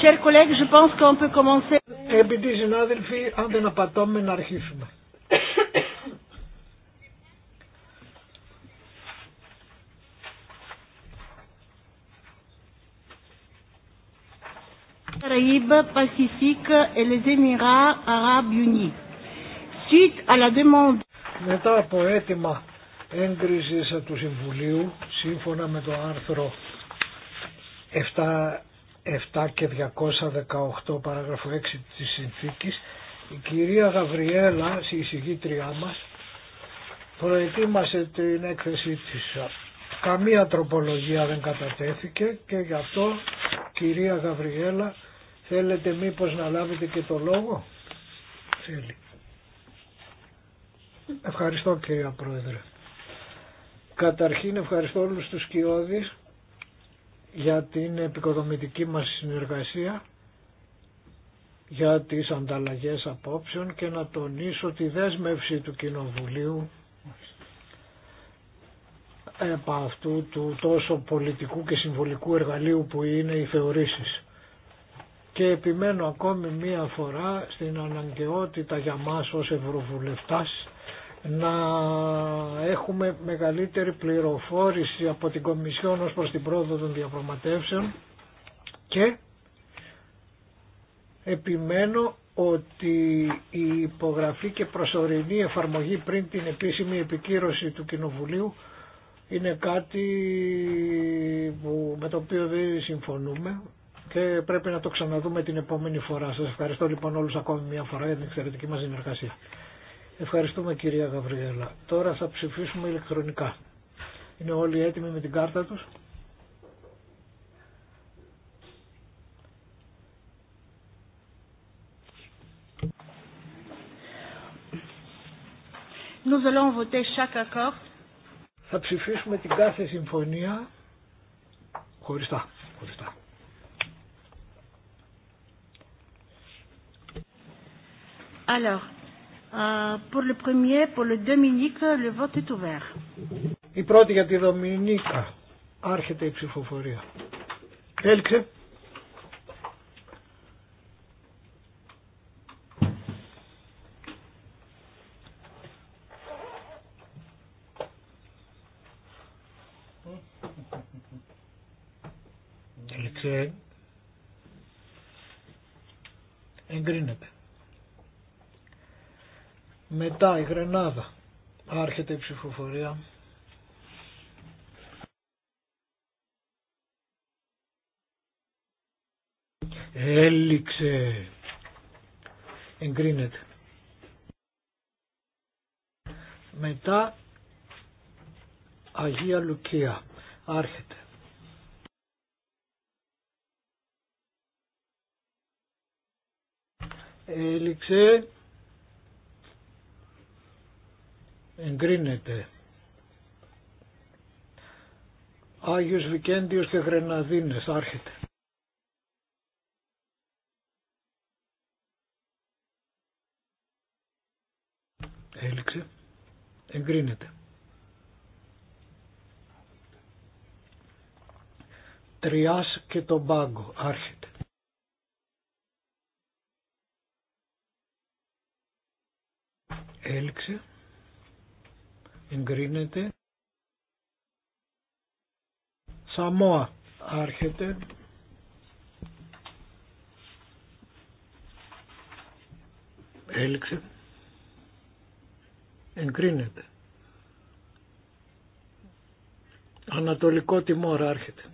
Chers collègues, je pense qu'on peut commencer. Επειδή συνάδελφοι, αν δεν απατώμε να αρχίσουμε. Caraïbes, Pacifique et les Émirats Arabes Unis. Suite à la demande. Μετά από αίτημα έγκρισης του Συμβουλίου, σύμφωνα με το άρθρο 7 7 και 218 παράγραφο 6 της συνθήκης η κυρία Γαβριέλα, η εισηγήτριά μας, προετοίμασε την έκθεσή της. Καμία τροπολογία δεν κατατέθηκε και γι' αυτό κυρία Γαβριέλα θέλετε μήπως να λάβετε και το λόγο. Θέλει. Ευχαριστώ κυρία Πρόεδρε. Καταρχήν ευχαριστώ όλους τους κοιόδης για την επικοδομητική μας συνεργασία για τις ανταλλαγές απόψεων και να τονίσω τη δέσμευση του Κοινοβουλίου επ' αυτού του τόσο πολιτικού και συμβολικού εργαλείου που είναι οι θεωρήσεις. Και επιμένω ακόμη μία φορά στην αναγκαιότητα για μας ως Ευρωβουλευτάς να έχουμε μεγαλύτερη πληροφόρηση από την Κομισιόν ως προς την πρόοδο των διαπραγματεύσεων και επιμένω ότι η υπογραφή και προσωρινή εφαρμογή πριν την επίσημη επικύρωση του Κοινοβουλίου είναι κάτι με το οποίο δεν συμφωνούμε και πρέπει να το ξαναδούμε την επόμενη φορά. Σας ευχαριστώ λοιπόν όλους ακόμη μια φορά για την εξαιρετική μας συνεργασία. Ευχαριστούμε κυρία Γαβριέλα. Τώρα θα ψηφίσουμε ηλεκτρονικά. Είναι όλοι έτοιμοι με την κάρτα τους. Nous allons voter Θα ψηφίσουμε την κάθε συμφωνία χωριστά. χωριστά. Alors, Euh, pour le premier, pour le Dominique, le vote est ouvert. Η πρώτη για τη Δομινίκα. Άρχεται η ψηφοφορία. Έλξε. Έλξε. Εγκρίνεται. Μετά η Γρενάδα. Άρχεται η ψηφοφορία. Έληξε. Εγκρίνεται. Μετά Αγία Λουκία. Άρχεται. Έληξε. εγκρίνεται. Άγιος Βικέντιος και Γρεναδίνες άρχεται. Έληξε. Εγκρίνεται. Τριάς και τον πάγκο άρχεται. Έληξε εγκρίνεται. Σαμόα άρχεται. Έληξε. Εγκρίνεται. Ανατολικό τιμόρ άρχεται.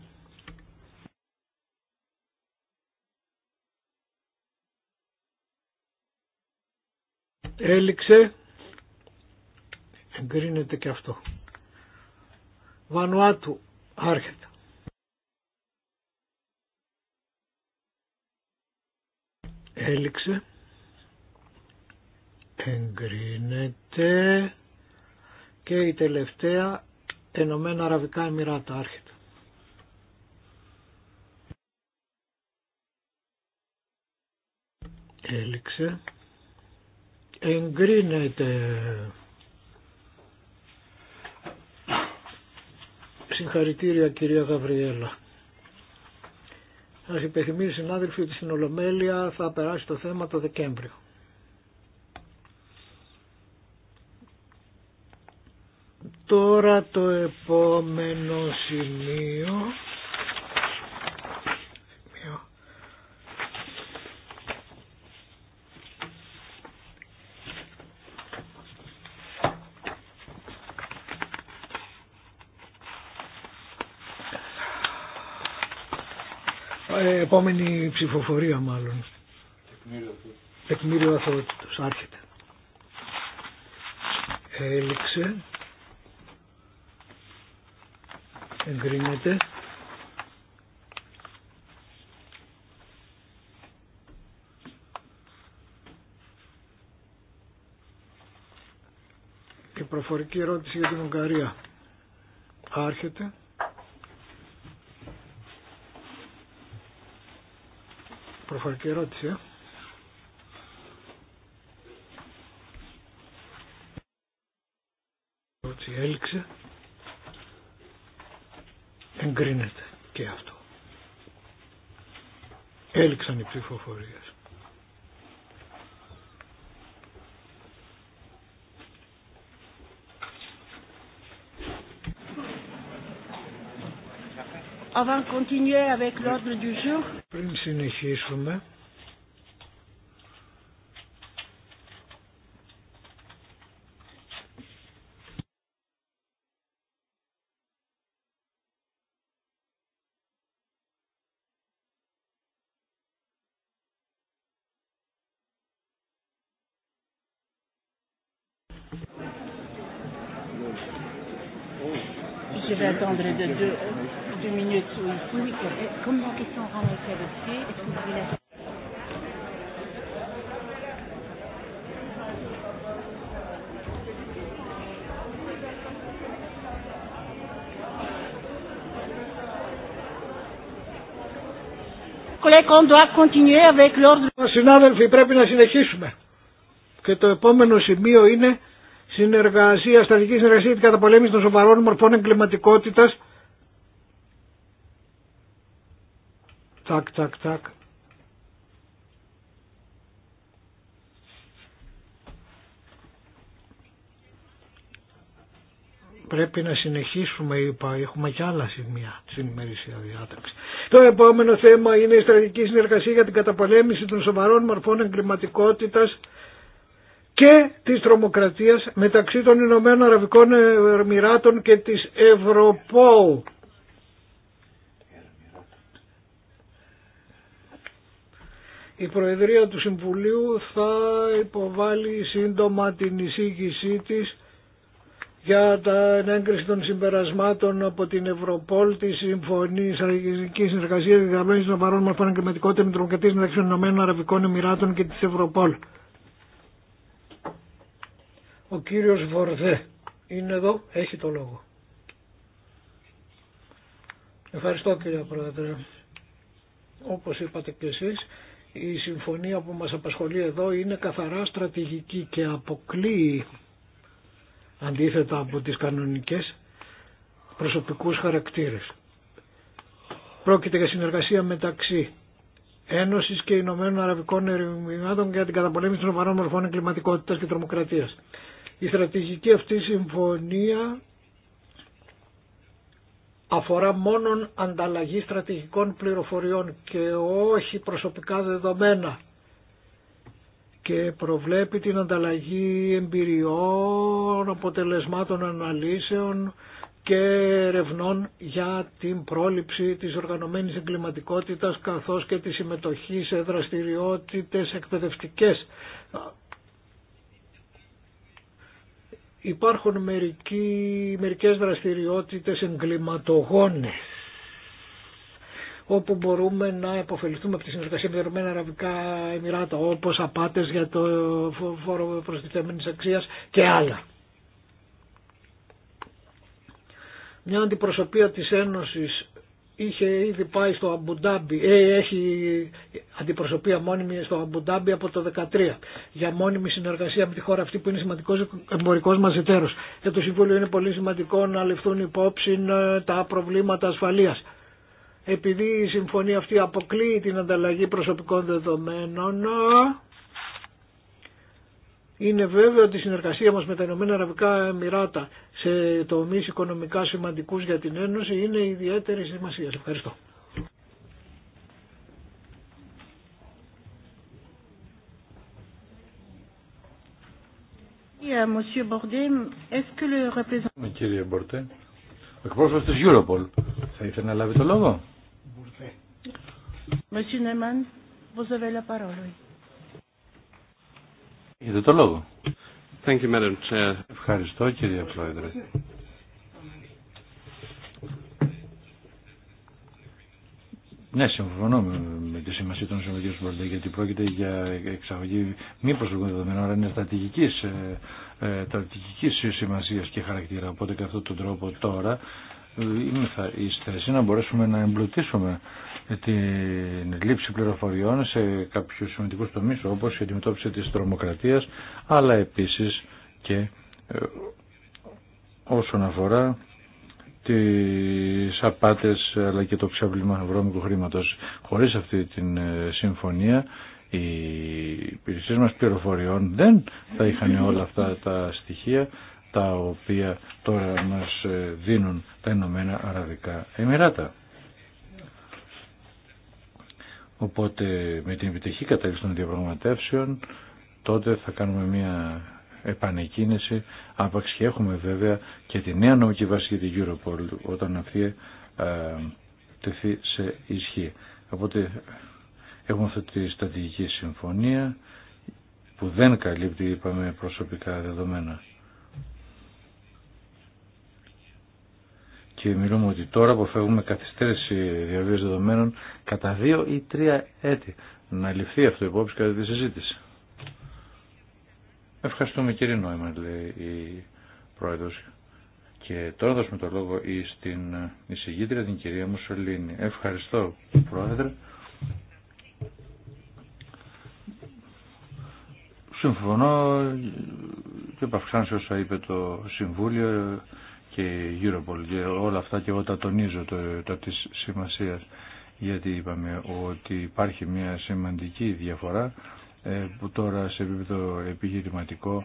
Έληξε. Εγκρίνεται και αυτό. Βανουάτου άρχεται. Έληξε. Εγκρίνεται. Και η τελευταία Ενωμένα Αραβικά Εμμυράτα άρχεται. Έληξε. Εγκρίνεται. Συγχαρητήρια κυρία Γαβριέλα. Σας υπενθυμίζω συνάδελφοι ότι στην Ολομέλεια θα περάσει το θέμα το Δεκέμβριο. Τώρα το επόμενο σημείο επόμενη ψηφοφορία μάλλον. Τεκμήριο αθωότητος. Άρχεται. Έληξε. Εγκρίνεται. Και προφορική ερώτηση για την Ουγγαρία. Άρχεται. προφορική ερώτηση. Έτσι έλξε. Εγκρίνεται και αυτό. Έλξαν οι ψηφοφορίες. Avant de continuer avec l'ordre du jour. Πριν συνεχίσουμε Λοιπόν λοιπόν, συνάδελφοι, πρέπει να συνεχίσουμε. Και το επόμενο σημείο είναι συνεργασία, στατική συνεργασία για την καταπολέμηση των σοβαρών μορφών εγκληματικότητα. Τάκ, τάκ, τάκ. Πρέπει να συνεχίσουμε, είπα, έχουμε και άλλα σημεία στην ημερήσια διάταξη. Το επόμενο θέμα είναι η στρατηγική συνεργασία για την καταπολέμηση των σοβαρών μορφών εγκληματικότητα και της τρομοκρατίας μεταξύ των Ηνωμένων Αραβικών Εμμυράτων και της Ευρωπόου. Η Προεδρία του Συμβουλίου θα υποβάλει σύντομα την εισήγησή της για τα έγκριση των συμπερασμάτων από την Ευρωπόλ τη Συμφωνία και Συνεργασία Διδαμένη των Βαρών Μορφών Εγκληματικότητα με μεταξύ των Ηνωμένων Αραβικών Εμμυράτων και τη Ευρωπόλ. Ο κύριος Βορδέ είναι εδώ, έχει το λόγο. Ευχαριστώ κύριε Πρόεδρε. Όπως είπατε και εσείς, η συμφωνία που μας απασχολεί εδώ είναι καθαρά στρατηγική και αποκλείει αντίθετα από τις κανονικές προσωπικούς χαρακτήρες. Πρόκειται για συνεργασία μεταξύ Ένωσης και Ηνωμένων Αραβικών Ερημινάτων για την καταπολέμηση των βαρών μορφών εγκληματικότητας και τρομοκρατίας. Η στρατηγική αυτή συμφωνία αφορά μόνον ανταλλαγή στρατηγικών πληροφοριών και όχι προσωπικά δεδομένα και προβλέπει την ανταλλαγή εμπειριών, αποτελεσμάτων αναλύσεων και ερευνών για την πρόληψη της οργανωμένης εγκληματικότητας καθώς και τη συμμετοχή σε δραστηριότητες εκπαιδευτικές. Υπάρχουν μερικοί, μερικές δραστηριότητες εγκληματογόνες όπου μπορούμε να υποφεληθούμε από τη συνεργασία με τα Ηνωμένα Αραβικά Εμμυράτα, όπω απάτε για το φόρο προστιθέμενης αξία και άλλα. Μια αντιπροσωπεία της Ένωσης είχε ήδη πάει στο Αμπουντάμπι, ε, έχει αντιπροσωπεία μόνιμη στο Αμπουντάμπι από το 2013 για μόνιμη συνεργασία με τη χώρα αυτή που είναι σημαντικός εμπορικός μας εταίρος. Για το Συμβούλιο είναι πολύ σημαντικό να ληφθούν υπόψη ε, τα προβλήματα ασφαλείας επειδή η συμφωνία αυτή αποκλείει την ανταλλαγή προσωπικών δεδομένων, είναι βέβαιο ότι η συνεργασία μας με τα Ηνωμένα Αραβικά Εμμυράτα σε τομείς οικονομικά σημαντικούς για την Ένωση είναι ιδιαίτερη σημασία. Ευχαριστώ. Euh, Κύριε Μπορτέ, ο εκπρόσωπος της Europol θα ήθελε να λάβει το λόγο. Monsieur Neumann, vous avez la parole. Είδε το λόγο. Thank you, Madam Chair. Ευχαριστώ, κύριε Πρόεδρε. Ναι, συμφωνώ με τη σημασία των συμβουλίων του γιατί πρόκειται για εξαγωγή μη προσωπικών δεδομένων, αλλά είναι στρατηγική ε, ε σημασία και χαρακτήρα. Οπότε, και αυτόν τον τρόπο τώρα ε, είμαι θα θέση να μπορέσουμε να εμπλουτίσουμε την λήψη πληροφοριών σε κάποιους σημαντικούς τομείς όπως η αντιμετώπιση της τρομοκρατίας αλλά επίσης και ε, όσον αφορά τις απάτες αλλά και το ξέπλυμα βρώμικου χρήματος. Χωρίς αυτή την ε, συμφωνία οι υπηρεσίες μας πληροφοριών δεν θα είχαν όλα αυτά τα στοιχεία τα οποία τώρα μας ε, δίνουν τα Ηνωμένα Αραβικά Εμμυράτα. Οπότε με την επιτυχή κατάληξη των διαπραγματεύσεων τότε θα κάνουμε μια επανεκκίνηση άπαξ και έχουμε βέβαια και τη νέα νομική βάση για την Europol όταν αυτή ε, τεθεί σε ισχύ. Οπότε έχουμε αυτή τη στρατηγική συμφωνία που δεν καλύπτει είπαμε προσωπικά δεδομένα. και μιλούμε ότι τώρα αποφεύγουμε καθυστέρηση διαβίωσης δεδομένων κατά δύο ή τρία έτη. ή τρία έτη υπόψη κατά τη συζήτηση. Ευχαριστούμε κύριε Νόημαν, λέει η τρια ετη να ληφθει αυτο υποψη κατα τη συζητηση ευχαριστουμε κυριε νόημα λεει η προεδρος Και τώρα δώσουμε το λόγο στην εισηγήτρια την κυρία Μουσολίνη. Ευχαριστώ πρόεδρε. Συμφωνώ και επαυξάνω όσα είπε το Συμβούλιο και Europol και όλα αυτά και εγώ τα τονίζω το, το της σημασίας γιατί είπαμε ότι υπάρχει μια σημαντική διαφορά ε, που τώρα σε επίπεδο επιχειρηματικό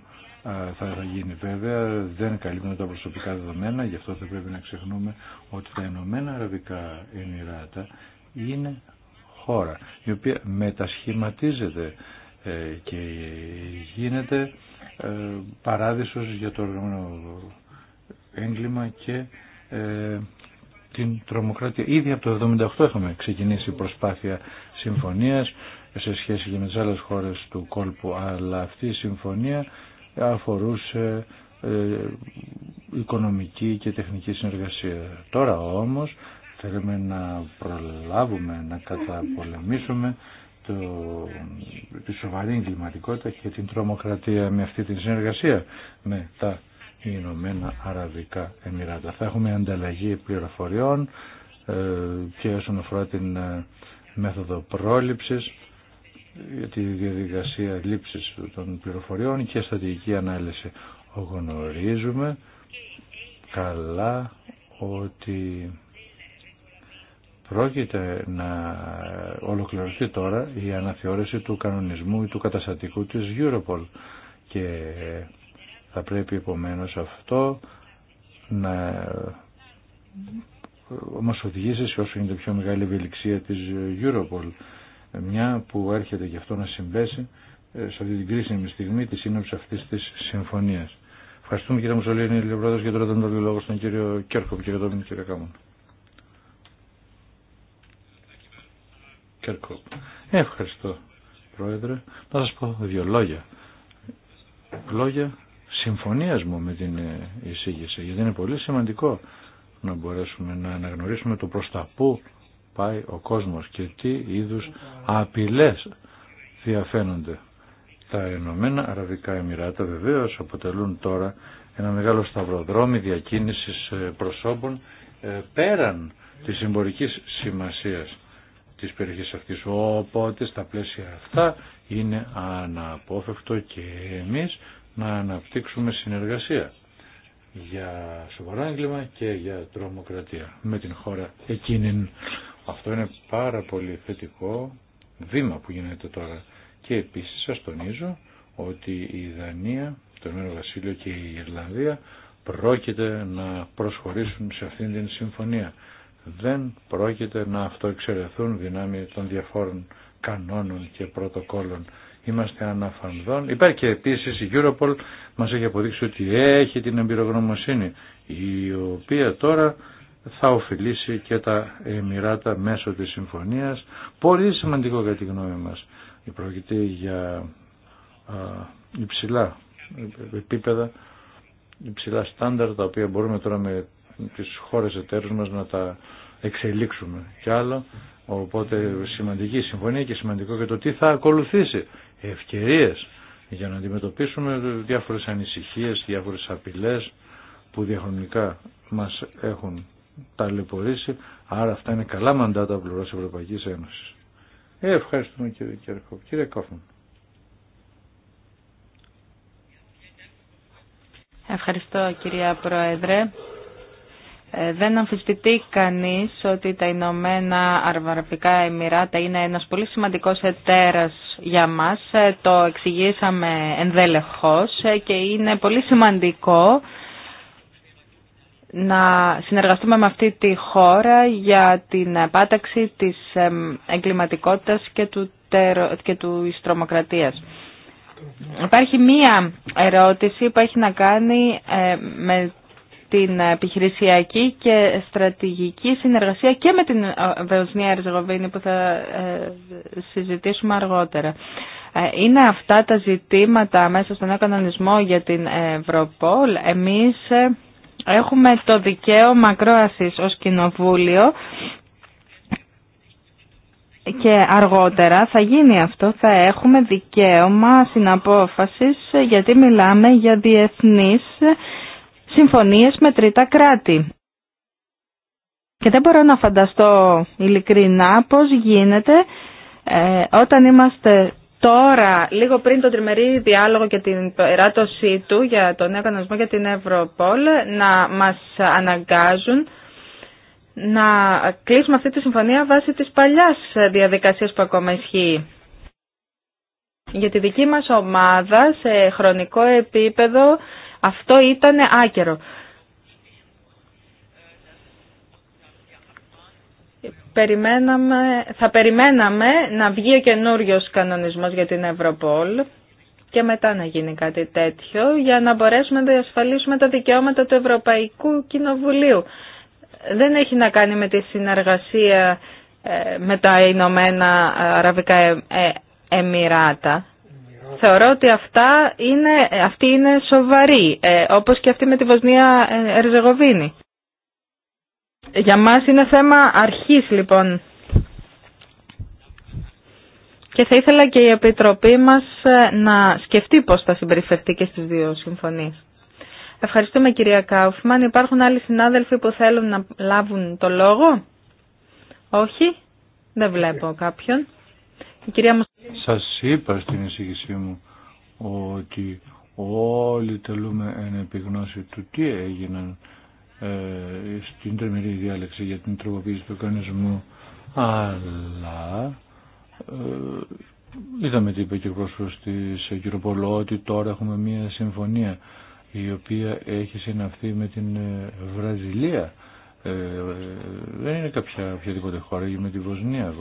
θα γίνει βέβαια, δεν καλύπτουν τα προσωπικά δεδομένα, γι' αυτό θα πρέπει να ξεχνούμε ότι τα Ηνωμένα Αραβικά Εμμυράτα είναι χώρα η οποία μετασχηματίζεται ε, και γίνεται ε, παράδεισος για το οργανωμένο έγκλημα και ε, την τρομοκρατία. Ήδη από το 1978 έχουμε ξεκινήσει προσπάθεια συμφωνίας σε σχέση και με τις άλλες χώρες του κόλπου, αλλά αυτή η συμφωνία αφορούσε ε, οικονομική και τεχνική συνεργασία. Τώρα όμως θέλουμε να προλάβουμε, να καταπολεμήσουμε το, τη σοβαρή εγκληματικότητα και την τρομοκρατία με αυτή τη συνεργασία με τα Ηνωμένα Αραβικά Εμμυράτα. Θα έχουμε ανταλλαγή πληροφοριών ε, και όσον αφορά την ε, μέθοδο πρόληψης τη διαδικασία λήψης των πληροφοριών και στατική ανάλυση. Γνωρίζουμε καλά ότι πρόκειται να ολοκληρωθεί τώρα η αναθεώρηση του κανονισμού ή του καταστατικού της Europol και θα πρέπει επομένως αυτό να μας οδηγήσει σε όσο είναι πιο μεγάλη ευελιξία της Europol. Μια που έρχεται και αυτό να συμπέσει ε, σε αυτή την κρίσιμη στιγμή τη σύνοψη αυτή τη συμφωνία. Ευχαριστούμε κύριε Μουσολίνη, κύριε για και τώρα δεν το λόγο στον κύριο Κέρκοπ και κατόπιν κύριε Κάμον. Κέρκοπ. Ε, ευχαριστώ, Πρόεδρε. Να σα πω δύο λόγια. Λόγια συμφωνίας μου με την ε, εισήγηση, γιατί είναι πολύ σημαντικό να μπορέσουμε να αναγνωρίσουμε το προς τα πού πάει ο κόσμος και τι είδους απειλές διαφαίνονται. Τα Ενωμένα Αραβικά Εμμυράτα βεβαίως αποτελούν τώρα ένα μεγάλο σταυροδρόμι διακίνησης ε, προσώπων ε, πέραν της συμπορικής σημασίας της περιοχής αυτής. Οπότε στα πλαίσια αυτά είναι αναπόφευκτο και εμείς να αναπτύξουμε συνεργασία για σοβαρά έγκλημα και για τρομοκρατία με την χώρα εκείνη. Αυτό είναι πάρα πολύ θετικό βήμα που γίνεται τώρα. Και επίσης σας τονίζω ότι η Δανία, το μέρο Βασίλειο και η Ιρλανδία πρόκειται να προσχωρήσουν σε αυτήν την συμφωνία. Δεν πρόκειται να αυτοεξαιρεθούν δυνάμει των διαφόρων κανόνων και πρωτοκόλων είμαστε αναφανδόν. Υπάρχει και επίσης η Europol μας έχει αποδείξει ότι έχει την εμπειρογνωμοσύνη η οποία τώρα θα ωφελήσει και τα Εμμυράτα μέσω της συμφωνίας. Πολύ σημαντικό κατά τη γνώμη μας. Πρόκειται για υψηλά επίπεδα, υψηλά στάνταρ τα οποία μπορούμε τώρα με τις χώρες εταίρους μας να τα εξελίξουμε κι άλλο. Οπότε σημαντική συμφωνία και σημαντικό και το τι θα ακολουθήσει ευκαιρίες για να αντιμετωπίσουμε διάφορες ανησυχίες, διάφορες απειλές που διαχρονικά μας έχουν ταλαιπωρήσει. Άρα αυτά είναι καλά μαντάτα πλευρά Ευρωπαϊκής Ένωσης. Ε, ευχαριστούμε κύριε Κέρκο. Κύριε Κόφμαν. Ευχαριστώ κυρία Πρόεδρε. Ε, δεν αμφισβητεί κανείς ότι τα Ηνωμένα Αραβικά Εμμυράτα είναι ένας πολύ σημαντικός εταίρας για μας. Ε, το εξηγήσαμε ενδελεχώς ε, και είναι πολύ σημαντικό να συνεργαστούμε με αυτή τη χώρα για την πάταξη της εγκληματικότητας και του, τερο... του Υπάρχει μία ερώτηση που έχει να κάνει με την επιχειρησιακή και στρατηγική συνεργασία και με την Βεωσνία Ερζεγοβίνη που θα ε, συζητήσουμε αργότερα. Ε, είναι αυτά τα ζητήματα μέσα στον κανονισμό για την Ευρωπόλ. Εμείς ε, έχουμε το δικαίωμα ακρόασης ως κοινοβούλιο και αργότερα θα γίνει αυτό, θα έχουμε δικαίωμα συναπόφασης γιατί μιλάμε για διεθνείς συμφωνίες με τρίτα κράτη. Και δεν μπορώ να φανταστώ ειλικρινά πώς γίνεται ε, όταν είμαστε τώρα, λίγο πριν τον τριμερή διάλογο και την περάτωσή του για τον νέο κανονισμό για την Ευρωπόλ, να μας αναγκάζουν να κλείσουμε αυτή τη συμφωνία βάσει της παλιάς διαδικασίας που ακόμα ισχύει. Για τη δική μας ομάδα σε χρονικό επίπεδο αυτό ήταν άκερο. Περιμέναμε, θα περιμέναμε να βγει ο καινούριο κανονισμό για την Ευρωπόλ και μετά να γίνει κάτι τέτοιο για να μπορέσουμε να διασφαλίσουμε τα δικαιώματα του Ευρωπαϊκού Κοινοβουλίου. Δεν έχει να κάνει με τη συνεργασία ε, με τα Ηνωμένα Αραβικά ε, ε, Εμμυράτα. Θεωρώ ότι αυτά είναι, αυτή είναι σοβαρή, ε, όπως και αυτή με τη Βοσνία ε, Ερζεγοβίνη. Για μας είναι θέμα αρχής λοιπόν. Και θα ήθελα και η Επιτροπή μας ε, να σκεφτεί πώς θα συμπεριφερθεί και στις δύο συμφωνίες. Ευχαριστούμε κυρία Κάουφμαν. Υπάρχουν άλλοι συνάδελφοι που θέλουν να λάβουν το λόγο. Όχι. Δεν βλέπω κάποιον. Η κυρία σας είπα στην εισήγησή μου ότι όλοι τελούμε εν επιγνώση του τι έγιναν ε, στην τρεμερή διάλεξη για την τροποποίηση του οργανισμού. αλλά ε, είδαμε τι είπε και ο της Κυροπολό ότι τώρα έχουμε μια συμφωνία η οποία έχει συναυθεί με την ε, Βραζιλία δεν είναι κάποια οποιαδήποτε χώρα είναι με τη Βοσνία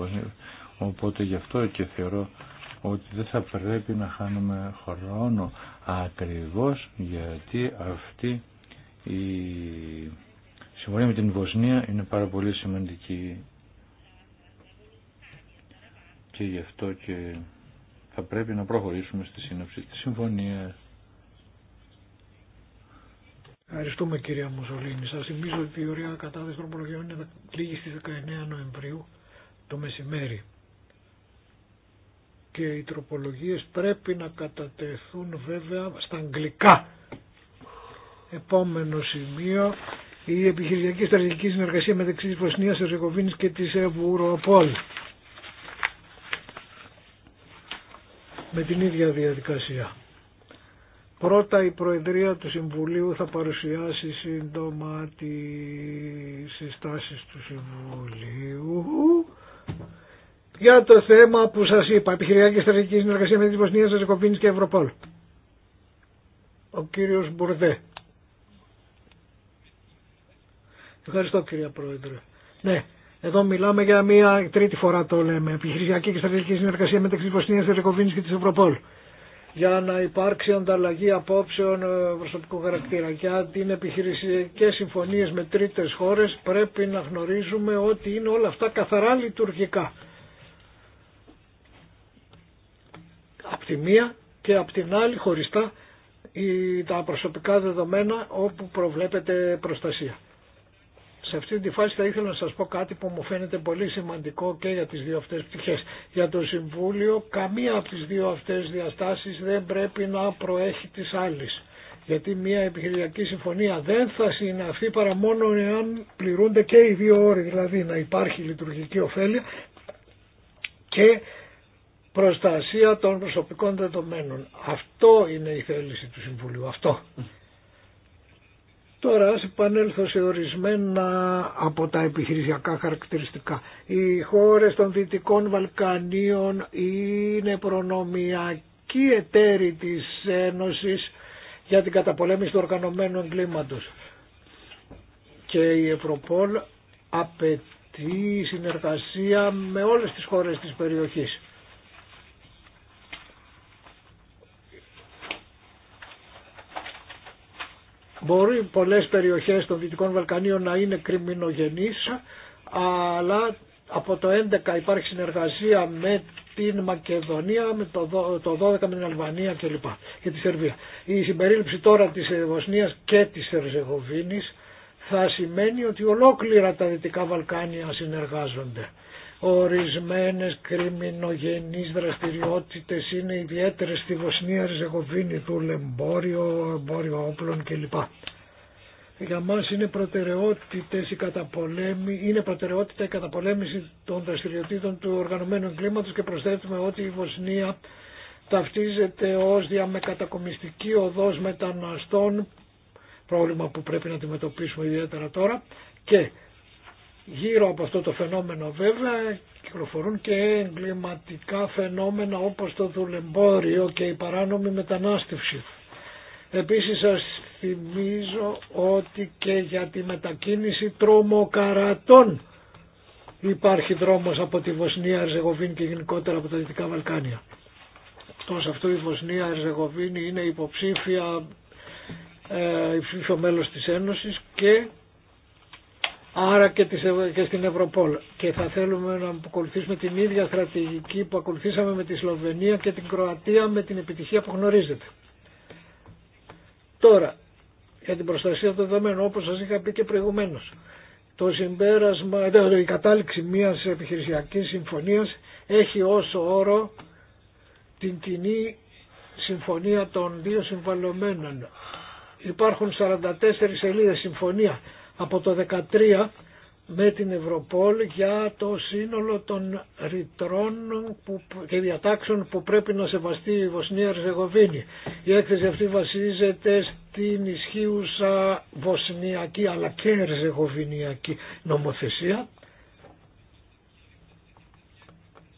Οπότε γι' αυτό και θεωρώ ότι δεν θα πρέπει να χάνουμε χρόνο ακριβώς γιατί αυτή η συμφωνία με την Βοσνία είναι πάρα πολύ σημαντική και γι' αυτό και θα πρέπει να προχωρήσουμε στη σύνοψη της συμφωνίας. Ευχαριστούμε κυρία Μουσολίνη. Σας θυμίζω ότι η ωραία των τροπολογιών είναι λίγη στις 19 Νοεμβρίου το μεσημέρι και οι τροπολογίες πρέπει να κατατεθούν βέβαια στα αγγλικά. Επόμενο σημείο, η επιχειρησιακή στρατηγική συνεργασία μεταξύ της Βοσνίας, Ερζεγοβίνης και της Ευουροπόλ. Με την ίδια διαδικασία. Πρώτα η Προεδρία του Συμβουλίου θα παρουσιάσει σύντομα τις συστάσεις του Συμβουλίου για το θέμα που σας είπα, επιχειρηματική στρατηγική συνεργασία με τη Βοσνία, Ζεζεκοβίνης και Ευρωπόλ. Ο κύριος Μπουρδέ. Ευχαριστώ κύριε Πρόεδρε. Ναι, εδώ μιλάμε για μία τρίτη φορά το λέμε, επιχειρησιακή και στρατηγική συνεργασία μεταξύ Βοσνίας, Ζεζεκοβίνης και της Ευρωπόλ για να υπάρξει ανταλλαγή απόψεων ε, προσωπικού χαρακτήρα. Για την επιχειρησιακές συμφωνίες με τρίτες χώρες πρέπει να γνωρίζουμε ότι είναι όλα αυτά καθαρά λειτουργικά από τη μία και από την άλλη χωριστά τα προσωπικά δεδομένα όπου προβλέπεται προστασία. Σε αυτή τη φάση θα ήθελα να σας πω κάτι που μου φαίνεται πολύ σημαντικό και για τις δύο αυτές πτυχές. Για το Συμβούλιο καμία από τις δύο αυτές διαστάσεις δεν πρέπει να προέχει της άλλης. Γιατί μια επιχειρηματική συμφωνία δεν θα συναυθεί παρά μόνο εάν πληρούνται και οι δύο όροι. Δηλαδή να υπάρχει λειτουργική ωφέλεια και προστασία των προσωπικών δεδομένων. Αυτό είναι η θέληση του Συμβουλίου, αυτό. Τώρα ας επανέλθω σε ορισμένα από τα επιχειρησιακά χαρακτηριστικά. Οι χώρες των Δυτικών Βαλκανίων είναι προνομιακοί εταίροι της Ένωσης για την καταπολέμηση του οργανωμένου εγκλήματος. Και η Ευρωπόλ απαιτεί συνεργασία με όλες τις χώρες της περιοχής. Μπορεί πολλές περιοχές των Δυτικών Βαλκανίων να είναι κριμινογενείς, αλλά από το 11 υπάρχει συνεργασία με την Μακεδονία, με το 12 με την Αλβανία κλπ. και τη Σερβία. Η συμπερίληψη τώρα της Βοσνίας και της Ερζεγοβίνης θα σημαίνει ότι ολόκληρα τα Δυτικά Βαλκάνια συνεργάζονται. Ορισμένες κριμινογενείς δραστηριότητες είναι ιδιαίτερε στη Βοσνία, Ριζεγοβίνη, δουλεμπόριο, εμπόριο όπλων κλπ. Για μας είναι, είναι προτεραιότητα η καταπολέμηση των δραστηριοτήτων του οργανωμένου κλίματος και προσθέτουμε ότι η Βοσνία ταυτίζεται ως διαμεκατακομιστική οδός μεταναστών, πρόβλημα που πρέπει να αντιμετωπίσουμε ιδιαίτερα τώρα, και Γύρω από αυτό το φαινόμενο βέβαια κυκλοφορούν και εγκληματικά φαινόμενα όπως το δουλεμπόριο και η παράνομη μετανάστευση. Επίσης σας θυμίζω ότι και για τη μετακίνηση τρομοκαρατών υπάρχει δρόμος από τη Βοσνία Αρζεγοβίνη και γενικότερα από τα Δυτικά Βαλκάνια. Τόσο αυτού η Βοσνία Αρζεγοβίνη είναι υποψήφια ε, υψήφιο της Ένωσης και άρα και, στην Ευρωπόλ. Και θα θέλουμε να ακολουθήσουμε την ίδια στρατηγική που ακολουθήσαμε με τη Σλοβενία και την Κροατία με την επιτυχία που γνωρίζετε. Τώρα, για την προστασία των δεδομένων, όπως σας είχα πει και προηγουμένως, το συμπέρασμα, ε, η κατάληξη μιας επιχειρησιακής συμφωνίας έχει ως όρο την κοινή συμφωνία των δύο συμβαλωμένων. Υπάρχουν 44 σελίδες συμφωνία από το 2013 με την Ευρωπόλ για το σύνολο των ρητρών και διατάξεων που πρέπει να σεβαστεί η Βοσνία ριζεγοβινη Η έκθεση αυτή βασίζεται στην ισχύουσα βοσνιακή αλλά και ερζεγοβινιακή νομοθεσία.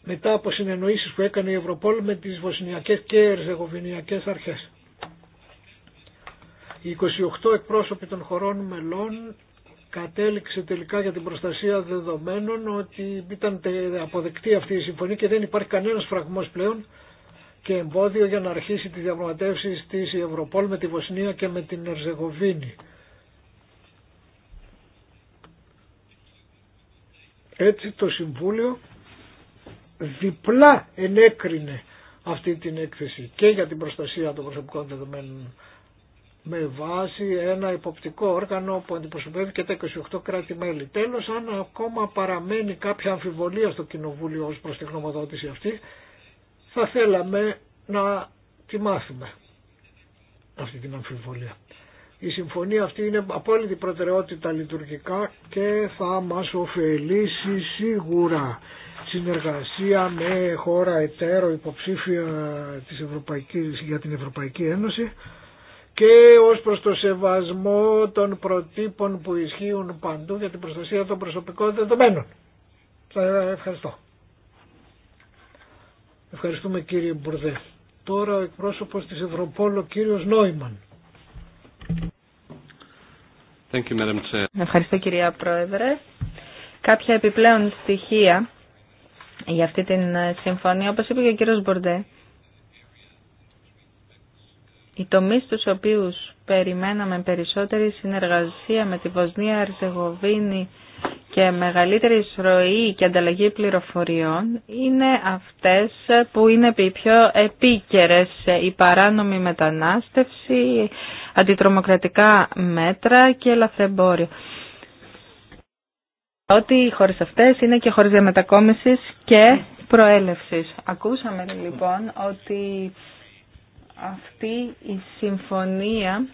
Μετά από συνεννοήσεις που έκανε η Ευρωπόλ με τις βοσνιακές και ερζεγοβινιακές αρχές. Οι 28 εκπρόσωποι των χωρών μελών κατέληξε τελικά για την προστασία δεδομένων ότι ήταν αποδεκτή αυτή η συμφωνία και δεν υπάρχει κανένας φραγμός πλέον και εμπόδιο για να αρχίσει τη διαπραγματεύσει της Ευρωπόλ με τη Βοσνία και με την Ερζεγοβίνη. Έτσι το Συμβούλιο διπλά ενέκρινε αυτή την έκθεση και για την προστασία των προσωπικών δεδομένων με βάση ένα υποπτικό όργανο που αντιπροσωπεύει και τα 28 κράτη-μέλη. Τέλος, αν ακόμα παραμένει κάποια αμφιβολία στο Κοινοβούλιο ως προς τη γνωμοδότηση αυτή, θα θέλαμε να τη μάθουμε αυτή την αμφιβολία. Η συμφωνία αυτή είναι απόλυτη προτεραιότητα λειτουργικά και θα μας ωφελήσει σίγουρα συνεργασία με χώρα εταίρο υποψήφια της Ευρωπαϊκής, για την Ευρωπαϊκή Ένωση και ως προς το σεβασμό των προτύπων που ισχύουν παντού για την προστασία των προσωπικών δεδομένων. Σας ευχαριστώ. Ευχαριστούμε κύριε Μπουρδέ. Τώρα ο εκπρόσωπος της Ευρωπόλου, κύριος Νόημαν. Ευχαριστώ κυρία Πρόεδρε. Κάποια επιπλέον στοιχεία για αυτή την συμφωνία, όπως είπε και ο κύριος Μπουρδέ, οι τομεί τους οποίους περιμέναμε περισσότερη συνεργασία με τη Βοσνία Αρζεγοβίνη και μεγαλύτερη εισρωή και ανταλλαγή πληροφοριών είναι αυτές που είναι οι πιο επίκαιρες η παράνομη μετανάστευση, αντιτρομοκρατικά μέτρα και λαθρεμπόριο. Ότι χωρίς αυτές είναι και χωρίς διαμετακόμισης και προέλευσης. Ακούσαμε λοιπόν ότι αυτή η συμφωνία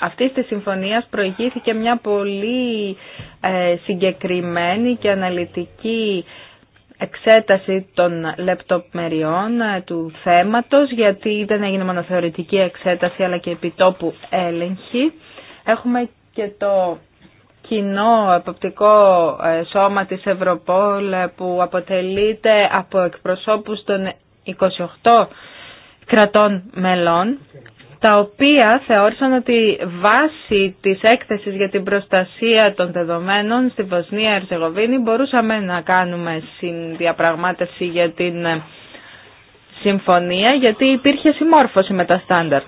αυτή τη συμφωνία προηγήθηκε μια πολύ ε, συγκεκριμένη και αναλυτική εξέταση των λεπτομεριών ε, του θέματος γιατί δεν έγινε μόνο θεωρητική εξέταση αλλά και επιτόπου έλεγχη. Έχουμε και το κοινό εποπτικό ε, σώμα της Ευρωπόλ που αποτελείται από εκπροσώπους των 28 κρατών μελών, τα οποία θεώρησαν ότι βάσει της έκθεσης για την προστασία των δεδομένων στη Βοσνία Ερζεγοβίνη μπορούσαμε να κάνουμε συνδιαπραγμάτευση για την ε, συμφωνία γιατί υπήρχε συμμόρφωση με τα στάνταρ.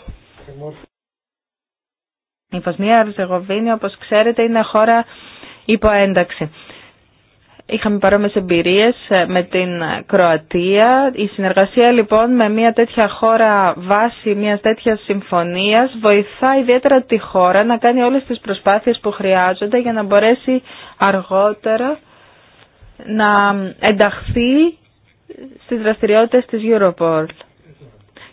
Η Βοσνία Ερζεγοβίνη όπως ξέρετε είναι χώρα υποένταξη. Είχαμε παρόμοιες εμπειρίες ε, με την Κροατία. Η συνεργασία λοιπόν με μια τέτοια χώρα βάση μια τέτοια συμφωνίας βοηθά ιδιαίτερα τη χώρα να κάνει όλες τις προσπάθειες που χρειάζονται για να μπορέσει αργότερα να ενταχθεί στις δραστηριότητες της Europol.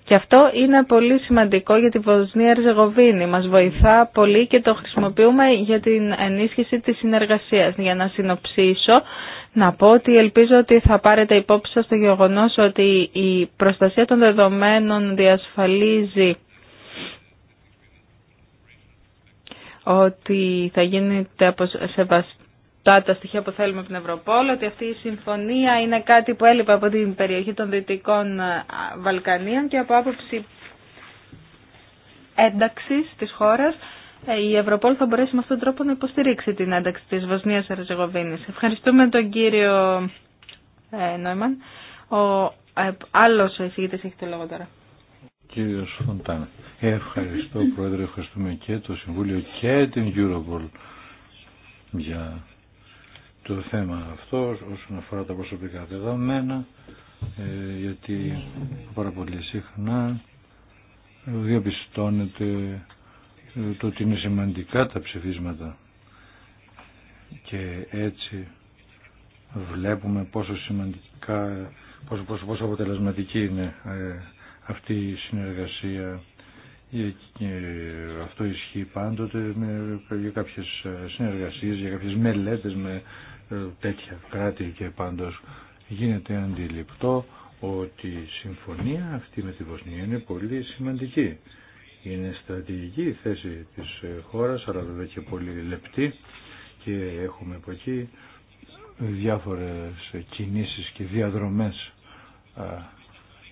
Και αυτό είναι πολύ σημαντικό για τη Βοσνία Ερζεγοβίνη. Μας βοηθά πολύ και το χρησιμοποιούμε για την ενίσχυση της συνεργασίας. Για να συνοψίσω, να πω ότι ελπίζω ότι θα πάρετε υπόψη σας το γεγονός ότι η προστασία των δεδομένων διασφαλίζει ότι θα γίνεται σεβαστή αυτά τα στοιχεία που θέλουμε από την Ευρωπόλ, ότι αυτή η συμφωνία είναι κάτι που έλειπε από την περιοχή των Δυτικών ε, Βαλκανίων και από άποψη ένταξης της χώρας ε, η Ευρωπόλ θα μπορέσει με αυτόν τον τρόπο να υποστηρίξει την ένταξη της Βοσνίας Ερζεγοβίνης. Ευχαριστούμε τον κύριο ε, Νόημαν. Ο ε, άλλος εισηγητής έχει το λόγο τώρα. Κύριος Φοντάνα, ευχαριστώ Πρόεδρε, ευχαριστούμε και το Συμβούλιο και την Europol για το θέμα αυτό όσον αφορά τα προσωπικά δεδομένα ε, γιατί πάρα πολύ συχνά διαπιστώνεται ε, το ότι είναι σημαντικά τα ψηφίσματα και έτσι βλέπουμε πόσο σημαντικά, πόσο, πόσο, πόσο αποτελεσματική είναι ε, αυτή η συνεργασία ε, αυτό ισχύει πάντοτε με, για κάποιες ε, συνεργασίες, για κάποιες μελέτες με ε, τέτοια κράτη και πάντως γίνεται αντιληπτό ότι η συμφωνία αυτή με τη Βοσνία είναι πολύ σημαντική. Είναι στρατηγική η θέση της χώρας, αλλά βέβαια και πολύ λεπτή και έχουμε από εκεί διάφορες κινήσεις και διαδρομές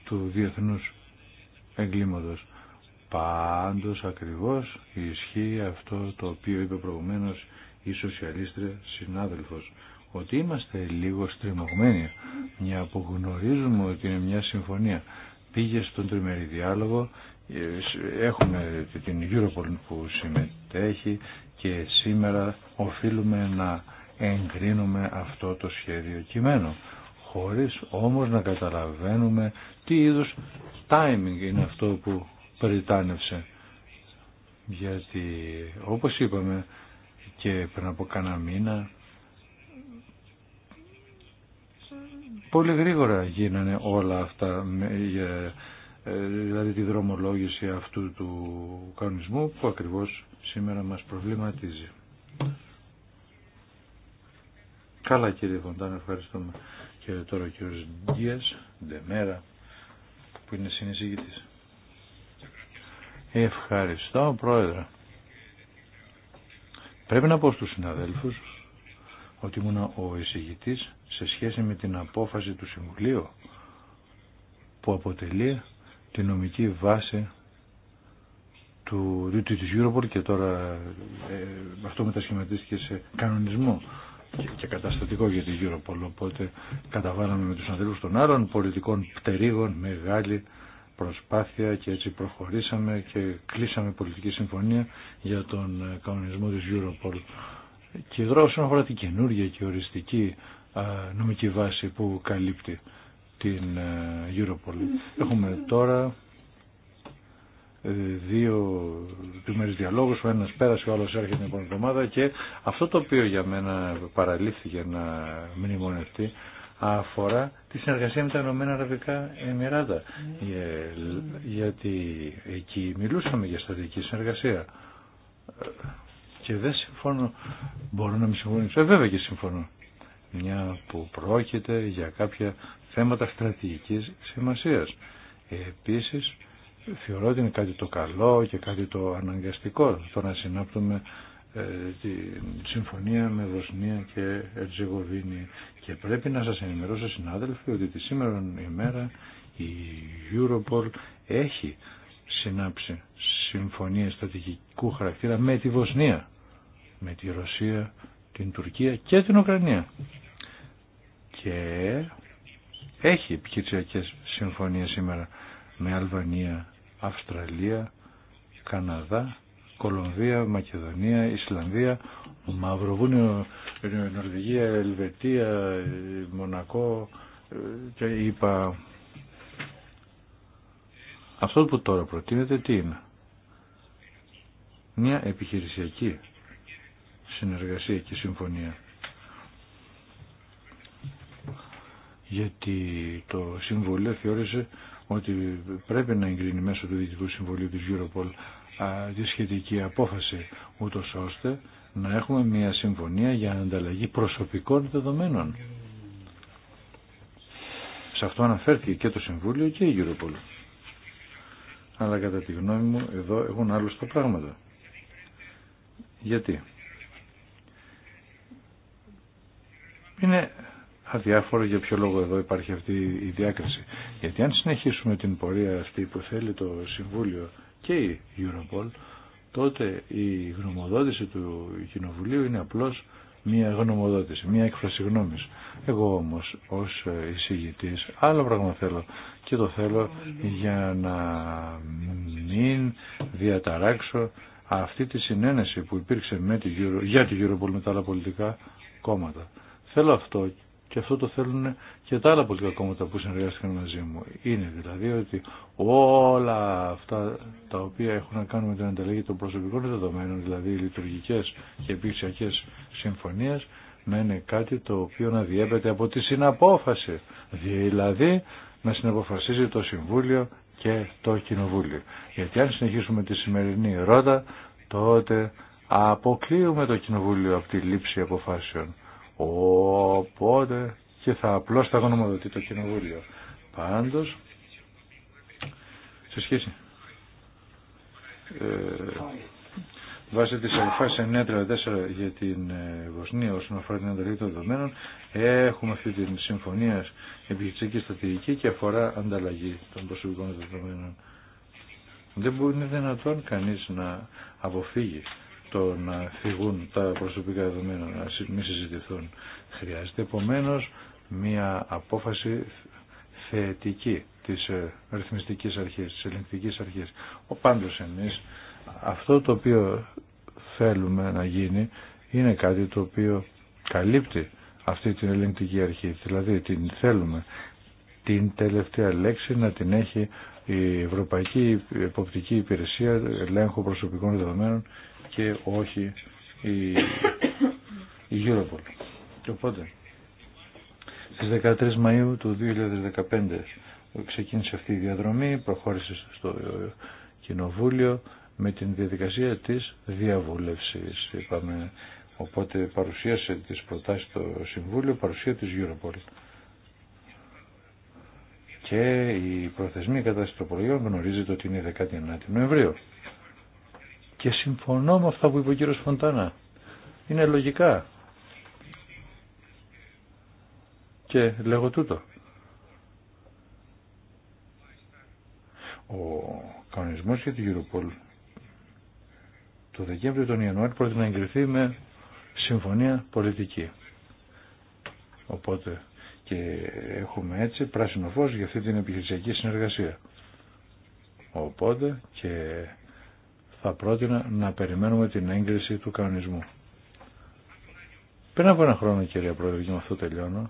του διεθνούς εγκλήματος. Πάντως ακριβώς ισχύει αυτό το οποίο είπε προηγουμένως η σοσιαλίστρια συνάδελφος ότι είμαστε λίγο στριμωγμένοι μια που γνωρίζουμε ότι είναι μια συμφωνία πήγε στον τριμερή διάλογο ε, έχουμε την Europol που συμμετέχει και σήμερα οφείλουμε να εγκρίνουμε αυτό το σχέδιο κειμένο χωρίς όμως να καταλαβαίνουμε τι είδους timing είναι αυτό που περιτάνευσε. Γιατί όπως είπαμε και πριν από κάνα μήνα πολύ γρήγορα γίνανε όλα αυτά ε, δηλαδή τη δρομολόγηση αυτού του κανονισμού που ακριβώς σήμερα μας προβληματίζει. Καλά κύριε Βοντάνε, ευχαριστούμε. Και τώρα ο κύριος Ντίας, Ντεμέρα, που είναι συνεισηγητής. Ευχαριστώ, Πρόεδρε. Πρέπει να πω στους συναδέλφους ότι ήμουν ο εισηγητής σε σχέση με την απόφαση του Συμβουλίου που αποτελεί τη νομική βάση του, της Europol και τώρα ε, αυτό μετασχηματίστηκε σε κανονισμό και, και καταστατικό για την Europol οπότε καταβάλαμε με τους συναδέλφους των άλλων πολιτικών πτερίγων μεγάλη προσπάθεια και έτσι προχωρήσαμε και κλείσαμε πολιτική συμφωνία για τον ε, κανονισμό της Europol. Και τώρα όσον αφορά την καινούργια και οριστική νομική βάση που καλύπτει την ε, Europol. Έχουμε τώρα ε, δύο τριμερείς διαλόγους, ο ένας πέρασε, ο άλλος έρχεται την επόμενη εβδομάδα και αυτό το οποίο για μένα παραλήφθηκε να μνημονευτεί αφορά τη συνεργασία με τα Ηνωμένα Αραβικά Εμμυράτα. Γιατί εκεί μιλούσαμε για στρατηγική συνεργασία. Και δεν συμφωνώ. Μπορώ να μην συμφωνήσω. Ε, βέβαια και συμφωνώ. Μια που πρόκειται για κάποια θέματα στρατηγικής σημασίας. Ε, επίσης, θεωρώ ότι είναι κάτι το καλό και κάτι το αναγκαστικό το να συνάπτουμε ε, τη συμφωνία με Βοσνία και Ερτζεγοβίνη και πρέπει να σας ενημερώσω συνάδελφοι ότι τη σήμερα ημέρα η Europol έχει συνάψει συμφωνίες στρατηγικού χαρακτήρα με τη Βοσνία, με τη Ρωσία, την Τουρκία και την Ουκρανία. Και έχει επιχειρησιακές συμφωνίες σήμερα με Αλβανία, Αυστραλία, Καναδά Κολομβία, Μακεδονία, Ισλανδία, Μαυροβούνιο, Νορβηγία, Ελβετία, ε, Μονακό ε, και είπα αυτό που τώρα προτείνεται τι είναι μια επιχειρησιακή συνεργασία και συμφωνία γιατί το Συμβούλιο θεώρησε ότι πρέπει να εγκρίνει μέσω του Δυτικού Συμβουλίου της Europol τη σχετική απόφαση, ούτω ώστε να έχουμε μια συμφωνία για ανταλλαγή προσωπικών δεδομένων. Σε αυτό αναφέρθηκε και το Συμβούλιο και η Europol. Αλλά κατά τη γνώμη μου εδώ έχουν άλλους τα πράγματα. Γιατί. Είναι αδιάφορο για ποιο λόγο εδώ υπάρχει αυτή η διάκριση. Γιατί αν συνεχίσουμε την πορεία αυτή που θέλει το Συμβούλιο και η Europol, τότε η γνωμοδότηση του Κοινοβουλίου είναι απλώς μία γνωμοδότηση, μία έκφραση γνώμης. Εγώ όμως ως εισηγητής άλλο πράγμα θέλω και το θέλω για να μην διαταράξω αυτή τη συνένεση που υπήρξε με τη Euro, για τη Europol με τα άλλα πολιτικά κόμματα. Θέλω αυτό και αυτό το θέλουν και τα άλλα πολιτικά κόμματα που συνεργάστηκαν μαζί μου. Είναι δηλαδή ότι όλα αυτά τα οποία έχουν να κάνουν με την ανταλλαγή των προσωπικών δεδομένων, δηλαδή λειτουργικέ και επίξιακέ συμφωνίε να είναι κάτι το οποίο να διέπεται από τη συναπόφαση. Δηλαδή να συναποφασίζει το Συμβούλιο και το Κοινοβούλιο. Γιατί αν συνεχίσουμε τη σημερινή ρότα, τότε αποκλείουμε το Κοινοβούλιο από τη λήψη αποφάσεων. Οπότε και θα απλώς θα γνωμοδοτεί το Κοινοβούλιο. Πάντως, σε σχέση... Ε, βάσει της αλφάς 934 για την ε, Βοσνία όσον αφορά την ανταλλαγή των δεδομένων έχουμε αυτή τη συμφωνία επιχειρησιακή στρατηγική και αφορά ανταλλαγή των προσωπικών δεδομένων. Δεν μπορεί είναι δυνατόν κανείς να αποφύγει το να φυγούν τα προσωπικά δεδομένα, να μην συζητηθούν. Χρειάζεται επομένω μια απόφαση θετική της ε, ρυθμιστικής αρχής, της ελληνικής αρχής. Ο πάντως εμείς αυτό το οποίο θέλουμε να γίνει είναι κάτι το οποίο καλύπτει αυτή την ελεγκτική αρχή. Δηλαδή την θέλουμε την τελευταία λέξη να την έχει η Ευρωπαϊκή Εποπτική Υπηρεσία Ελέγχου Προσωπικών Δεδομένων και όχι η, η Europol. Και οπότε, στις 13 Μαΐου του 2015 ξεκίνησε αυτή η διαδρομή, προχώρησε στο Κοινοβούλιο με την διαδικασία της διαβούλευσης. Είπαμε, οπότε παρουσίασε τις προτάσεις στο Συμβούλιο, παρουσία της Europol και η προθεσμία κατάσταση τροπολογιών γνωρίζετε ότι είναι 19η Νοεμβρίου. Και συμφωνώ με αυτά που είπε ο κύριο Φοντάνα. Είναι λογικά. Και λέγω τούτο. Ο κανονισμό για την Europol το Δεκέμβριο τον Ιανουάριο πρέπει να εγκριθεί με συμφωνία πολιτική. Οπότε και έχουμε έτσι πράσινο φως για αυτή την επιχειρησιακή συνεργασία. Οπότε και θα πρότεινα να περιμένουμε την έγκριση του κανονισμού. Πριν από ένα χρόνο κυρία Πρόεδρε με αυτό τελειώνω,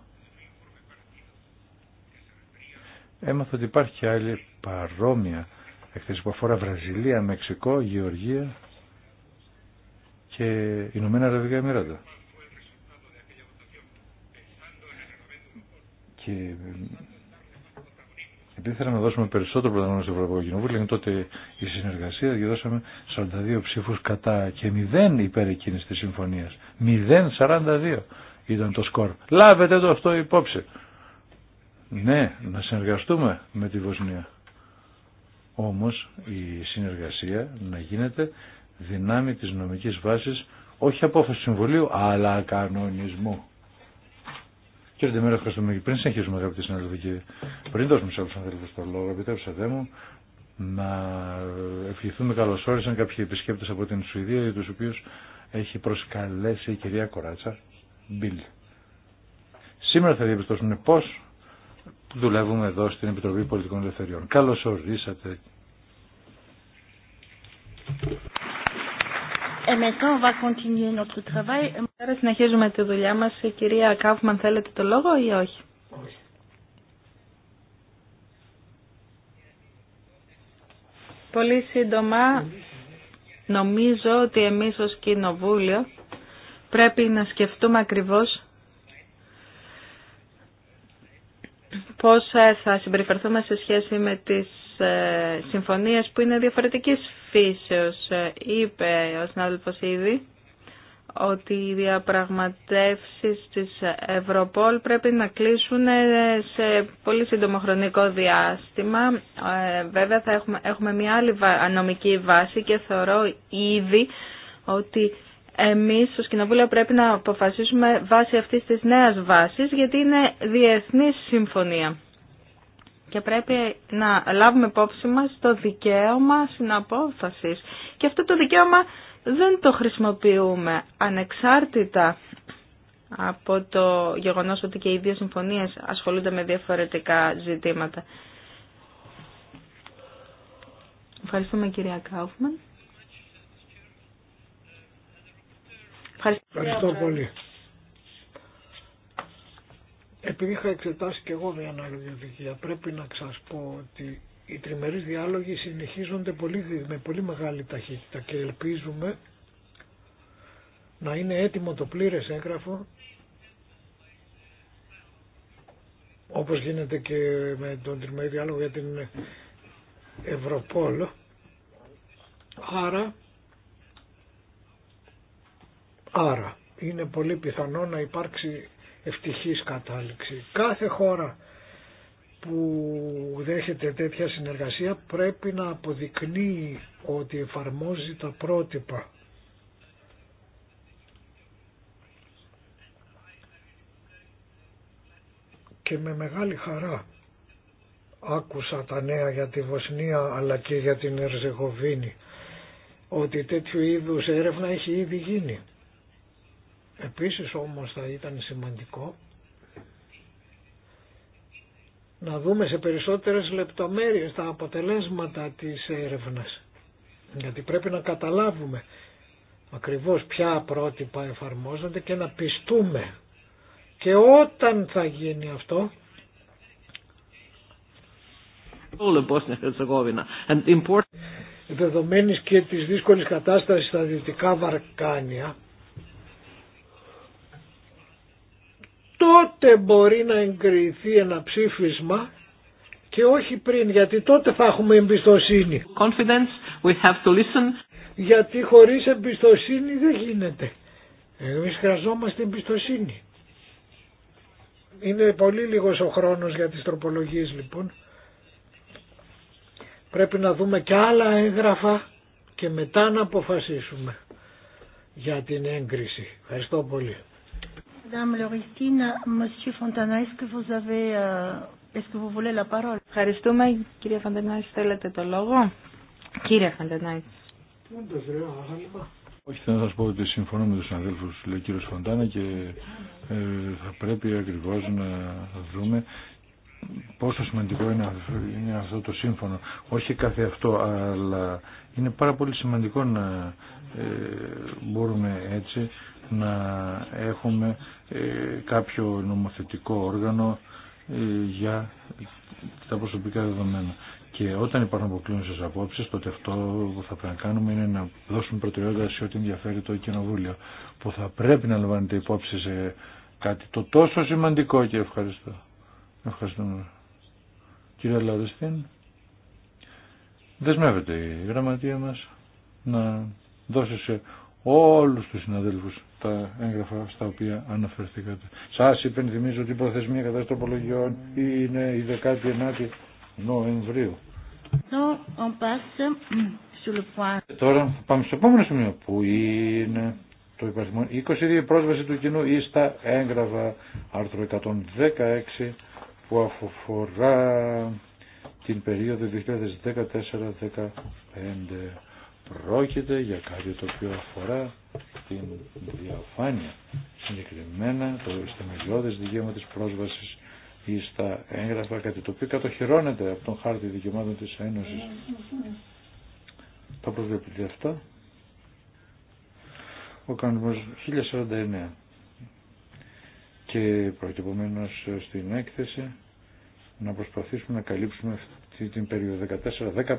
έμαθα ότι υπάρχει και άλλη παρόμοια έκθεση που αφορά Βραζιλία, Μεξικό, Γεωργία και Ηνωμένα Αραβικά Εμμυράτα. Και επειδή θέλαμε να δώσουμε περισσότερο πρωταγωνισμό στο Ευρωπαϊκό Κοινοβούλιο, είναι τότε η συνεργασία, δώσαμε 42 ψήφου κατά και 0 υπέρ εκείνη τη συμφωνία. 0-42 ήταν το σκορ. Λάβετε το αυτό υπόψη. Ναι, να συνεργαστούμε με τη Βοσνία. Όμως η συνεργασία να γίνεται δυνάμει της νομικής βάσης όχι απόφαση συμβουλίου αλλά κανονισμού. Κύριε Ντεμέρα, ευχαριστούμε. Πριν συνεχίσουμε, αγαπητοί συνάδελφοι, και πριν δώσουμε σε του ανθρώπου το λόγο, επιτρέψατε μου να ευχηθούμε καλώ όρισαν κάποιοι επισκέπτε από την Σουηδία, για του οποίου έχει προσκαλέσει η κυρία Κοράτσα Μπίλ. Σήμερα θα διαπιστώσουμε πώ δουλεύουμε εδώ στην Επιτροπή Πολιτικών Ελευθεριών. Καλώ ορίσατε. Τώρα συνεχίζουμε τη δουλειά μας. Η κυρία Κάφμαν θέλετε το λόγο ή όχι. Πολύ σύντομα νομίζω ότι εμείς ως κοινοβούλιο πρέπει να σκεφτούμε ακριβώς πώς θα συμπεριφερθούμε σε σχέση με τις ε, συμφωνίες που είναι διαφορετικής φύσεως. Ε, είπε ο συνάδελφος ήδη ότι οι διαπραγματεύσεις της Ευρωπόλ πρέπει να κλείσουν ε, σε πολύ σύντομο χρονικό διάστημα. Βέβαια θα έχουμε, έχουμε μια άλλη νομική βάση και θεωρώ ήδη ότι εμείς στο Κοινοβούλιο πρέπει να αποφασίσουμε βάση αυτής της νέας βάσης γιατί είναι διεθνή συμφωνία και πρέπει να λάβουμε υπόψη μας το δικαίωμα συναπόφασης. Και αυτό το δικαίωμα δεν το χρησιμοποιούμε ανεξάρτητα από το γεγονός ότι και οι δύο συμφωνίες ασχολούνται με διαφορετικά ζητήματα. Ευχαριστούμε κυρία Κάουφμαν. Ευχαριστώ πολύ επειδή είχα εξετάσει και εγώ μια ανάλογη πρέπει να σας πω ότι οι τριμερείς διάλογοι συνεχίζονται πολύ, με πολύ μεγάλη ταχύτητα και ελπίζουμε να είναι έτοιμο το πλήρες έγγραφο όπως γίνεται και με τον τριμερή διάλογο για την Ευρωπόλ. Άρα, άρα είναι πολύ πιθανό να υπάρξει ευτυχής κατάληξη. Κάθε χώρα που δέχεται τέτοια συνεργασία πρέπει να αποδεικνύει ότι εφαρμόζει τα πρότυπα. Και με μεγάλη χαρά άκουσα τα νέα για τη Βοσνία αλλά και για την Ερζεγοβίνη ότι τέτοιου είδους έρευνα έχει ήδη γίνει. Επίσης όμως θα ήταν σημαντικό να δούμε σε περισσότερες λεπτομέρειες τα αποτελέσματα της έρευνας. Γιατί πρέπει να καταλάβουμε ακριβώς ποια πρότυπα εφαρμόζονται και να πιστούμε. Και όταν θα γίνει αυτό, δεδομένης και της δύσκολης κατάστασης στα Δυτικά Βαρκάνια, τότε μπορεί να εγκριθεί ένα ψήφισμα και όχι πριν, γιατί τότε θα έχουμε εμπιστοσύνη. Confidence, we have to listen. Γιατί χωρίς εμπιστοσύνη δεν γίνεται. Εμείς χρειαζόμαστε εμπιστοσύνη. Είναι πολύ λίγος ο χρόνος για τις τροπολογίες λοιπόν. Πρέπει να δούμε και άλλα έγγραφα και μετά να αποφασίσουμε για την έγκριση. Ευχαριστώ πολύ. Ευχαριστούμε. Κύριε Φαντενάης, θέλετε το λόγο. Κύριε Φαντάνα. Όχι, θέλω να σας πω ότι συμφωνώ με τους αδέλφους, λέει ο κύριος Φοντάνα, και ε, θα πρέπει ακριβώς να δούμε πόσο σημαντικό είναι, αυτό το σύμφωνο. Όχι κάθε αυτό, αλλά είναι πάρα πολύ σημαντικό να ε, μπορούμε έτσι να έχουμε ε, κάποιο νομοθετικό όργανο ε, για τα προσωπικά δεδομένα. Και όταν υπάρχουν αποκλίνουσε απόψει, τότε αυτό που θα πρέπει να κάνουμε είναι να δώσουμε προτεραιότητα σε ό,τι ενδιαφέρει το Κοινοβούλιο. Που θα πρέπει να λαμβάνεται υπόψη σε κάτι το τόσο σημαντικό και ευχαριστώ. Ευχαριστούμε. Κύριε Λαδεστίν. δεσμεύεται η γραμματεία μας να δώσει σε όλους τους συναδέλφους τα έγγραφα στα οποία αναφερθήκατε. Σας υπενθυμίζω ότι η προθεσμία κατά τροπολογιών είναι η 19η Νοεμβρίου. Τώρα πάμε στο επόμενο σημείο που είναι το υπαριθμό 22 πρόσβαση του κοινού ή στα έγγραφα άρθρο 116 που αφορά την περίοδο 2014-2015. Πρόκειται για κάτι το οποίο αφορά την διαφάνεια συγκεκριμένα το θεμελιώδες δικαίωμα της πρόσβασης ή στα έγγραφα κάτι το οποίο κατοχυρώνεται από τον χάρτη δικαιωμάτων της Ένωση το προβλέπετε αυτό ο κανονισμός 1049 και προετοιπομένως στην έκθεση να προσπαθήσουμε να καλύψουμε αυτή την περίοδο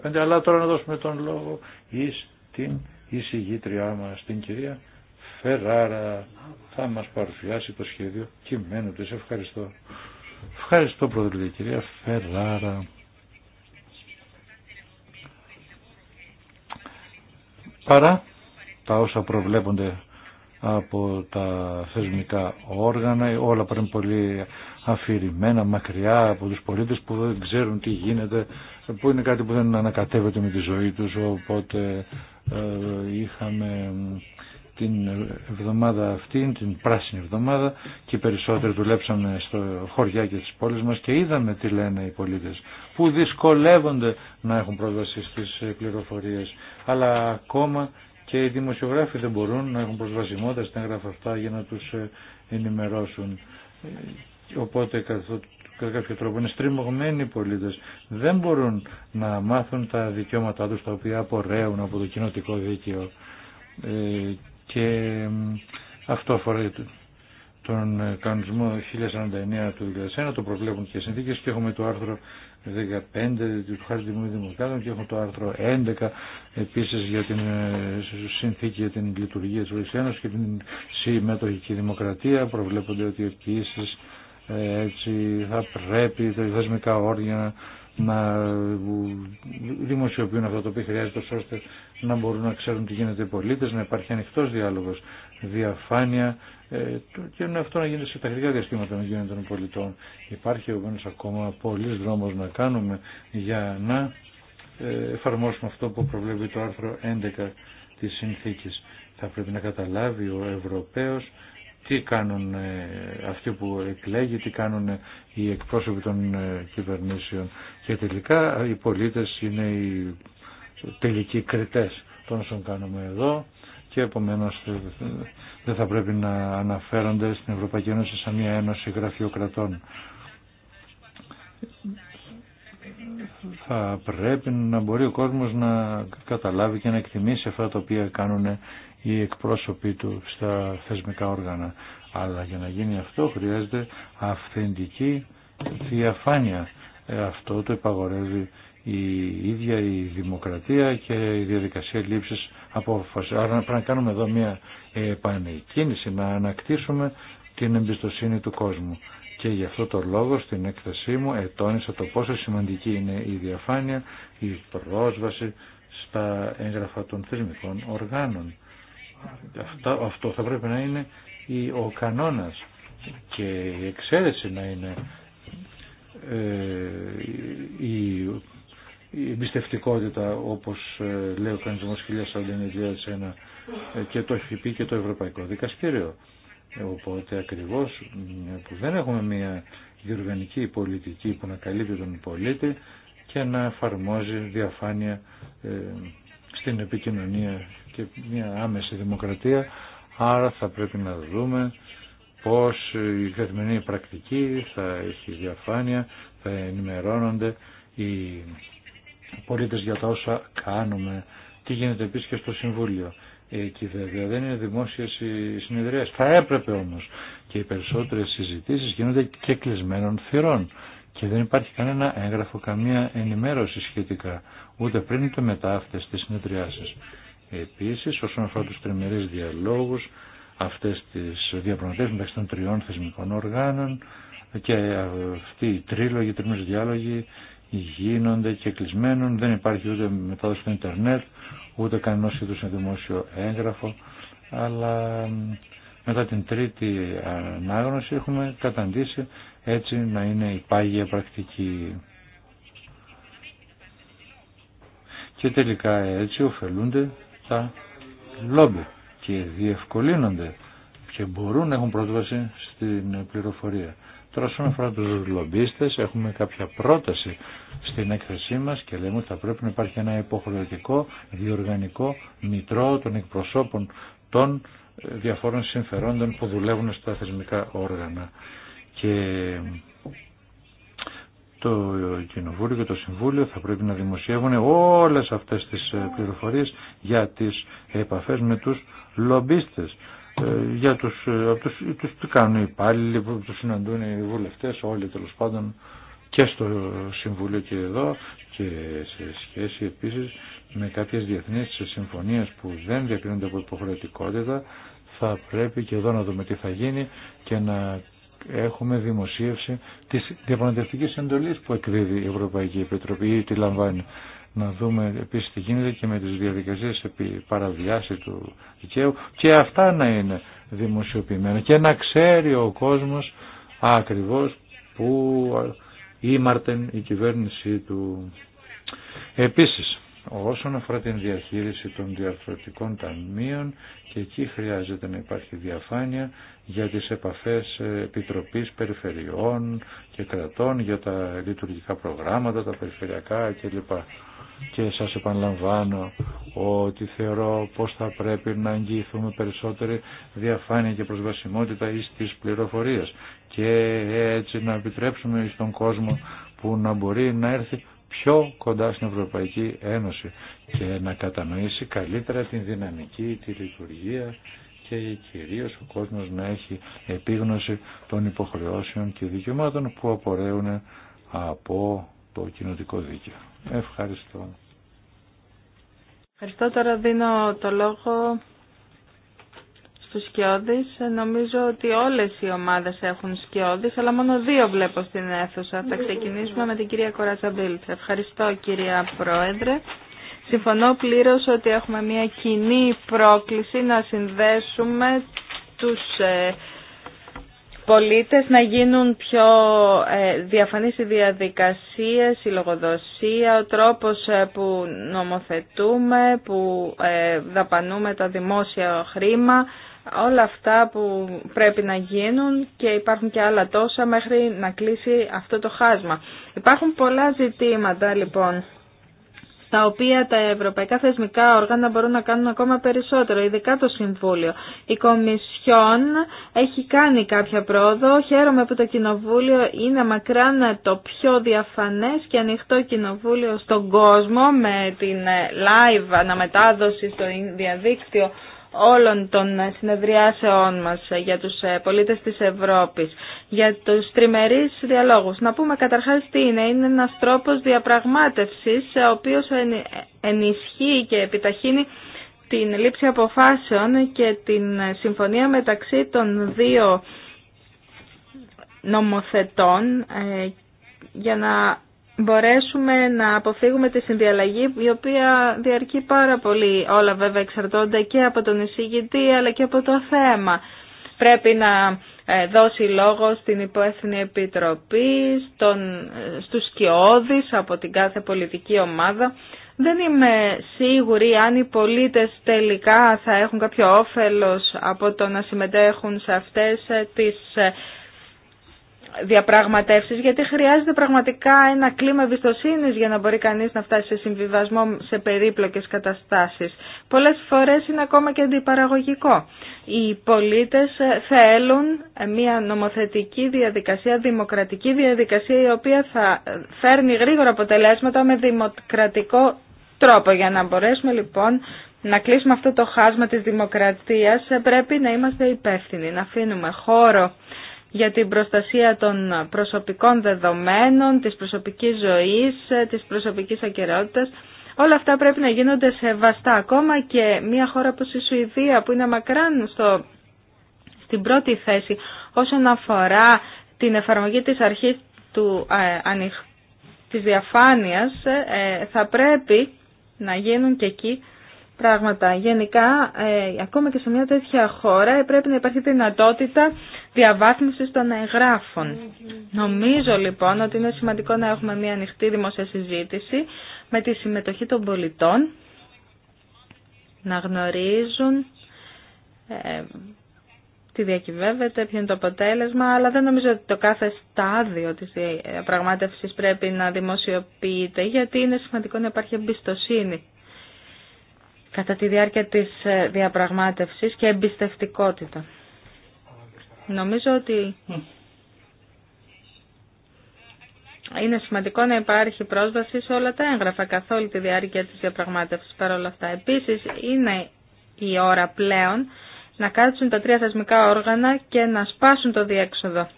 14-15 αλλά τώρα να δώσουμε τον λόγο εις την εισηγήτριά μα την κυρία Φεράρα θα μας παρουσιάσει το σχέδιο κειμένου της. Ευχαριστώ. Ευχαριστώ πρόεδρε κυρία Φεράρα. Παρά τα όσα προβλέπονται από τα θεσμικά όργανα, όλα πρέπει πολύ αφηρημένα, μακριά από τους πολίτες που δεν ξέρουν τι γίνεται, που είναι κάτι που δεν ανακατεύεται με τη ζωή τους, οπότε ε, είχαμε την εβδομάδα αυτή, την πράσινη εβδομάδα και περισσότεροι δουλέψαμε στο χωριά και στις πόλεις μας και είδαμε τι λένε οι πολίτες που δυσκολεύονται να έχουν πρόσβαση στις ε, πληροφορίες αλλά ακόμα και οι δημοσιογράφοι δεν μπορούν να έχουν προσβασιμότητα στην έγγραφα αυτά για να τους ε, ενημερώσουν ε, οπότε κατά κάποιο τρόπο είναι στριμωγμένοι οι πολίτες δεν μπορούν να μάθουν τα δικαιώματά τους τα οποία απορρέουν από το κοινοτικό δίκαιο και αυτό αφορά τον ε, κανονισμό 1049 του 2001, το προβλέπουν και οι συνθήκες και έχουμε το άρθρο 15 του Χάρτη Δημοκρατία Δημοκράτων και έχουμε το άρθρο 11 επίσης για την ε, συνθήκη για την λειτουργία της Βουλής και την συμμετοχική δημοκρατία προβλέπονται ότι επίσης ε, έτσι θα πρέπει τα θεσμικά όργανα να δημοσιοποιούν αυτό το οποίο χρειάζεται ώστε να μπορούν να ξέρουν τι γίνεται οι πολίτες, να υπάρχει ανοιχτός διάλογος, διαφάνεια ε, και αυτό να γίνεται σε τακτικά διαστήματα με γίνεται των πολιτών. Υπάρχει επομένως ακόμα πολλής δρόμος να κάνουμε για να ε, εφαρμόσουμε αυτό που προβλέπει το άρθρο 11 της συνθήκης. Θα πρέπει να καταλάβει ο Ευρωπαίος τι κάνουν ε, αυτοί που εκλέγει, τι κάνουν οι εκπρόσωποι των κυβερνήσεων και τελικά οι πολίτες είναι οι τελικοί κριτές των όσων κάνουμε εδώ και επομένως ε, δεν θα πρέπει να αναφέρονται στην Ευρωπαϊκή Ένωση σαν μια ένωση γραφειοκρατών. Θα πρέπει να μπορεί ο κόσμος να καταλάβει και να εκτιμήσει αυτά τα οποία κάνουν οι εκπρόσωποι του στα θεσμικά όργανα. Αλλά για να γίνει αυτό χρειάζεται αυθεντική διαφάνεια αυτό το υπαγορεύει η ίδια η δημοκρατία και η διαδικασία λήψης απόφαση. Άρα πρέπει να κάνουμε εδώ μια επανεκκίνηση, να ανακτήσουμε την εμπιστοσύνη του κόσμου. Και γι' αυτό το λόγο στην έκθεσή μου ετώνησα το πόσο σημαντική είναι η διαφάνεια, η πρόσβαση στα έγγραφα των θεσμικών οργάνων. Αυτό, αυτό θα πρέπει να είναι ο κανόνας και η εξαίρεση να είναι ε, η, η εμπιστευτικότητα όπως ε, λέει ο κανονισμός 1049 ε, και το έχει πει και το Ευρωπαϊκό Δικαστήριο. Οπότε ακριβώς που δεν έχουμε μια διοργανική πολιτική που να καλύπτει τον πολίτη και να εφαρμόζει διαφάνεια στην επικοινωνία και μια άμεση δημοκρατία. Άρα θα πρέπει να δούμε πώς η καθημερινή πρακτική θα έχει διαφάνεια, θα ενημερώνονται οι πολίτες για τα όσα κάνουμε. Τι γίνεται επίση και στο Συμβούλιο. Εκεί βέβαια δεν είναι δημόσιες οι Θα έπρεπε όμως και οι περισσότερες συζητήσεις γίνονται και κλεισμένων θυρών και δεν υπάρχει κανένα έγγραφο, καμία ενημέρωση σχετικά ούτε πριν ούτε μετά αυτές τις συνεδριάσεις. Επίσης όσον αφορά τους τριμερείς διαλόγους αυτές τις διαπραγματεύσει μεταξύ των τριών θεσμικών οργάνων και αυτοί οι τρίλογοι, οι τριμμένες διάλογοι γίνονται και κλεισμένων, δεν υπάρχει ούτε μετάδοση στο ίντερνετ, ούτε κανένας είδους δημόσιο έγγραφο, αλλά μετά την τρίτη ανάγνωση έχουμε καταντήσει έτσι να είναι η πάγια πρακτική. Και τελικά έτσι ωφελούνται τα λόμπι και διευκολύνονται και μπορούν να έχουν πρόσβαση στην πληροφορία. Τώρα όσον αφορά του λομπίστες έχουμε κάποια πρόταση στην έκθεσή μας και λέμε ότι θα πρέπει να υπάρχει ένα υποχρεωτικό διοργανικό μητρό των εκπροσώπων των ε, διαφόρων συμφερόντων που δουλεύουν στα θεσμικά όργανα. Και το Κοινοβούλιο και το Συμβούλιο θα πρέπει να δημοσιεύουν όλες αυτές τις ε, πληροφορίες για τις επαφές με τους λομπίστες ε, για τους, ε, τους, τους τι κάνουν οι υπάλληλοι που τους συναντούν οι βουλευτές όλοι τέλο πάντων και στο Συμβούλιο και εδώ και σε σχέση επίσης με κάποιες διεθνείς συμφωνίες που δεν διακρίνονται από υποχρεωτικότητα θα πρέπει και εδώ να δούμε τι θα γίνει και να έχουμε δημοσίευση της διαπραγματευτικής εντολής που εκδίδει η Ευρωπαϊκή Επιτροπή ή τη λαμβάνει να δούμε επίσης τι γίνεται και με τις διαδικασίες επί παραβιάση του δικαίου και αυτά να είναι δημοσιοποιημένα και να ξέρει ο κόσμος ακριβώς που ήμαρτεν η κυβέρνησή του. Επίσης, όσον αφορά την διαχείριση των διαρθρωτικών ταμείων και εκεί χρειάζεται να υπάρχει διαφάνεια για τις επαφές επιτροπής περιφερειών και κρατών για τα λειτουργικά προγράμματα, τα περιφερειακά κλπ και σας επαναλαμβάνω ότι θεωρώ πως θα πρέπει να εγγυηθούμε περισσότερη διαφάνεια και προσβασιμότητα εις της πληροφορίας και έτσι να επιτρέψουμε στον κόσμο που να μπορεί να έρθει πιο κοντά στην Ευρωπαϊκή Ένωση και να κατανοήσει καλύτερα την δυναμική, τη λειτουργία και κυρίως ο κόσμος να έχει επίγνωση των υποχρεώσεων και δικαιωμάτων που απορρέουν από το κοινωτικό δίκαιο. Ευχαριστώ. Ευχαριστώ. Τώρα δίνω το λόγο στους σκιώδεις. Νομίζω ότι όλες οι ομάδες έχουν σκιώδεις, αλλά μόνο δύο βλέπω στην αίθουσα. Θα ξεκινήσουμε με την κυρία Κοράτσα Ευχαριστώ κυρία Πρόεδρε. Συμφωνώ πλήρως ότι έχουμε μια κοινή πρόκληση να συνδέσουμε τους ε, πολίτες να γίνουν πιο ε, διαφανείς οι διαδικασίες, η λογοδοσία, ο τρόπος ε, που νομοθετούμε, που ε, δαπανούμε το δημόσιο χρήμα, όλα αυτά που πρέπει να γίνουν και υπάρχουν και άλλα τόσα μέχρι να κλείσει αυτό το χάσμα. Υπάρχουν πολλά ζητήματα λοιπόν τα οποία τα ευρωπαϊκά θεσμικά όργανα μπορούν να κάνουν ακόμα περισσότερο, ειδικά το Συμβούλιο. Η Κομισιόν έχει κάνει κάποια πρόοδο. Χαίρομαι που το Κοινοβούλιο είναι μακράν το πιο διαφανές και ανοιχτό Κοινοβούλιο στον κόσμο με την ε, live αναμετάδοση στο διαδίκτυο όλων των συνεδριάσεών μας για τους ε, πολίτες της Ευρώπης, για τους τριμερείς διαλόγους. Να πούμε καταρχάς τι είναι. Είναι ένας τρόπος διαπραγμάτευσης, ο οποίος ενισχύει και επιταχύνει την λήψη αποφάσεων και την συμφωνία μεταξύ των δύο νομοθετών ε, για να μπορέσουμε να αποφύγουμε τη συνδιαλλαγή η οποία διαρκεί πάρα πολύ. Όλα βέβαια εξαρτώνται και από τον εισηγητή αλλά και από το θέμα. Πρέπει να ε, δώσει λόγο στην Υπόεθνη Επιτροπή, στον, ε, στους σκιώδεις από την κάθε πολιτική ομάδα. Δεν είμαι σίγουρη αν οι πολίτες τελικά θα έχουν κάποιο όφελος από το να συμμετέχουν σε αυτές ε, τις διαπραγματεύσεις γιατί χρειάζεται πραγματικά ένα κλίμα εμπιστοσύνη για να μπορεί κανείς να φτάσει σε συμβιβασμό σε περίπλοκες καταστάσεις. Πολλές φορές είναι ακόμα και αντιπαραγωγικό. Οι πολίτες θέλουν μια νομοθετική διαδικασία, δημοκρατική διαδικασία η οποία θα φέρνει γρήγορα αποτελέσματα με δημοκρατικό τρόπο. Για να μπορέσουμε λοιπόν να κλείσουμε αυτό το χάσμα της δημοκρατίας πρέπει να είμαστε υπεύθυνοι, να αφήνουμε χώρο για την προστασία των προσωπικών δεδομένων, της προσωπικής ζωής, ε, της προσωπικής ακεραιότητας, Όλα αυτά πρέπει να γίνονται σεβαστά. Ακόμα και μια χώρα όπως η Σουηδία που είναι μακράν στο, στην πρώτη θέση όσον αφορά την εφαρμογή της αρχής του, ε, της διαφάνειας ε, ε, θα πρέπει να γίνουν και εκεί πράγματα. Γενικά, ε, ακόμα και σε μια τέτοια χώρα ε, πρέπει να υπάρχει δυνατότητα διαβάθμισης των εγγράφων. Νομίζω λοιπόν ότι είναι σημαντικό να έχουμε μια ανοιχτή δημόσια συζήτηση με τη συμμετοχή των πολιτών να γνωρίζουν ε, τι διακυβεύεται, ποιο είναι το αποτέλεσμα, αλλά δεν νομίζω ότι το κάθε στάδιο της διαπραγμάτευσης πρέπει να δημοσιοποιείται, γιατί είναι σημαντικό να υπάρχει εμπιστοσύνη κατά τη διάρκεια της ε, διαπραγμάτευσης και εμπιστευτικότητα. Νομίζω ότι είναι σημαντικό να υπάρχει πρόσβαση σε όλα τα έγγραφα καθ' όλη τη διάρκεια της διαπραγμάτευσης παρόλα αυτά. Επίσης είναι η ώρα πλέον να κάτσουν τα τρία θεσμικά όργανα και να σπάσουν το διέξοδο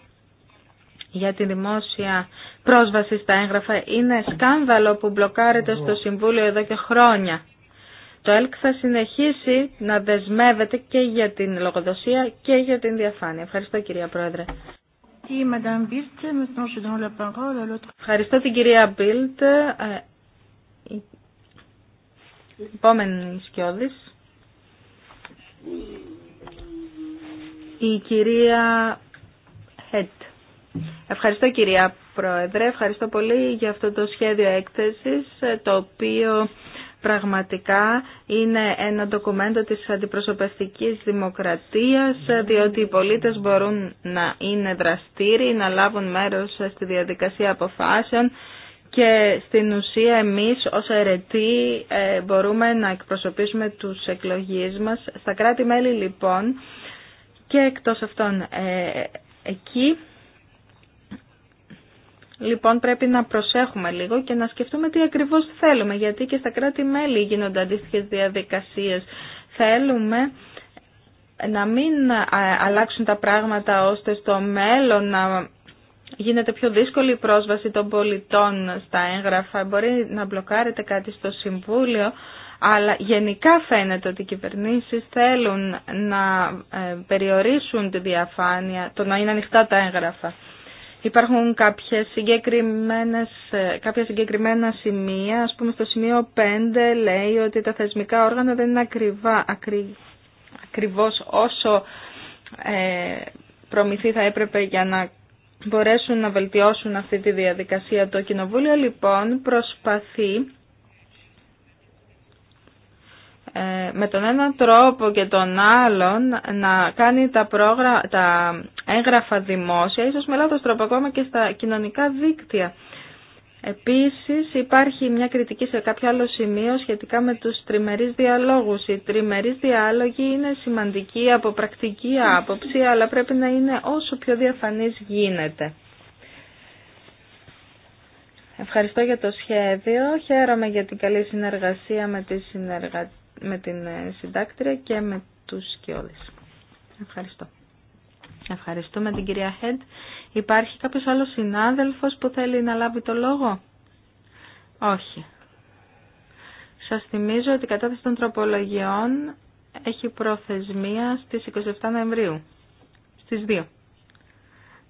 για τη δημόσια πρόσβαση στα έγγραφα. Είναι σκάνδαλο που μπλοκάρεται στο Συμβούλιο εδώ και χρόνια. Το ΕΛΚ θα συνεχίσει να δεσμεύεται και για την λογοδοσία και για την διαφάνεια. Ευχαριστώ κυρία Πρόεδρε. Ευχαριστώ την κυρία Μπίλτ. Ε, επόμενη σκιώδης. Η κυρία Χέτ. Ευχαριστώ κυρία Πρόεδρε. Ευχαριστώ πολύ για αυτό το σχέδιο έκθεσης ε, το οποίο πραγματικά είναι ένα ντοκουμέντο της αντιπροσωπευτικής δημοκρατίας, διότι οι πολίτες μπορούν να είναι δραστήριοι, να λάβουν μέρος στη διαδικασία αποφάσεων και στην ουσία εμείς ως αιρετοί ε, μπορούμε να εκπροσωπήσουμε τους εκλογείς μας. Στα κράτη-μέλη λοιπόν και εκτός αυτών ε, εκεί Λοιπόν, πρέπει να προσέχουμε λίγο και να σκεφτούμε τι ακριβώς θέλουμε, γιατί και στα κράτη-μέλη γίνονται αντίστοιχε διαδικασίες. Θέλουμε να μην ε, αλλάξουν τα πράγματα ώστε στο μέλλον να γίνεται πιο δύσκολη η πρόσβαση των πολιτών στα έγγραφα. Μπορεί να μπλοκάρεται κάτι στο Συμβούλιο, αλλά γενικά φαίνεται ότι οι κυβερνήσεις θέλουν να ε, περιορίσουν τη διαφάνεια, το να είναι ανοιχτά τα έγγραφα. Υπάρχουν κάποιες συγκεκριμένες, κάποια συγκεκριμένα σημεία, ας πούμε στο σημείο 5 λέει ότι τα θεσμικά όργανα δεν είναι ακριβά, ακριβώς όσο ε, προμηθεί θα έπρεπε για να μπορέσουν να βελτιώσουν αυτή τη διαδικασία. Το Κοινοβούλιο λοιπόν προσπαθεί ε, με τον έναν τρόπο και τον άλλον να κάνει τα, πρόγρα... τα έγγραφα δημόσια, ίσως με λάθος τρόπο ακόμα και στα κοινωνικά δίκτυα. Επίσης υπάρχει μια κριτική σε κάποιο άλλο σημείο σχετικά με τους τριμερείς διαλόγους. Οι τριμερείς διάλογοι είναι σημαντικοί από πρακτική άποψη, αλλά πρέπει να είναι όσο πιο διαφανής γίνεται. Ευχαριστώ για το σχέδιο. Χαίρομαι για την καλή συνεργασία με τις συνεργατές με την ε, συντάκτρια και με τους σκιώδες. Ευχαριστώ. Ευχαριστούμε την κυρία Χέντ. Υπάρχει κάποιος άλλος συνάδελφος που θέλει να λάβει το λόγο? Όχι. Σας θυμίζω ότι η κατάθεση των τροπολογιών έχει προθεσμία στις 27 Νοεμβρίου, στις 2.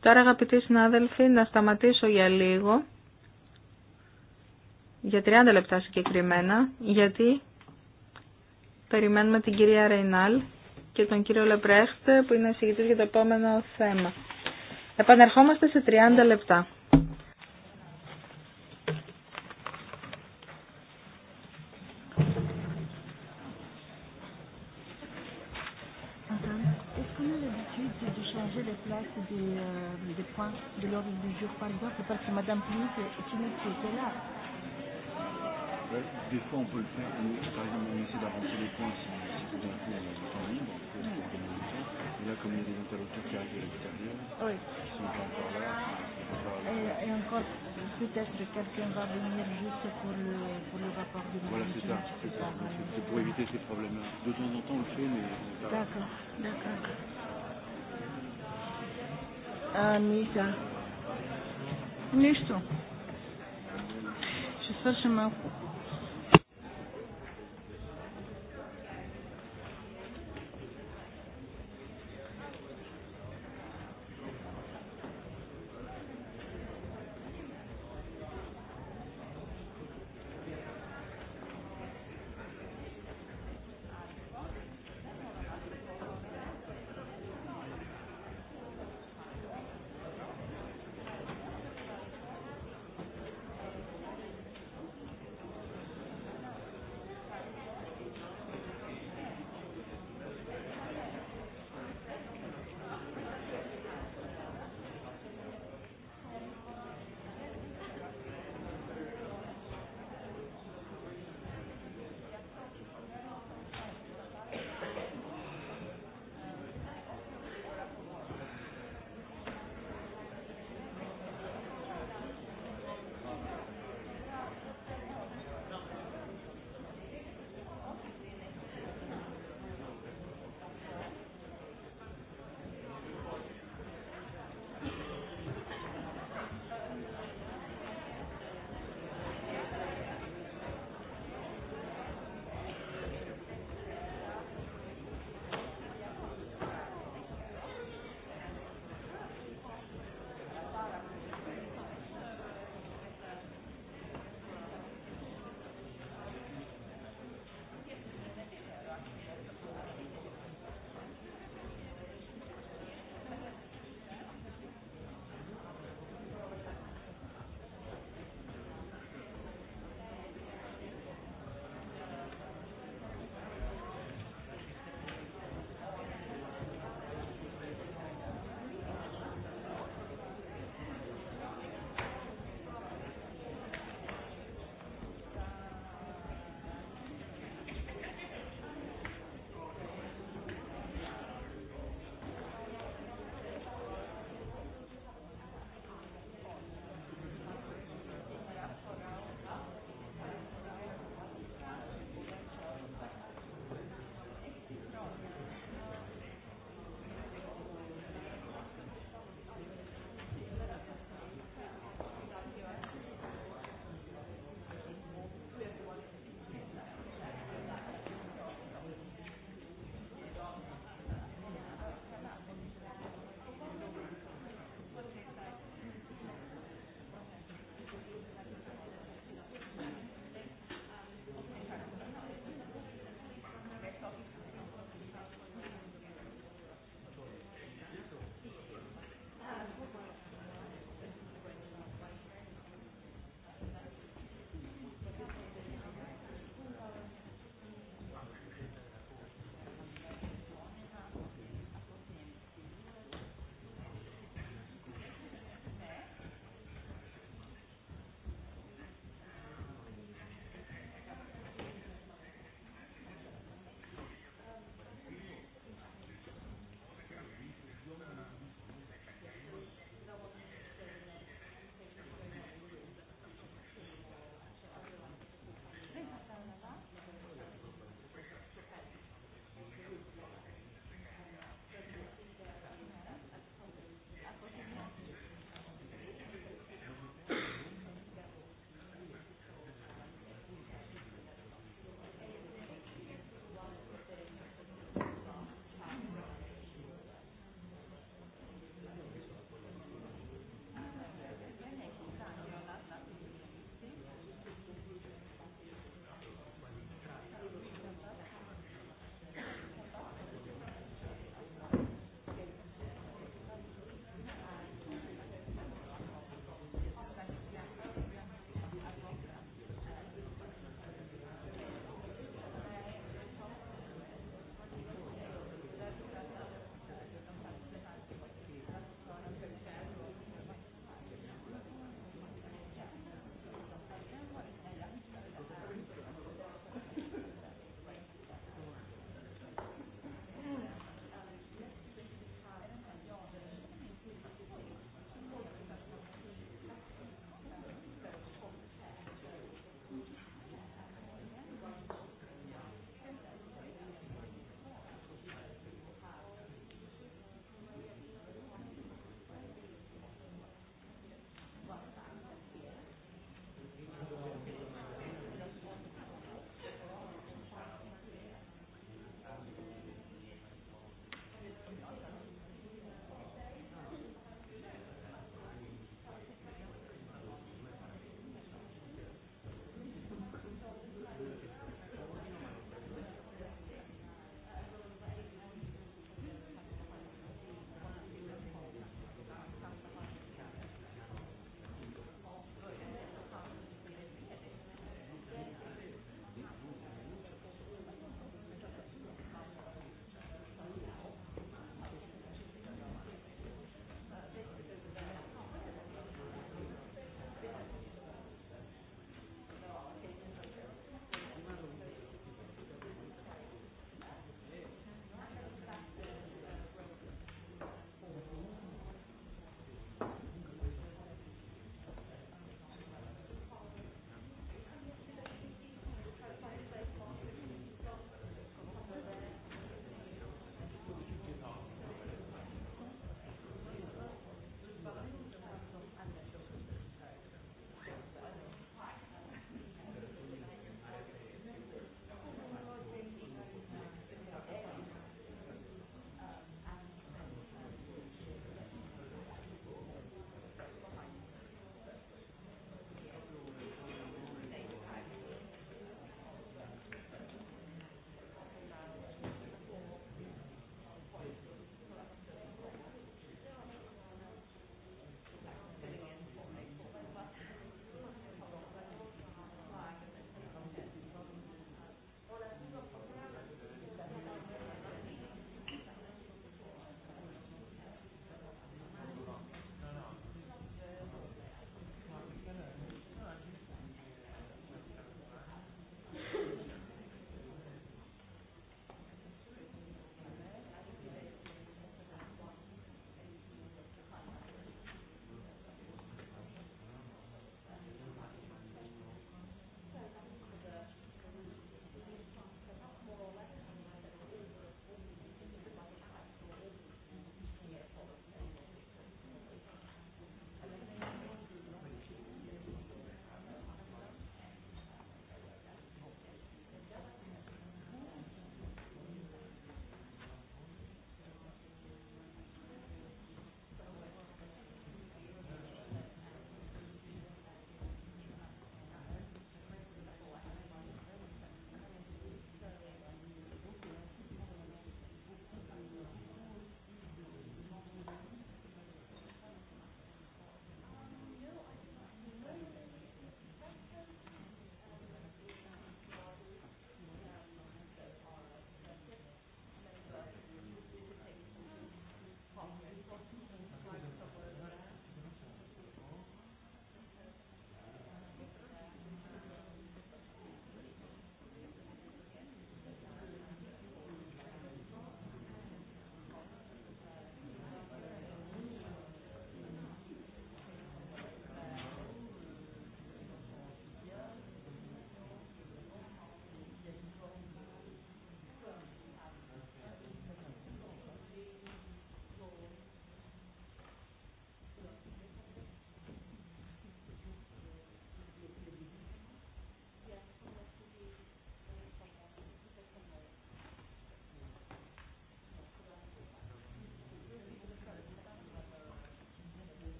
Τώρα αγαπητοί συνάδελφοι να σταματήσω για λίγο, για 30 λεπτά συγκεκριμένα, γιατί Περιμένουμε την κυρία Ρεϊνάλ και τον κύριο Λεπρέχτ που είναι συγκεκριτής για το επόμενο θέμα. Επανερχόμαστε σε 30 λεπτά. Des, euh, des points de l'ordre du jour, par exemple, parce que Madame Plouz, qui était là, Des fois, on peut le faire. Par exemple, on essaie d'avancer les points si tout d'un coup on a du temps libre Et là, comme il y a des interlocuteurs qui arrivent de l'extérieur, oui. qui sont pas encore là, et, et encore, peut-être quelqu'un va venir juste pour le, pour le rapport de Voilà, c'est ça. C'est pour éviter ces problèmes-là. De temps en temps, on le fait, mais. D'accord, d'accord. Anita. Nisto. Ще свършим малко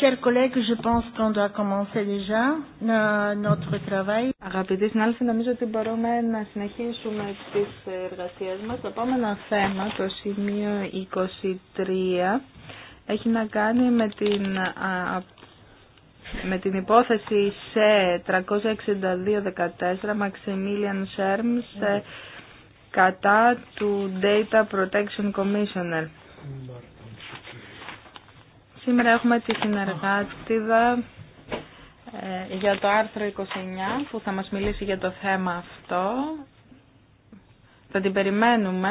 Chers collègues, je pense qu'on doit commencer déjà notre travail. Αγαπητοί συνάδελφοι, νομίζω ότι μπορούμε να συνεχίσουμε τι εργασίε μα Το επόμενο θέμα, το σημείο 23, έχει να κάνει με την, με την υπόθεση σε 362-14 Maximilian Sherms ε, κατά του Data Protection Commissioner. Σήμερα έχουμε τη συνεργάτηδα ε, για το άρθρο 29 που θα μας μιλήσει για το θέμα αυτό. Θα την περιμένουμε.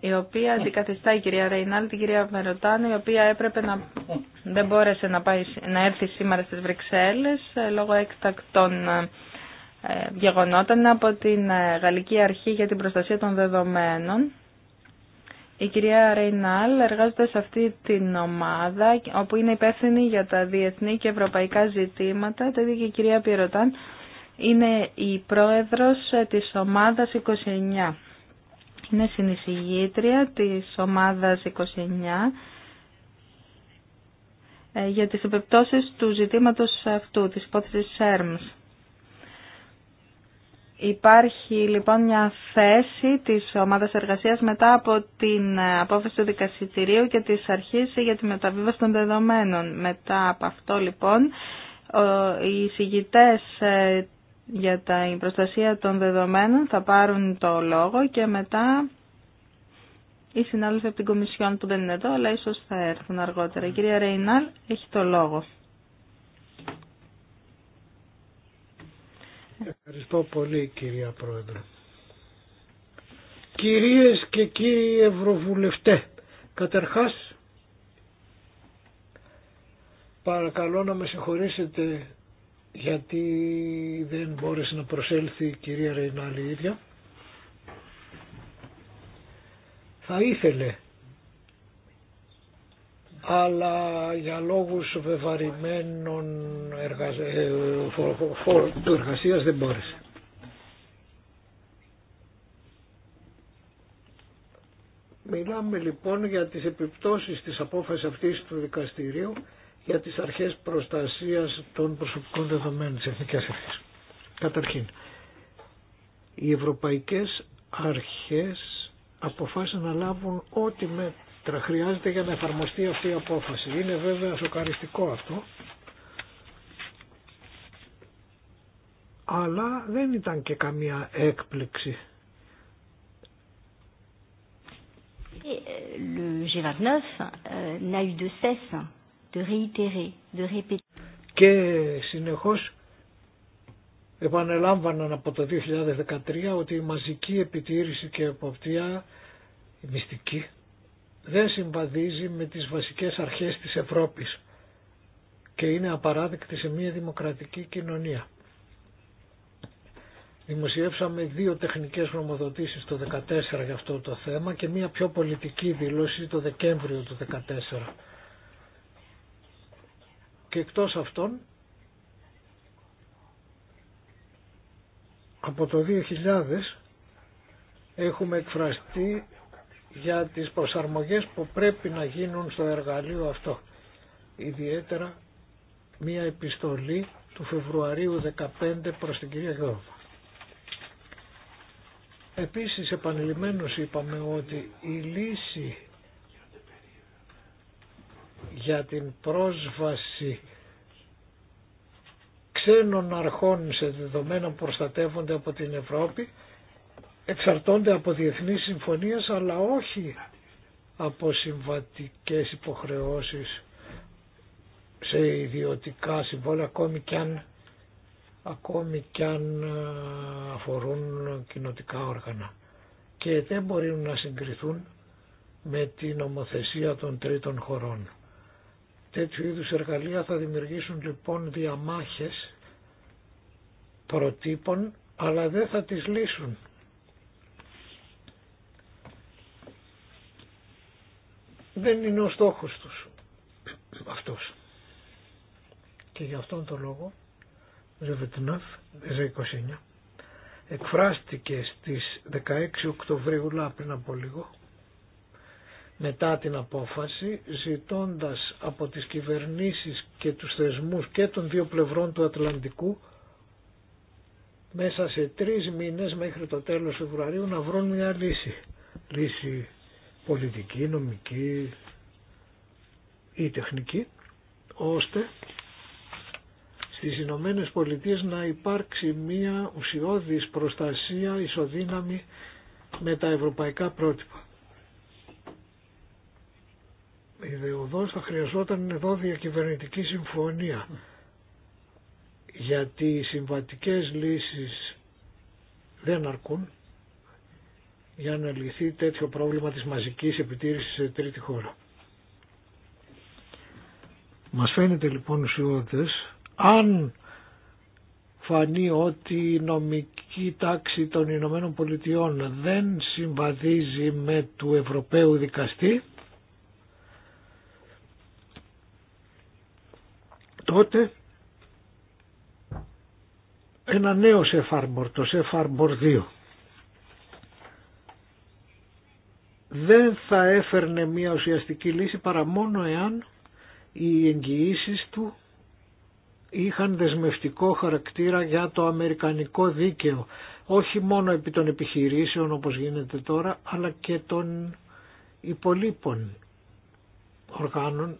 Η οποία αντικαθιστά η κυρία Ρεϊνάλ, την κυρία Μεροτάνο, η οποία έπρεπε να δεν μπόρεσε να, πάει, να έρθει σήμερα στις Βρυξέλλες ε, λόγω έκτακτων ε, γεγονότων από την Γαλλική Αρχή για την Προστασία των Δεδομένων η κυρία Ρεϊνάλ εργάζεται σε αυτή την ομάδα, όπου είναι υπεύθυνη για τα διεθνή και ευρωπαϊκά ζητήματα. Το ίδιο και η κυρία Πιροτάν είναι η πρόεδρος της ομάδας 29. Είναι συνεισηγήτρια της ομάδας 29 ε, για τις επιπτώσεις του ζητήματος αυτού, της υπόθεσης ΣΕΡΜΣ. Υπάρχει λοιπόν μια θέση της ομάδας εργασίας μετά από την ε, απόφαση του δικαστηρίου και της αρχής για τη μεταβίβαση των δεδομένων. Μετά από αυτό λοιπόν οι συγητές ε, για την προστασία των δεδομένων θα πάρουν το λόγο και μετά οι συνάδελφοι από την Κομισιόν που δεν είναι εδώ αλλά ίσως θα έρθουν αργότερα. κυρία Ρεϊνάλ έχει το λόγο. Ευχαριστώ πολύ κυρία Πρόεδρε. Κυρίες και κύριοι Ευρωβουλευτέ, καταρχάς παρακαλώ να με συγχωρήσετε γιατί δεν μπόρεσε να προσέλθει η κυρία Ρεϊνάλη ίδια. Θα ήθελε αλλά για λόγους βεβαρημένων εργασ... Ε, του εργασίας δεν μπόρεσε. Μιλάμε λοιπόν για τις επιπτώσεις της απόφασης αυτής του δικαστηρίου για τις αρχές προστασίας των προσωπικών δεδομένων της Εθνικής Αρχής. Καταρχήν, οι ευρωπαϊκές αρχές αποφάσισαν να λάβουν ό,τι με χρειάζεται για να εφαρμοστεί αυτή η απόφαση. Είναι βέβαια σοκαριστικό αυτό. Αλλά δεν ήταν και καμία έκπληξη. Και συνεχώς επανελάμβαναν από το 2013 ότι η μαζική επιτήρηση και εποπτεία, η μυστική δεν συμβαδίζει με τις βασικές αρχές της Ευρώπης και είναι απαράδεκτη σε μια δημοκρατική κοινωνία. Δημοσιεύσαμε δύο τεχνικές νομοδοτήσεις το 2014 για αυτό το θέμα και μια πιο πολιτική δήλωση το Δεκέμβριο του 2014. Και εκτός αυτών, από το 2000 έχουμε εκφραστεί για τις προσαρμογές που πρέπει να γίνουν στο εργαλείο αυτό. Ιδιαίτερα μία επιστολή του Φεβρουαρίου 15 προς την κυρία Γιώργα. Επίσης επανειλημμένως είπαμε ότι η λύση για την πρόσβαση ξένων αρχών σε δεδομένα που προστατεύονται από την Ευρώπη εξαρτώνται από διεθνείς συμφωνίες αλλά όχι από συμβατικές υποχρεώσεις σε ιδιωτικά συμβόλαια ακόμη κι αν, αφορούν κοινοτικά όργανα και δεν μπορούν να συγκριθούν με την νομοθεσία των τρίτων χωρών. Τέτοιου είδους εργαλεία θα δημιουργήσουν λοιπόν διαμάχες προτύπων αλλά δεν θα τις λύσουν δεν είναι ο στόχος τους αυτός. Και γι' αυτόν τον λόγο Ζεβετνάφ 29 εκφράστηκε στις 16 Οκτωβρίου πριν από λίγο μετά την απόφαση ζητώντας από τις κυβερνήσεις και τους θεσμούς και των δύο πλευρών του Ατλαντικού μέσα σε τρεις μήνες μέχρι το τέλος Φεβρουαρίου να βρουν μια λύση. Λύση πολιτική, νομική ή τεχνική, ώστε στις Ηνωμένε Πολιτείες να υπάρξει μία ουσιώδης προστασία ισοδύναμη με τα ευρωπαϊκά πρότυπα. Ιδεοδός θα χρειαζόταν εδώ διακυβερνητική συμφωνία γιατί οι συμβατικές λύσεις δεν αρκούν για να λυθεί τέτοιο πρόβλημα της μαζικής επιτήρησης σε τρίτη χώρα. Μας φαίνεται λοιπόν ουσιώδες αν φανεί ότι η νομική τάξη των Ηνωμένων Πολιτειών δεν συμβαδίζει με του Ευρωπαίου δικαστή τότε ένα νέο σεφάρμπορ, το σεφάρμπορ 2 δεν θα έφερνε μια ουσιαστική λύση παρά μόνο εάν οι εγγυήσει του είχαν δεσμευτικό χαρακτήρα για το αμερικανικό δίκαιο όχι μόνο επί των επιχειρήσεων όπως γίνεται τώρα αλλά και των υπολείπων οργάνων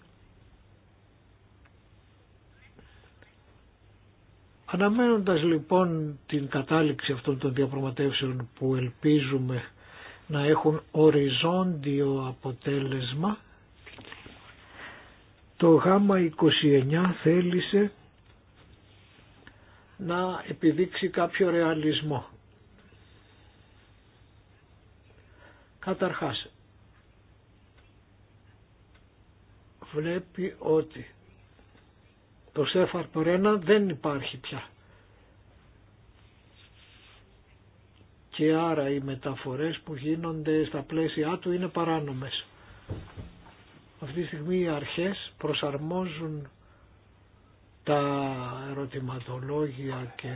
Αναμένοντας λοιπόν την κατάληξη αυτών των διαπραγματεύσεων που ελπίζουμε να έχουν οριζόντιο αποτέλεσμα. Το γάμα 29 θέλησε να επιδείξει κάποιο ρεαλισμό. Καταρχάς, βλέπει ότι το Σέφαρ δεν υπάρχει πια. και άρα οι μεταφορές που γίνονται στα πλαίσια του είναι παράνομες. Αυτή τη στιγμή οι αρχές προσαρμόζουν τα ερωτηματολόγια και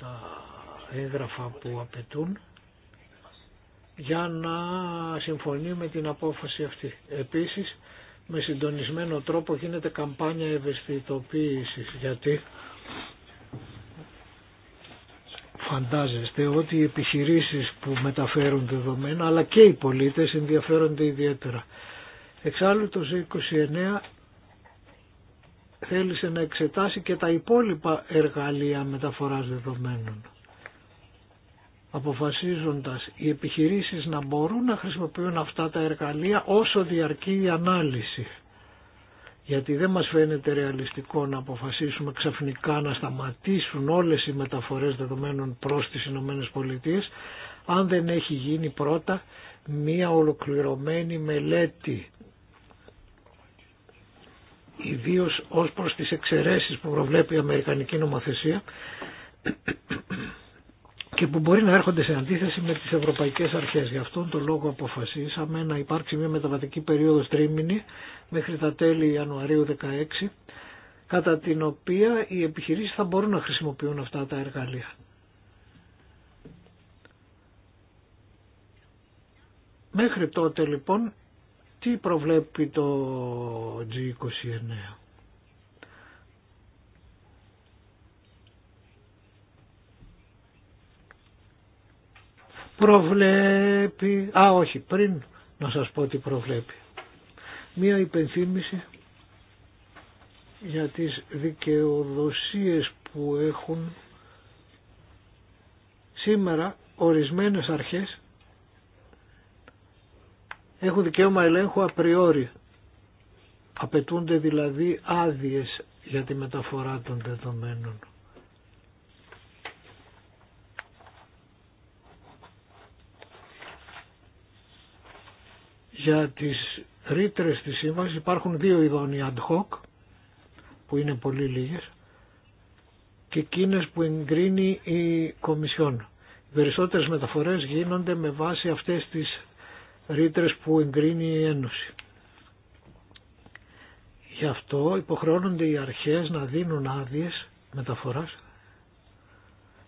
τα έγγραφα που απαιτούν για να συμφωνεί με την απόφαση αυτή. Επίσης, με συντονισμένο τρόπο γίνεται καμπάνια ευαισθητοποίησης γιατί φαντάζεστε ότι οι επιχειρήσεις που μεταφέρουν δεδομένα αλλά και οι πολίτες ενδιαφέρονται ιδιαίτερα. Εξάλλου το 29 θέλησε να εξετάσει και τα υπόλοιπα εργαλεία μεταφοράς δεδομένων. Αποφασίζοντας οι επιχειρήσεις να μπορούν να χρησιμοποιούν αυτά τα εργαλεία όσο διαρκεί η ανάλυση γιατί δεν μας φαίνεται ρεαλιστικό να αποφασίσουμε ξαφνικά να σταματήσουν όλες οι μεταφορές δεδομένων προς τις Ηνωμένε Πολιτείες αν δεν έχει γίνει πρώτα μία ολοκληρωμένη μελέτη ιδίω ως προς τις εξαιρέσεις που προβλέπει η Αμερικανική νομοθεσία και που μπορεί να έρχονται σε αντίθεση με τις ευρωπαϊκές αρχές. Γι' αυτόν τον λόγο αποφασίσαμε να υπάρξει μια μεταβατική περίοδος τρίμηνη μέχρι τα τέλη Ιανουαρίου 16 κατά την οποία οι επιχειρήσεις θα μπορούν να χρησιμοποιούν αυτά τα εργαλεία. Μέχρι τότε λοιπόν τι προβλέπει το G29. προβλέπει, α όχι πριν να σας πω τι προβλέπει. Μία υπενθύμηση για τις δικαιοδοσίες που έχουν σήμερα ορισμένες αρχές έχουν δικαίωμα ελέγχου απριόρι. Απαιτούνται δηλαδή άδειες για τη μεταφορά των δεδομένων. Για τις ρήτρες της σύμβασης υπάρχουν δύο ειδών, οι ad hoc, που είναι πολύ λίγες, και εκείνε που εγκρίνει η Κομισιόν. Οι περισσότερες μεταφορές γίνονται με βάση αυτές τις ρήτρες που εγκρίνει η Ένωση. Γι' αυτό υποχρεώνονται οι αρχές να δίνουν άδειε μεταφοράς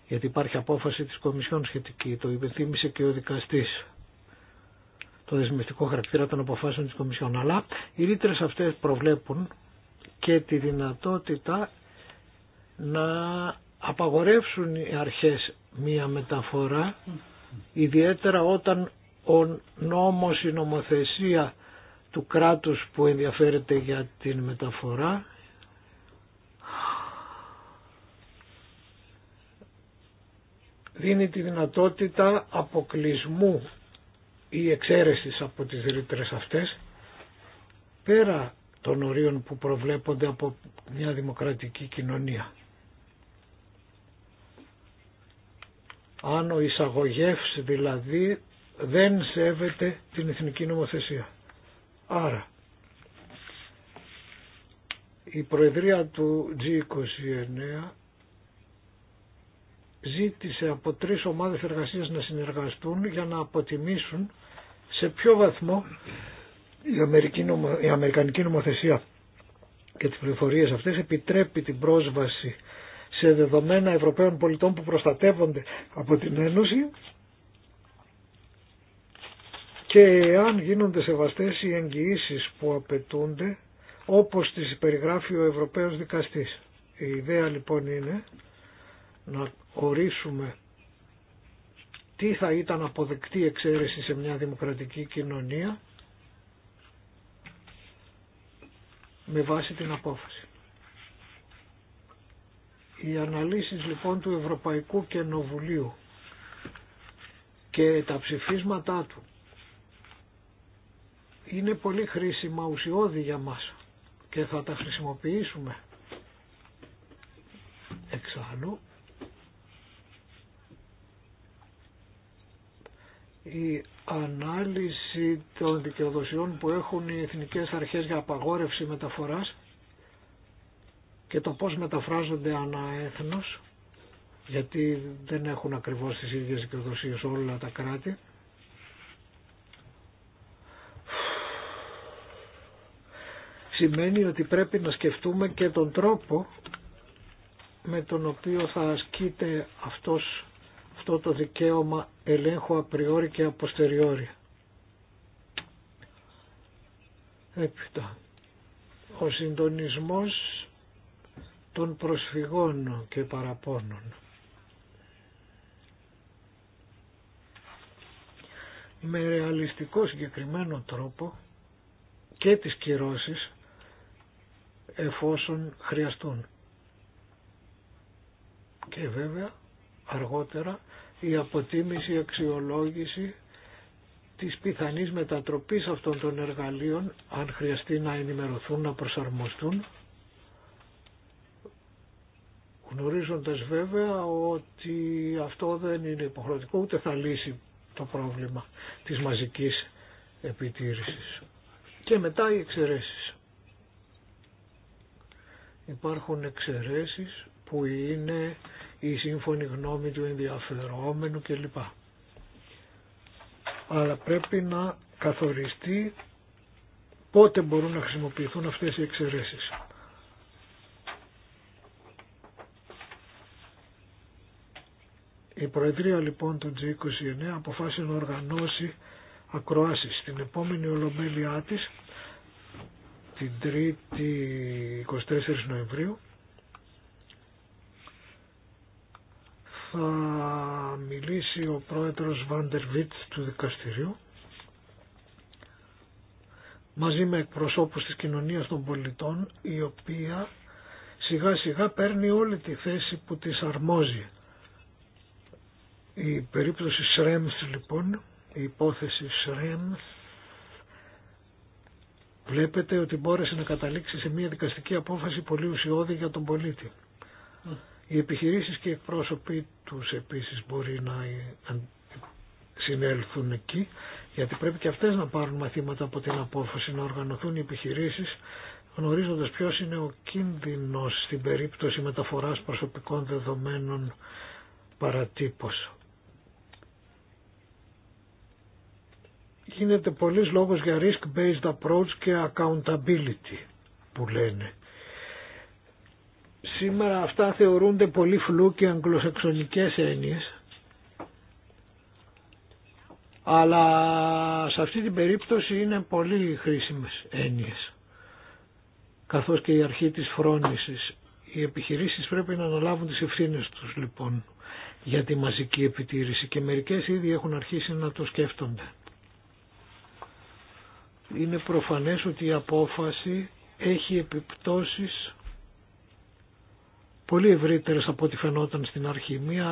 γιατί υπάρχει απόφαση της Κομισιόν σχετική, το υπενθύμησε και ο δικαστής το δεσμευτικό χαρακτήρα των αποφάσεων της Κομισιόν. Αλλά οι ρήτρες αυτές προβλέπουν και τη δυνατότητα να απαγορεύσουν οι αρχές μία μεταφορά, ιδιαίτερα όταν ο νόμος, η νομοθεσία του κράτους που ενδιαφέρεται για την μεταφορά δίνει τη δυνατότητα αποκλεισμού ή εξαίρεση από τις ρήτρες αυτές πέρα των ορίων που προβλέπονται από μια δημοκρατική κοινωνία. Αν ο εισαγωγεύς δηλαδή δεν σέβεται την εθνική νομοθεσία. Άρα η Προεδρία του G29 ζήτησε από τρεις ομάδες εργασίας να συνεργαστούν για να αποτιμήσουν σε ποιο βαθμό η Αμερικανική νομοθεσία και τις πληροφορίες αυτές επιτρέπει την πρόσβαση σε δεδομένα Ευρωπαίων πολιτών που προστατεύονται από την Ένωση και αν γίνονται σεβαστές οι εγγυήσει που απαιτούνται όπως τις περιγράφει ο Ευρωπαίος Δικαστής. Η ιδέα λοιπόν είναι να ορίσουμε τι θα ήταν αποδεκτή εξαίρεση σε μια δημοκρατική κοινωνία με βάση την απόφαση. Οι αναλύσεις λοιπόν του Ευρωπαϊκού Κοινοβουλίου και τα ψηφίσματά του είναι πολύ χρήσιμα ουσιώδη για μας και θα τα χρησιμοποιήσουμε. Εξάλλου η ανάλυση των δικαιοδοσιών που έχουν οι εθνικές αρχές για απαγόρευση μεταφοράς και το πώς μεταφράζονται αναέθνος γιατί δεν έχουν ακριβώς τις ίδιες δικαιοδοσίες όλα τα κράτη σημαίνει ότι πρέπει να σκεφτούμε και τον τρόπο με τον οποίο θα ασκείται αυτός αυτό το δικαίωμα ελέγχου απριόρι και αποστεριόρι. Έπειτα, ο συντονισμός των προσφυγών και παραπώνων. Με ρεαλιστικό συγκεκριμένο τρόπο και τις κυρώσεις εφόσον χρειαστούν. Και βέβαια αργότερα η αποτίμηση, η αξιολόγηση της πιθανής μετατροπής αυτών των εργαλείων αν χρειαστεί να ενημερωθούν, να προσαρμοστούν γνωρίζοντας βέβαια ότι αυτό δεν είναι υποχρεωτικό ούτε θα λύσει το πρόβλημα της μαζικής επιτήρησης. Και μετά οι εξαιρέσεις. Υπάρχουν εξαιρέσεις που είναι η σύμφωνη γνώμη του ενδιαφερόμενου κλπ. Αλλά πρέπει να καθοριστεί πότε μπορούν να χρησιμοποιηθούν αυτές οι εξαιρέσεις. Η Προεδρία λοιπόν του G29 αποφάσισε να οργανώσει ακροάσεις. Στην επόμενη ολομέλειά της, την 3η 24 Νοεμβρίου, θα μιλήσει ο πρόεδρος Βάντερ Βίτ του δικαστηρίου μαζί με εκπροσώπους της κοινωνίας των πολιτών η οποία σιγά σιγά παίρνει όλη τη θέση που της αρμόζει. Η περίπτωση Σρέμς λοιπόν, η υπόθεση Σρέμς βλέπετε ότι μπόρεσε να καταλήξει σε μια δικαστική απόφαση πολύ ουσιώδη για τον πολίτη. Οι επιχειρήσεις και οι πρόσωποι τους επίσης μπορεί να συνέλθουν εκεί, γιατί πρέπει και αυτές να πάρουν μαθήματα από την απόφαση, να οργανωθούν οι επιχειρήσεις γνωρίζοντας ποιος είναι ο κίνδυνος στην περίπτωση μεταφοράς προσωπικών δεδομένων παρατύπως. Γίνεται πολλής λόγος για risk-based approach και accountability που λένε. Σήμερα αυτά θεωρούνται πολύ φλού και αγγλοσεξονικές έννοιες. Αλλά σε αυτή την περίπτωση είναι πολύ χρήσιμες έννοιες. Καθώς και η αρχή της φρόνησης. Οι επιχειρήσεις πρέπει να αναλάβουν τις ευθύνε τους λοιπόν για τη μαζική επιτήρηση και μερικές ήδη έχουν αρχίσει να το σκέφτονται. Είναι προφανές ότι η απόφαση έχει επιπτώσεις πολύ ευρύτερες από ό,τι φαινόταν στην αρχή. Μία,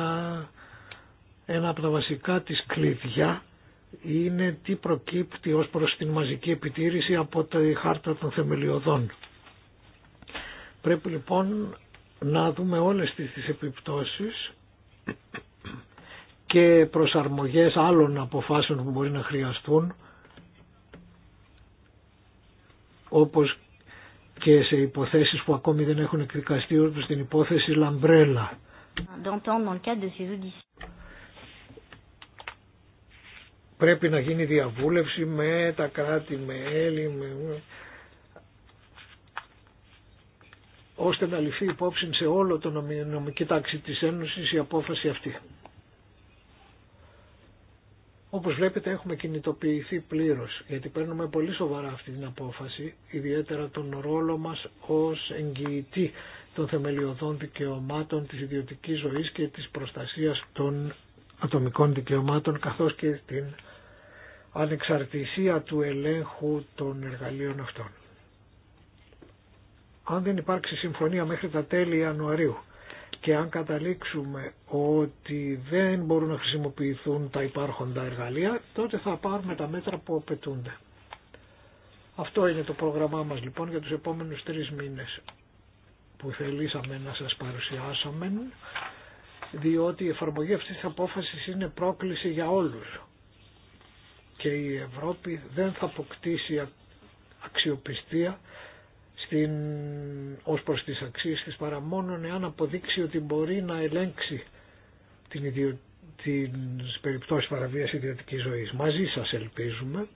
ένα από τα βασικά της κλειδιά είναι τι προκύπτει ως προς την μαζική επιτήρηση από τη χάρτα των θεμελιωδών. Πρέπει λοιπόν να δούμε όλες τις επιπτώσεις και προσαρμογές άλλων αποφάσεων που μπορεί να χρειαστούν όπως και σε υποθέσεις που ακόμη δεν έχουν εκδικαστεί όπως την υπόθεση Λαμπρέλα. Πρέπει να γίνει διαβούλευση με τα κράτη, με έλλη, ώστε να ληφθεί υπόψη σε όλο το νομική τάξη της Ένωσης η απόφαση αυτή. Όπως βλέπετε έχουμε κινητοποιηθεί πλήρως, γιατί παίρνουμε πολύ σοβαρά αυτή την απόφαση, ιδιαίτερα τον ρόλο μας ως εγγυητή των θεμελιωδών δικαιωμάτων της ιδιωτικής ζωής και της προστασίας των ατομικών δικαιωμάτων, καθώς και την ανεξαρτησία του ελέγχου των εργαλείων αυτών. Αν δεν υπάρξει συμφωνία μέχρι τα τέλη Ιανουαρίου και αν καταλήξουμε ότι δεν μπορούν να χρησιμοποιηθούν τα υπάρχοντα εργαλεία, τότε θα πάρουμε τα μέτρα που απαιτούνται. Αυτό είναι το πρόγραμμά μας λοιπόν για τους επόμενους τρεις μήνες που θελήσαμε να σας παρουσιάσαμε, διότι η εφαρμογή αυτής της απόφασης είναι πρόκληση για όλους και η Ευρώπη δεν θα αποκτήσει αξιοπιστία στην, ως προς τις αξίες της παρά μόνον εάν αποδείξει ότι μπορεί να ελέγξει την, ιδιο, την περιπτώσει παραβίας ιδιωτικής ζωής. Μαζί σας ελπίζουμε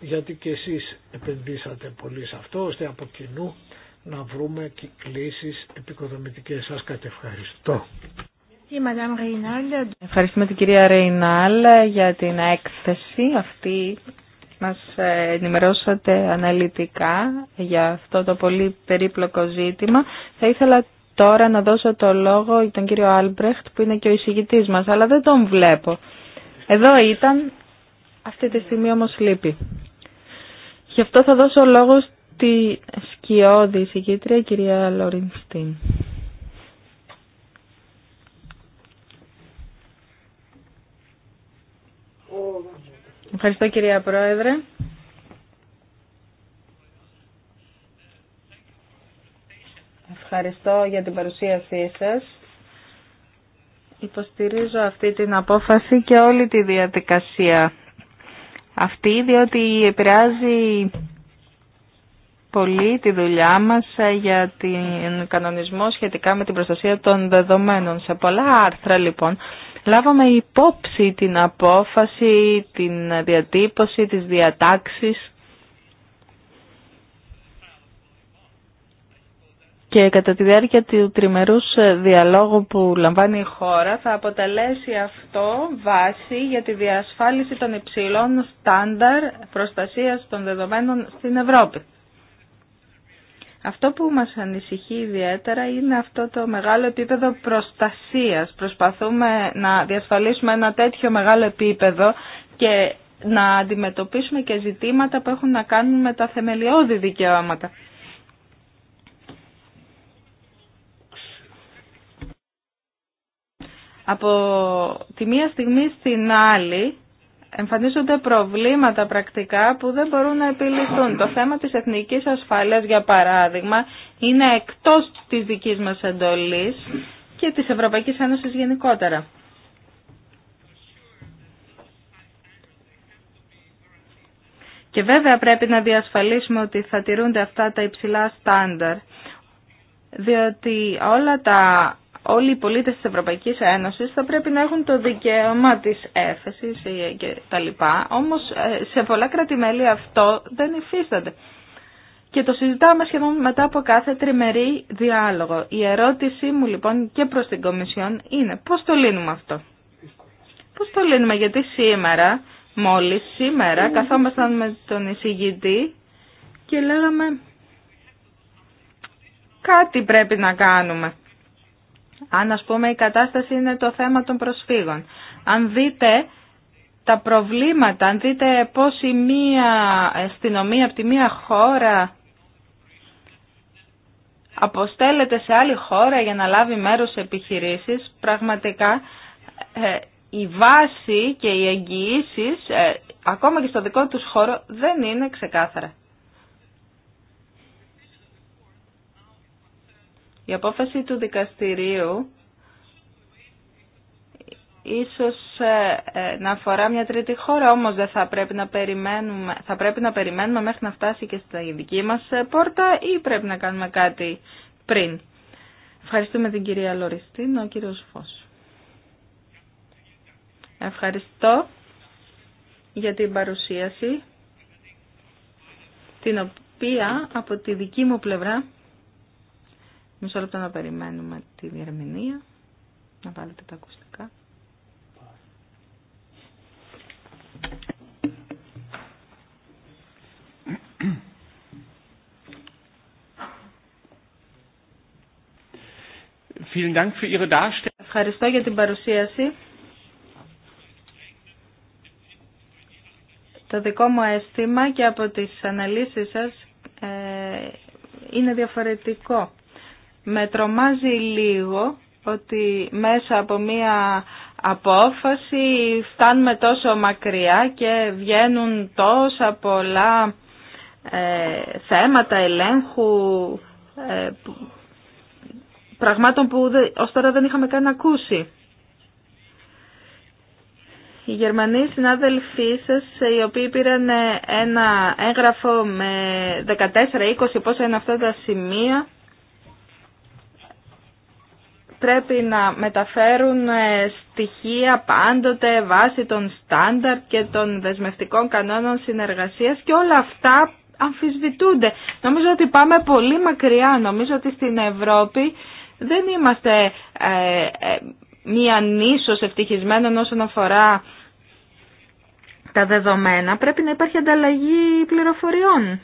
γιατί και εσείς επενδύσατε πολύ σε αυτό ώστε από κοινού να βρούμε κλήσεις επικοδομητικές. Σας κατευχαριστώ. Ευχαριστούμε την κυρία Ρεϊνάλ για την έκθεση αυτή μας ε, ενημερώσατε αναλυτικά για αυτό το πολύ περίπλοκο ζήτημα. Θα ήθελα τώρα να δώσω το λόγο για τον κύριο Άλμπρεχτ που είναι και ο εισηγητής μας, αλλά δεν τον βλέπω. Εδώ ήταν, αυτή τη στιγμή όμως λείπει. Γι' αυτό θα δώσω λόγο στη σκιώδη εισηγήτρια κυρία Λορινστίν. Ευχαριστώ κυρία Πρόεδρε. Ευχαριστώ για την παρουσίασή σας. Υποστηρίζω αυτή την απόφαση και όλη τη διαδικασία αυτή, διότι επηρεάζει πολύ τη δουλειά μας για την κανονισμό σχετικά με την προστασία των δεδομένων. Σε πολλά άρθρα λοιπόν λάβαμε υπόψη την απόφαση, την διατύπωση, τις διατάξεις και κατά τη διάρκεια του τριμερούς διαλόγου που λαμβάνει η χώρα θα αποτελέσει αυτό βάση για τη διασφάλιση των υψηλών στάνταρ προστασίας των δεδομένων στην Ευρώπη. Αυτό που μας ανησυχεί ιδιαίτερα είναι αυτό το μεγάλο επίπεδο προστασίας. Προσπαθούμε να διασφαλίσουμε ένα τέτοιο μεγάλο επίπεδο και να αντιμετωπίσουμε και ζητήματα που έχουν να κάνουν με τα θεμελιώδη δικαιώματα. Από τη μία στιγμή στην άλλη εμφανίζονται προβλήματα πρακτικά που δεν μπορούν να επιληθούν. Το θέμα της εθνικής ασφάλειας, για παράδειγμα, είναι εκτός της δικής μας εντολής και της Ευρωπαϊκής Ένωσης γενικότερα. Και βέβαια πρέπει να διασφαλίσουμε ότι θα τηρούνται αυτά τα υψηλά στάνταρ, διότι όλα τα όλοι οι πολίτες της Ευρωπαϊκής Ένωσης θα πρέπει να έχουν το δικαίωμα της έφεσης και τα λοιπά. Όμως ε, σε πολλά κρατημέλη αυτό δεν υφίσταται. Και το συζητάμε σχεδόν μετά από κάθε τριμερή διάλογο. Η ερώτησή μου λοιπόν και προς την Κομισιόν είναι πώς το λύνουμε αυτό. Πώς το λύνουμε γιατί σήμερα, μόλις σήμερα, καθόμασταν με τον εισηγητή και λέγαμε κάτι πρέπει να κάνουμε. Αν ας πούμε η κατάσταση είναι το θέμα των προσφύγων. Αν δείτε τα προβλήματα, αν δείτε πώς η μία αστυνομία από τη μία χώρα αποστέλλεται σε άλλη χώρα για να λάβει μέρος σε επιχειρήσεις, πραγματικά ε, η βάση και οι εγγυήσει, ε, ακόμα και στο δικό τους χώρο, δεν είναι ξεκάθαρα. Η απόφαση του δικαστηρίου ίσως ε, ε, να αφορά μια τρίτη χώρα, όμως δεν θα πρέπει να περιμένουμε, θα πρέπει να περιμένουμε μέχρι να φτάσει και στα δική μας ε, πόρτα ή πρέπει να κάνουμε κάτι πριν. Ευχαριστούμε την κυρία Λοριστίν, ο κύριος Φως. Ευχαριστώ για την παρουσίαση, την οποία από τη δική μου πλευρά Μισό λεπτό να περιμένουμε τη διερμηνία. Να βάλετε τα ακουστικά. Ευχαριστώ για την παρουσίαση. Το δικό μου αίσθημα και από τις αναλύσεις σας ε, είναι διαφορετικό με τρομάζει λίγο ότι μέσα από μία απόφαση φτάνουμε τόσο μακριά και βγαίνουν τόσα πολλά ε, θέματα ελέγχου ε, πραγμάτων που ως τώρα δεν είχαμε καν ακούσει. Οι Γερμανοί συνάδελφοί σας, ε, οι οποίοι πήραν ένα έγγραφο με 14-20 πόσα είναι αυτά τα σημεία, πρέπει να μεταφέρουν ε, στοιχεία πάντοτε βάσει των στάνταρ και των δεσμευτικών κανόνων συνεργασίας και όλα αυτά αμφισβητούνται. Νομίζω ότι πάμε πολύ μακριά. Νομίζω ότι στην Ευρώπη δεν είμαστε ε, ε, μία νήσος ευτυχισμένων όσον αφορά τα δεδομένα. Πρέπει να υπάρχει ανταλλαγή πληροφοριών.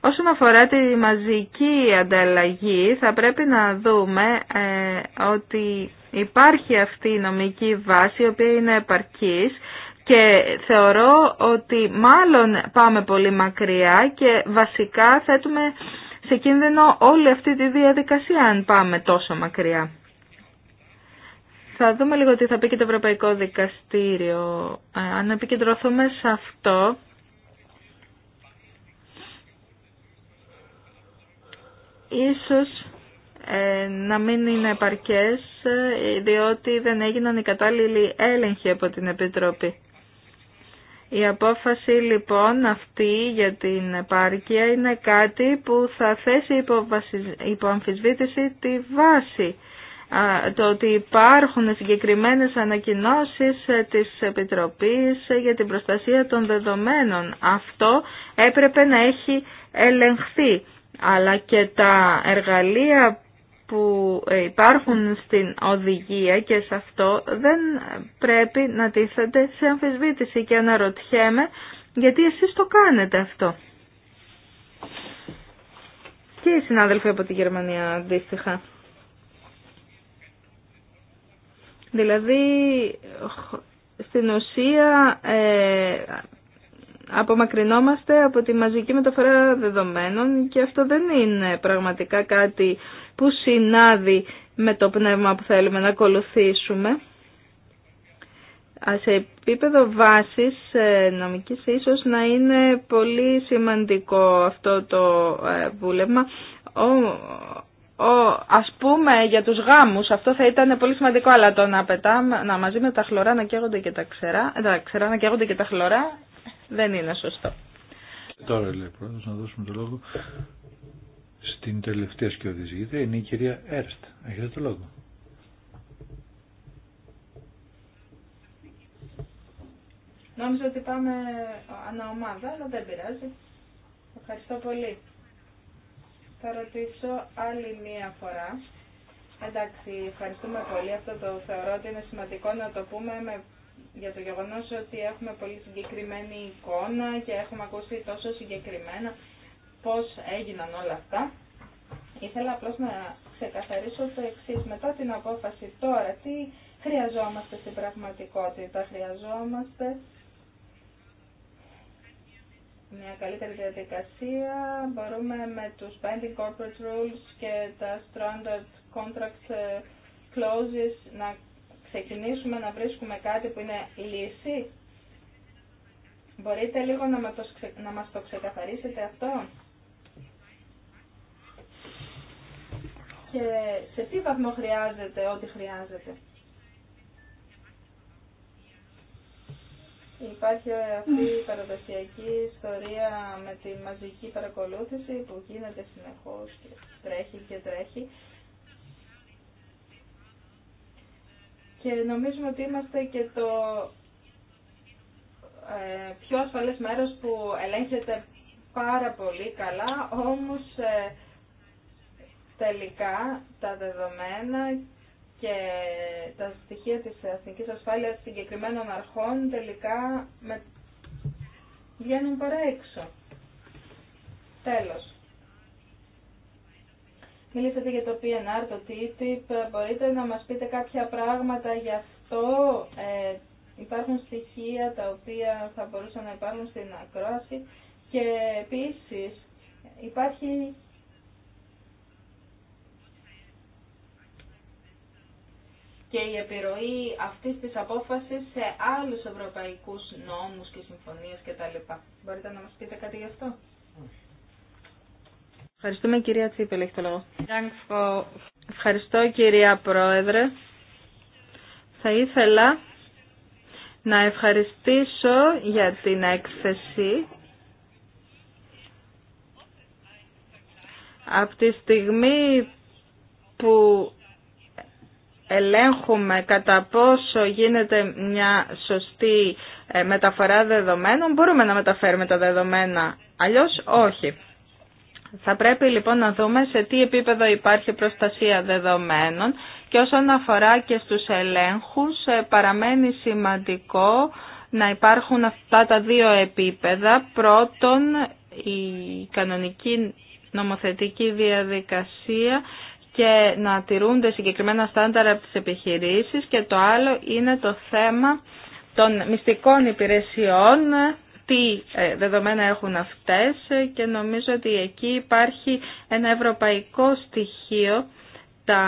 Όσον αφορά τη μαζική ανταλλαγή, θα πρέπει να δούμε ε, ότι υπάρχει αυτή η νομική βάση, η οποία είναι επαρκής και θεωρώ ότι μάλλον πάμε πολύ μακριά και βασικά θέτουμε σε κίνδυνο όλη αυτή τη διαδικασία αν πάμε τόσο μακριά. Θα δούμε λίγο τι θα πει και το Ευρωπαϊκό Δικαστήριο. Ε, αν επικεντρωθούμε σε αυτό, ίσως ε, να μην είναι επαρκές ε, διότι δεν έγιναν οι κατάλληλοι έλεγχοι από την Επιτροπή. Η απόφαση λοιπόν αυτή για την επάρκεια είναι κάτι που θα θέσει υπό αμφισβήτηση τη βάση. Το ότι υπάρχουν συγκεκριμένες ανακοινώσεις ε, της Επιτροπής για την προστασία των δεδομένων. Αυτό έπρεπε να έχει ελεγχθεί αλλά και τα εργαλεία που ε, υπάρχουν στην οδηγία και σε αυτό δεν πρέπει να τίθενται σε αμφισβήτηση και αναρωτιέμαι γιατί εσείς το κάνετε αυτό. Και οι συνάδελφοι από τη Γερμανία αντίστοιχα. Δηλαδή στην ουσία ε, απομακρυνόμαστε από τη μαζική μεταφορά δεδομένων και αυτό δεν είναι πραγματικά κάτι που συνάδει με το πνεύμα που θέλουμε να ακολουθήσουμε. Σε επίπεδο βάσης ε, νομικής ίσως να είναι πολύ σημαντικό αυτό το ε, βούλευμα. Ο, ας πούμε για τους γάμους, αυτό θα ήταν πολύ σημαντικό, αλλά το να πετάμε, να μαζί με τα χλωρά να καίγονται και τα ξερά, ε, τα ξερά να καίγονται και τα χλωρά δεν είναι σωστό. Και Τώρα λέει πρώτος να δώσουμε το λόγο στην τελευταία σκιωδησγήτρια είναι η κυρία Έρστ. Έχετε το λόγο. Νόμιζα ότι πάμε αναομάδα, αλλά δεν πειράζει. Ευχαριστώ πολύ. Θα ρωτήσω άλλη μία φορά. Εντάξει, ευχαριστούμε πολύ. Αυτό το θεωρώ ότι είναι σημαντικό να το πούμε με για το γεγονός ότι έχουμε πολύ συγκεκριμένη εικόνα και έχουμε ακούσει τόσο συγκεκριμένα πώς έγιναν όλα αυτά. Ήθελα απλώς να ξεκαθαρίσω το εξή μετά την απόφαση τώρα, τι χρειαζόμαστε στην πραγματικότητα, χρειαζόμαστε μια καλύτερη διαδικασία, μπορούμε με τους binding corporate rules και τα standard contract ε, clauses να ξεκινήσουμε να βρίσκουμε κάτι που είναι λύση. Μπορείτε λίγο να μας το ξεκαθαρίσετε αυτό. Και σε τι βαθμό χρειάζεται ό,τι χρειάζεται. Υπάρχει αυτή η παραδοσιακή ιστορία με τη μαζική παρακολούθηση που γίνεται συνεχώς και τρέχει και τρέχει και νομίζουμε ότι είμαστε και το ε, πιο ασφαλές μέρος που ελέγχεται πάρα πολύ καλά, όμως ε, τελικά τα δεδομένα και τα στοιχεία της αστικής ασφάλειας συγκεκριμένων αρχών τελικά με... βγαίνουν παρά έξω. Τέλος. Μιλήσατε για το PNR, το TTIP. Μπορείτε να μας πείτε κάποια πράγματα γι' αυτό. Ε, υπάρχουν στοιχεία τα οποία θα μπορούσαν να υπάρχουν στην ακρόαση. Και επίσης υπάρχει και η επιρροή αυτής της απόφασης σε άλλους ευρωπαϊκούς νόμους και συμφωνίες κτλ. Μπορείτε να μας πείτε κάτι γι' αυτό. Ευχαριστούμε κυρία Τσίπελ, έχει το λόγο. Ευχαριστώ κυρία Πρόεδρε. Θα ήθελα να ευχαριστήσω για την έκθεση. Από τη στιγμή που ελέγχουμε κατά πόσο γίνεται μια σωστή ε, μεταφορά δεδομένων, μπορούμε να μεταφέρουμε τα δεδομένα, αλλιώς όχι. Θα πρέπει λοιπόν να δούμε σε τι επίπεδο υπάρχει προστασία δεδομένων και όσον αφορά και στους ελέγχους ε, παραμένει σημαντικό να υπάρχουν αυτά τα δύο επίπεδα. Πρώτον, η κανονική νομοθετική διαδικασία και να τηρούνται συγκεκριμένα στάνταρα από τις επιχειρήσεις και το άλλο είναι το θέμα των μυστικών υπηρεσιών τι ε, δεδομένα έχουν αυτές και νομίζω ότι εκεί υπάρχει ένα ευρωπαϊκό στοιχείο. Τα,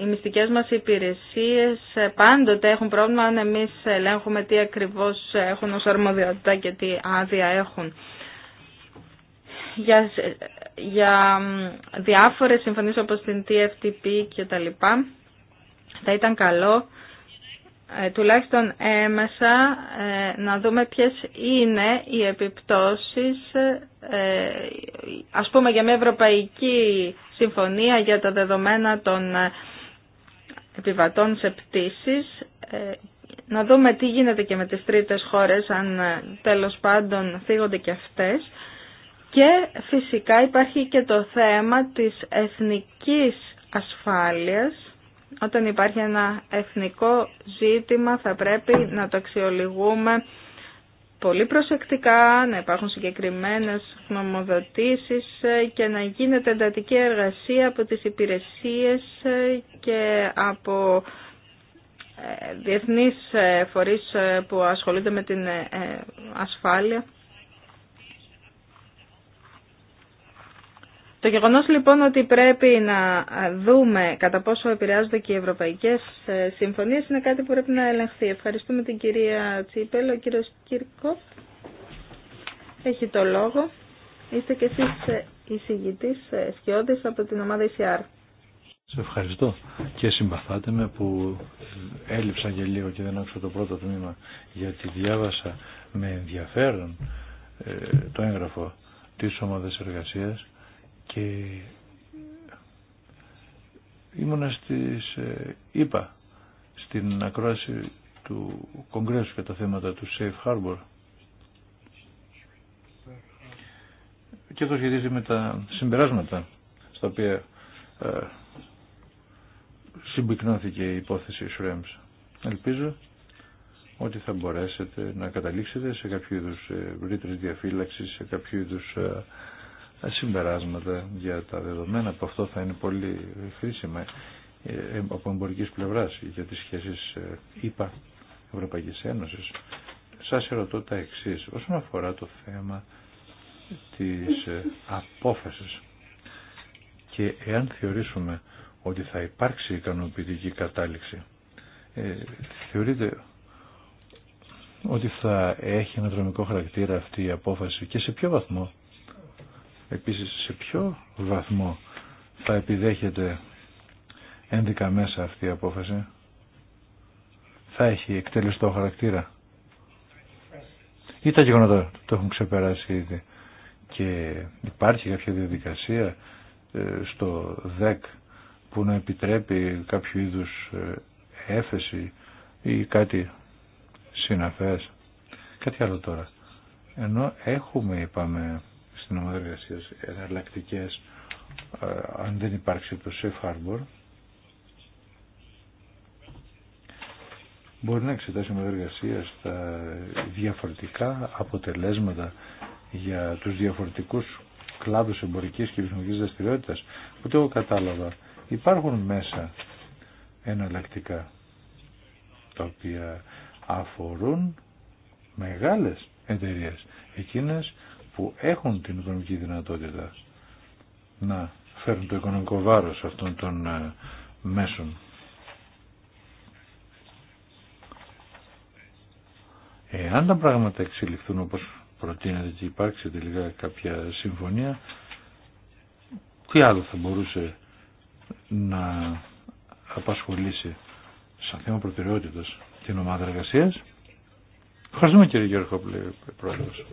οι μυστικές μας υπηρεσίες ε, πάντοτε έχουν πρόβλημα αν εμείς ελέγχουμε τι ακριβώς έχουν ως αρμοδιότητα και τι άδεια έχουν. Για, ε, για διάφορες συμφωνίες όπως την TFTP και τα λοιπά θα ήταν καλό ε, τουλάχιστον έμεσα ε, να δούμε ποιες είναι οι επιπτώσεις ε, ας πούμε για μια ευρωπαϊκή συμφωνία για τα δεδομένα των επιβατών σε πτήσεις να δούμε τι γίνεται και με τις τρίτες χώρες αν τέλος πάντων θίγονται και αυτές και φυσικά υπάρχει και το θέμα της εθνικής ασφάλειας όταν υπάρχει ένα εθνικό ζήτημα θα πρέπει να το αξιολογούμε πολύ προσεκτικά, να υπάρχουν συγκεκριμένες νομοδοτήσεις ε, και να γίνεται εντατική εργασία από τις υπηρεσίες ε, και από ε, διεθνείς φορείς που ασχολούνται με την ασφάλεια. Το γεγονός λοιπόν ότι πρέπει να δούμε κατά πόσο επηρεάζονται και οι ευρωπαϊκές ε, συμφωνίες είναι κάτι που πρέπει να ελεγχθεί. Ευχαριστούμε την κυρία Τσίπελ. Ο κύριος Κύρκο έχει το λόγο. Είστε και εσείς ε, εισηγητής ε, σκιώδης από την ομάδα ECR. Σε ευχαριστώ και συμπαθάτε με που έλειψα για λίγο και δεν άκουσα το πρώτο τμήμα γιατί διάβασα με ενδιαφέρον το έγγραφο της ομάδας εργασίας και ήμουνα στις ε, είπα στην ακρόαση του Κογκρέσου για τα θέματα του Safe Harbor και αυτό σχετίζει με τα συμπεράσματα στα οποία ε, συμπυκνώθηκε η υπόθεση Σρέμς. Ελπίζω ότι θα μπορέσετε να καταλήξετε σε κάποιο είδους ε, ρήτρες διαφύλαξης, σε κάποιο είδους ε, συμπεράσματα για τα δεδομένα που αυτό θα είναι πολύ χρήσιμα ε, ε, από εμπορική πλευρά για τι σχέσει ε, ΕΠΑ Ευρωπαϊκή Ένωση. Σα ερωτώ τα εξή. Όσον αφορά το θέμα τη απόφαση και εάν θεωρήσουμε ότι θα υπάρξει ικανοποιητική κατάληξη, θεωρείτε ότι θα έχει ένα δρομικό χαρακτήρα αυτή η απόφαση και σε ποιο βαθμό Επίσης σε ποιο βαθμό θα επιδέχεται ένδικα μέσα αυτή η απόφαση. Θα έχει εκτελεστό χαρακτήρα. Ή τα γεγονότα το έχουν ξεπεράσει ήδη. Και υπάρχει κάποια διαδικασία ε, στο ΔΕΚ που να επιτρέπει κάποιο είδους ε, έφεση ή κάτι συναφές. Κάτι άλλο τώρα. Ενώ έχουμε, είπαμε, στην εργασίας. εναλλακτικέ ε, αν δεν υπάρξει το safe harbor. Μπορεί να εξετάσει η εργασία τα διαφορετικά αποτελέσματα για τους διαφορετικούς κλάδους εμπορικής και επιστημονικής δραστηριότητας. που εγώ κατάλαβα. Υπάρχουν μέσα εναλλακτικά τα οποία αφορούν μεγάλες εταιρείες. Εκείνες που έχουν την οικονομική δυνατότητα να φέρουν το οικονομικό βάρος αυτών των ε, μέσων. Εάν τα πράγματα εξελιχθούν όπως προτείνεται και υπάρξει τελικά κάποια συμφωνία, τι άλλο θα μπορούσε να απασχολήσει σαν θέμα προτεραιότητας την ομάδα εργασίας. Ευχαριστούμε κύριε Γιώργο, Πρόεδρος.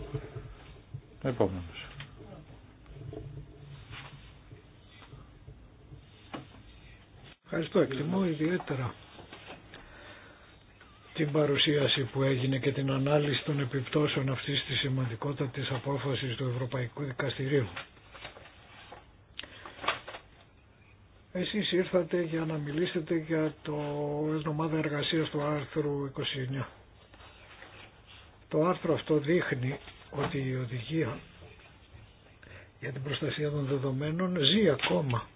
Ο επόμενος. Ευχαριστώ. Εκτιμώ ιδιαίτερα την παρουσίαση που έγινε και την ανάλυση των επιπτώσεων αυτής της σημαντικότατης απόφασης του Ευρωπαϊκού Δικαστηρίου. Εσείς ήρθατε για να μιλήσετε για το εβδομάδα εργασίας του άρθρου 29. Το άρθρο αυτό δείχνει ότι η οδηγία για την προστασία των δεδομένων ζει ακόμα.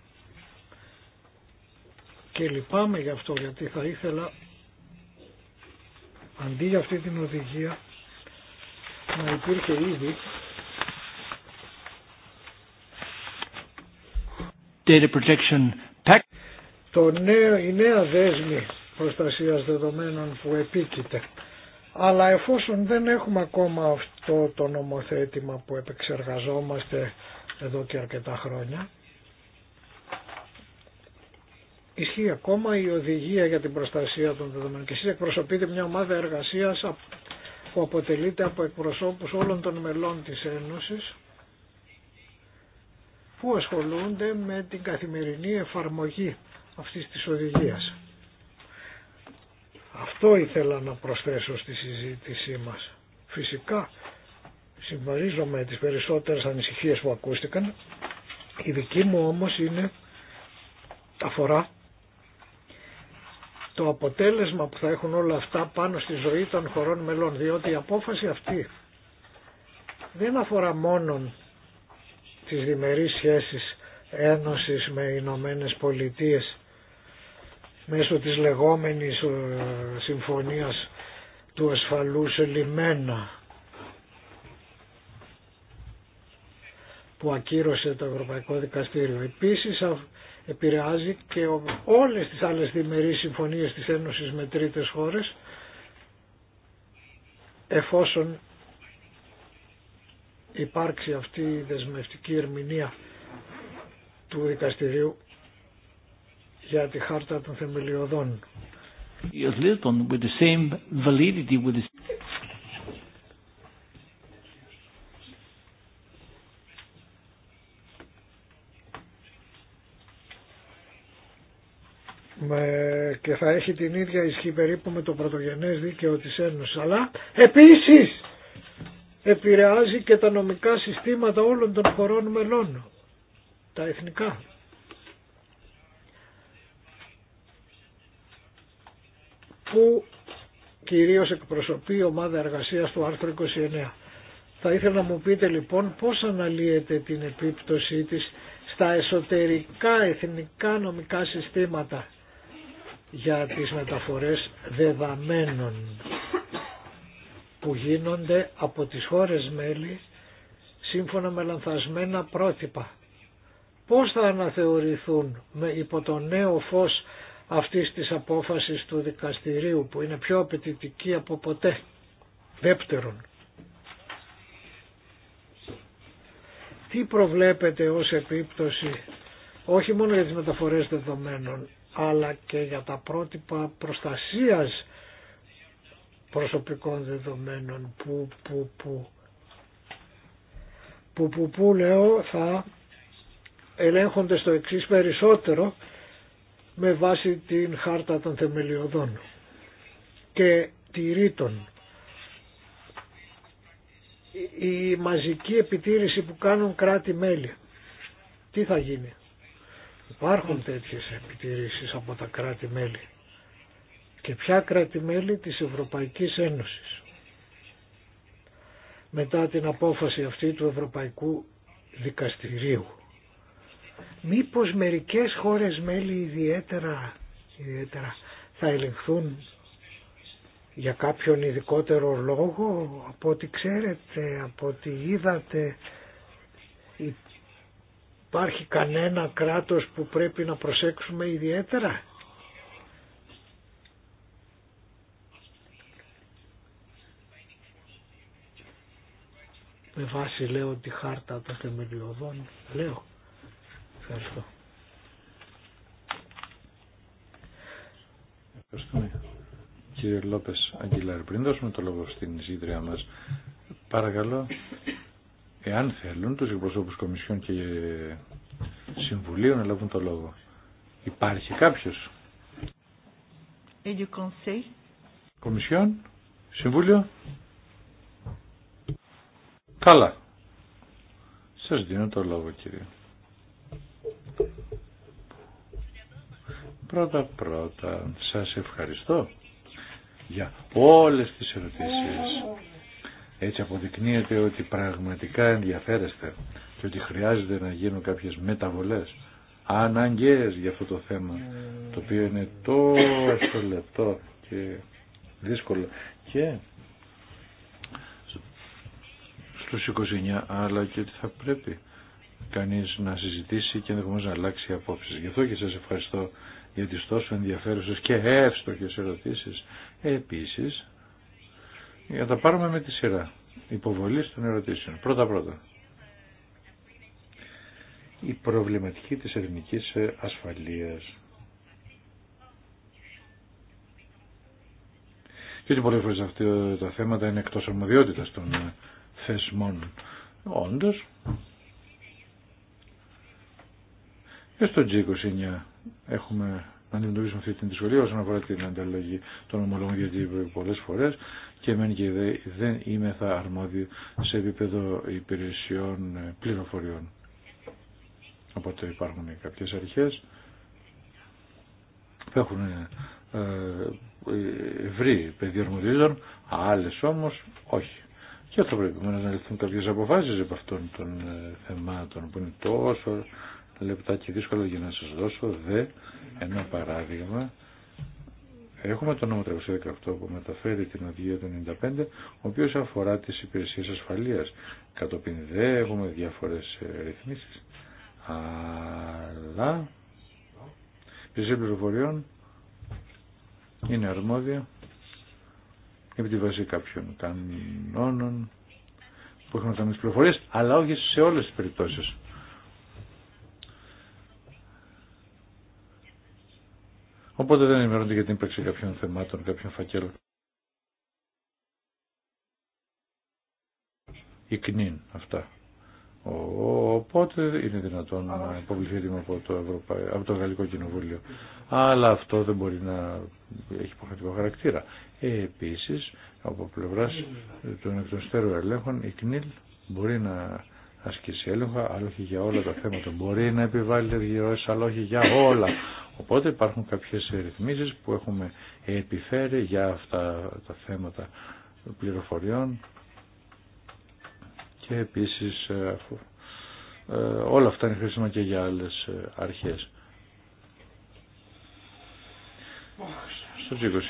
Και λυπάμαι γι' αυτό γιατί θα ήθελα αντί για αυτή την οδηγία να υπήρχε ήδη Data Protection pack Το νέο, η νέα δέσμη προστασίας δεδομένων που επίκειται αλλά εφόσον δεν έχουμε ακόμα αυτό το νομοθέτημα που επεξεργαζόμαστε εδώ και αρκετά χρόνια, ισχύει ακόμα η οδηγία για την προστασία των δεδομένων και εσείς εκπροσωπείτε μια ομάδα εργασίας που αποτελείται από εκπροσώπους όλων των μελών της Ένωσης που ασχολούνται με την καθημερινή εφαρμογή αυτής της οδηγίας. Αυτό ήθελα να προσθέσω στη συζήτησή μας. Φυσικά συμβαρίζομαι τις περισσότερες ανησυχίες που ακούστηκαν. Η δική μου όμως είναι αφορά το αποτέλεσμα που θα έχουν όλα αυτά πάνω στη ζωή των χωρών μελών, διότι η απόφαση αυτή δεν αφορά μόνο τις διμερείς σχέσεις Ένωσης με Ηνωμένε Πολιτείες μέσω της λεγόμενης ε, συμφωνίας του ασφαλούς λιμένα που ακύρωσε το Ευρωπαϊκό Δικαστήριο. Επίσης επηρεάζει και όλες τις άλλες διμερείς συμφωνίες της Ένωσης με τρίτες χώρες εφόσον υπάρξει αυτή η δεσμευτική ερμηνεία του δικαστηρίου για τη χάρτα των θεμελιωδών. και θα έχει την ίδια ισχύ περίπου με το πρωτογενές δίκαιο της Ένωσης αλλά επίσης επηρεάζει και τα νομικά συστήματα όλων των χωρών μελών τα εθνικά που κυρίως εκπροσωπεί η ομάδα εργασίας του άρθρου 29. Θα ήθελα να μου πείτε λοιπόν πώς αναλύεται την επίπτωσή της στα εσωτερικά εθνικά νομικά συστήματα για τις μεταφορές δεδομένων που γίνονται από τις χώρες μέλη σύμφωνα με λανθασμένα πρότυπα. Πώς θα αναθεωρηθούν με υπό το νέο φως αυτής της απόφασης του δικαστηρίου που είναι πιο απαιτητική από ποτέ. Δεύτερον, τι προβλέπετε ως επίπτωση όχι μόνο για τις μεταφορές δεδομένων αλλά και για τα πρότυπα προστασίας προσωπικών δεδομένων που, που, που, που, που, που λέω θα ελέγχονται στο εξής περισσότερο με βάση την χάρτα των θεμελιωδών και ρήτων, Η μαζική επιτήρηση που κάνουν κράτη-μέλη. Τι θα γίνει. Υπάρχουν τέτοιες επιτηρήσεις από τα κράτη-μέλη και ποια κράτη-μέλη της Ευρωπαϊκής Ένωσης. Μετά την απόφαση αυτή του Ευρωπαϊκού Δικαστηρίου. Μήπως μερικές χώρες μέλη ιδιαίτερα, ιδιαίτερα θα ελεγχθούν για κάποιον ειδικότερο λόγο από ό,τι ξέρετε, από ό,τι είδατε υπάρχει κανένα κράτος που πρέπει να προσέξουμε ιδιαίτερα. Με βάση λέω τη χάρτα των θεμελιωδών λέω. Ευχαριστώ. Ευχαριστούμε. Κύριε Λόπες Αγγιλάρη, πριν δώσουμε το λόγο στην εισήτρια μας, παρακαλώ, εάν θέλουν τους εκπροσώπους Κομισιών και Συμβουλίου να λάβουν το λόγο. Υπάρχει κάποιος. Κομισιόν, Συμβούλιο. Καλά. Σας δίνω το λόγο κύριε. Πρώτα πρώτα σας ευχαριστώ για όλες τις ερωτήσεις. Έτσι αποδεικνύεται ότι πραγματικά ενδιαφέρεστε και ότι χρειάζεται να γίνουν κάποιες μεταβολές αναγκαίες για αυτό το θέμα το οποίο είναι τόσο λεπτό και δύσκολο και στους 29 αλλά και ότι θα πρέπει κανείς να συζητήσει και ενδεχομένως να αλλάξει απόψεις. Γι' αυτό και σας ευχαριστώ για τις τόσο ενδιαφέρουσες και εύστοχες ερωτήσεις. Επίσης, για να τα πάρουμε με τη σειρά. Υποβολή των ερωτήσεων. Πρώτα-πρώτα. Η προβληματική της εθνικής ασφαλείας. ότι πολλές φορές αυτά τα θέματα είναι εκτός αρμοδιότητας των θεσμών. Όντως. Και στο G29 έχουμε να αντιμετωπίσουμε αυτή την δυσκολία όσον αφορά την ανταλλαγή των ομολόγων, γιατί πολλέ φορέ και εμένα και δεν είμαι θα αρμόδιο σε επίπεδο υπηρεσιών ε, πληροφοριών. Οπότε υπάρχουν κάποιες αρχές που έχουν βρει ε, ε, πεδίο αρμοδίζων, άλλες όμως όχι. Και αυτό πρέπει να ληφθούν κάποιες αποφάσεις από αυτών των θεμάτων που είναι τόσο λεπτάκι δύσκολο για να σας δώσω δε ένα παράδειγμα Έχουμε το νόμο 318 που μεταφέρει την οδηγία του 95, ο οποίος αφορά τις υπηρεσίες ασφαλείας. Κατόπιν δε έχουμε διάφορες ε, ρυθμίσεις, αλλά η υπηρεσία πληροφοριών είναι αρμόδια επί τη βάση κάποιων κανόνων που έχουν κάνει τις πληροφορίες, αλλά όχι σε όλες τις περιπτώσεις. Οπότε δεν ενημερώνονται για την ύπαρξη κάποιων θεμάτων, κάποιων φακέλων. Η ΚΝΙΝ αυτά. Οπότε είναι δυνατόν να υποβληθεί έτοιμο από το, από το Γαλλικό Κοινοβούλιο. Αλλά αυτό δεν μπορεί να έχει υποχρεωτικό χαρακτήρα. Ε, Επίση, από πλευρά των εκτοστέρων ελέγχων, η ΚΝΙΛ μπορεί να ασκήσει έλεγχο, αλλά όχι για όλα τα θέματα. Μπορεί να επιβάλλει γύρω αλλά όχι για όλα. Οπότε υπάρχουν κάποιες ρυθμίσεις που έχουμε επιφέρει για αυτά τα θέματα πληροφοριών και επίσης ε, ε, όλα αυτά είναι χρήσιμα και για άλλες ε, αρχές. Στο g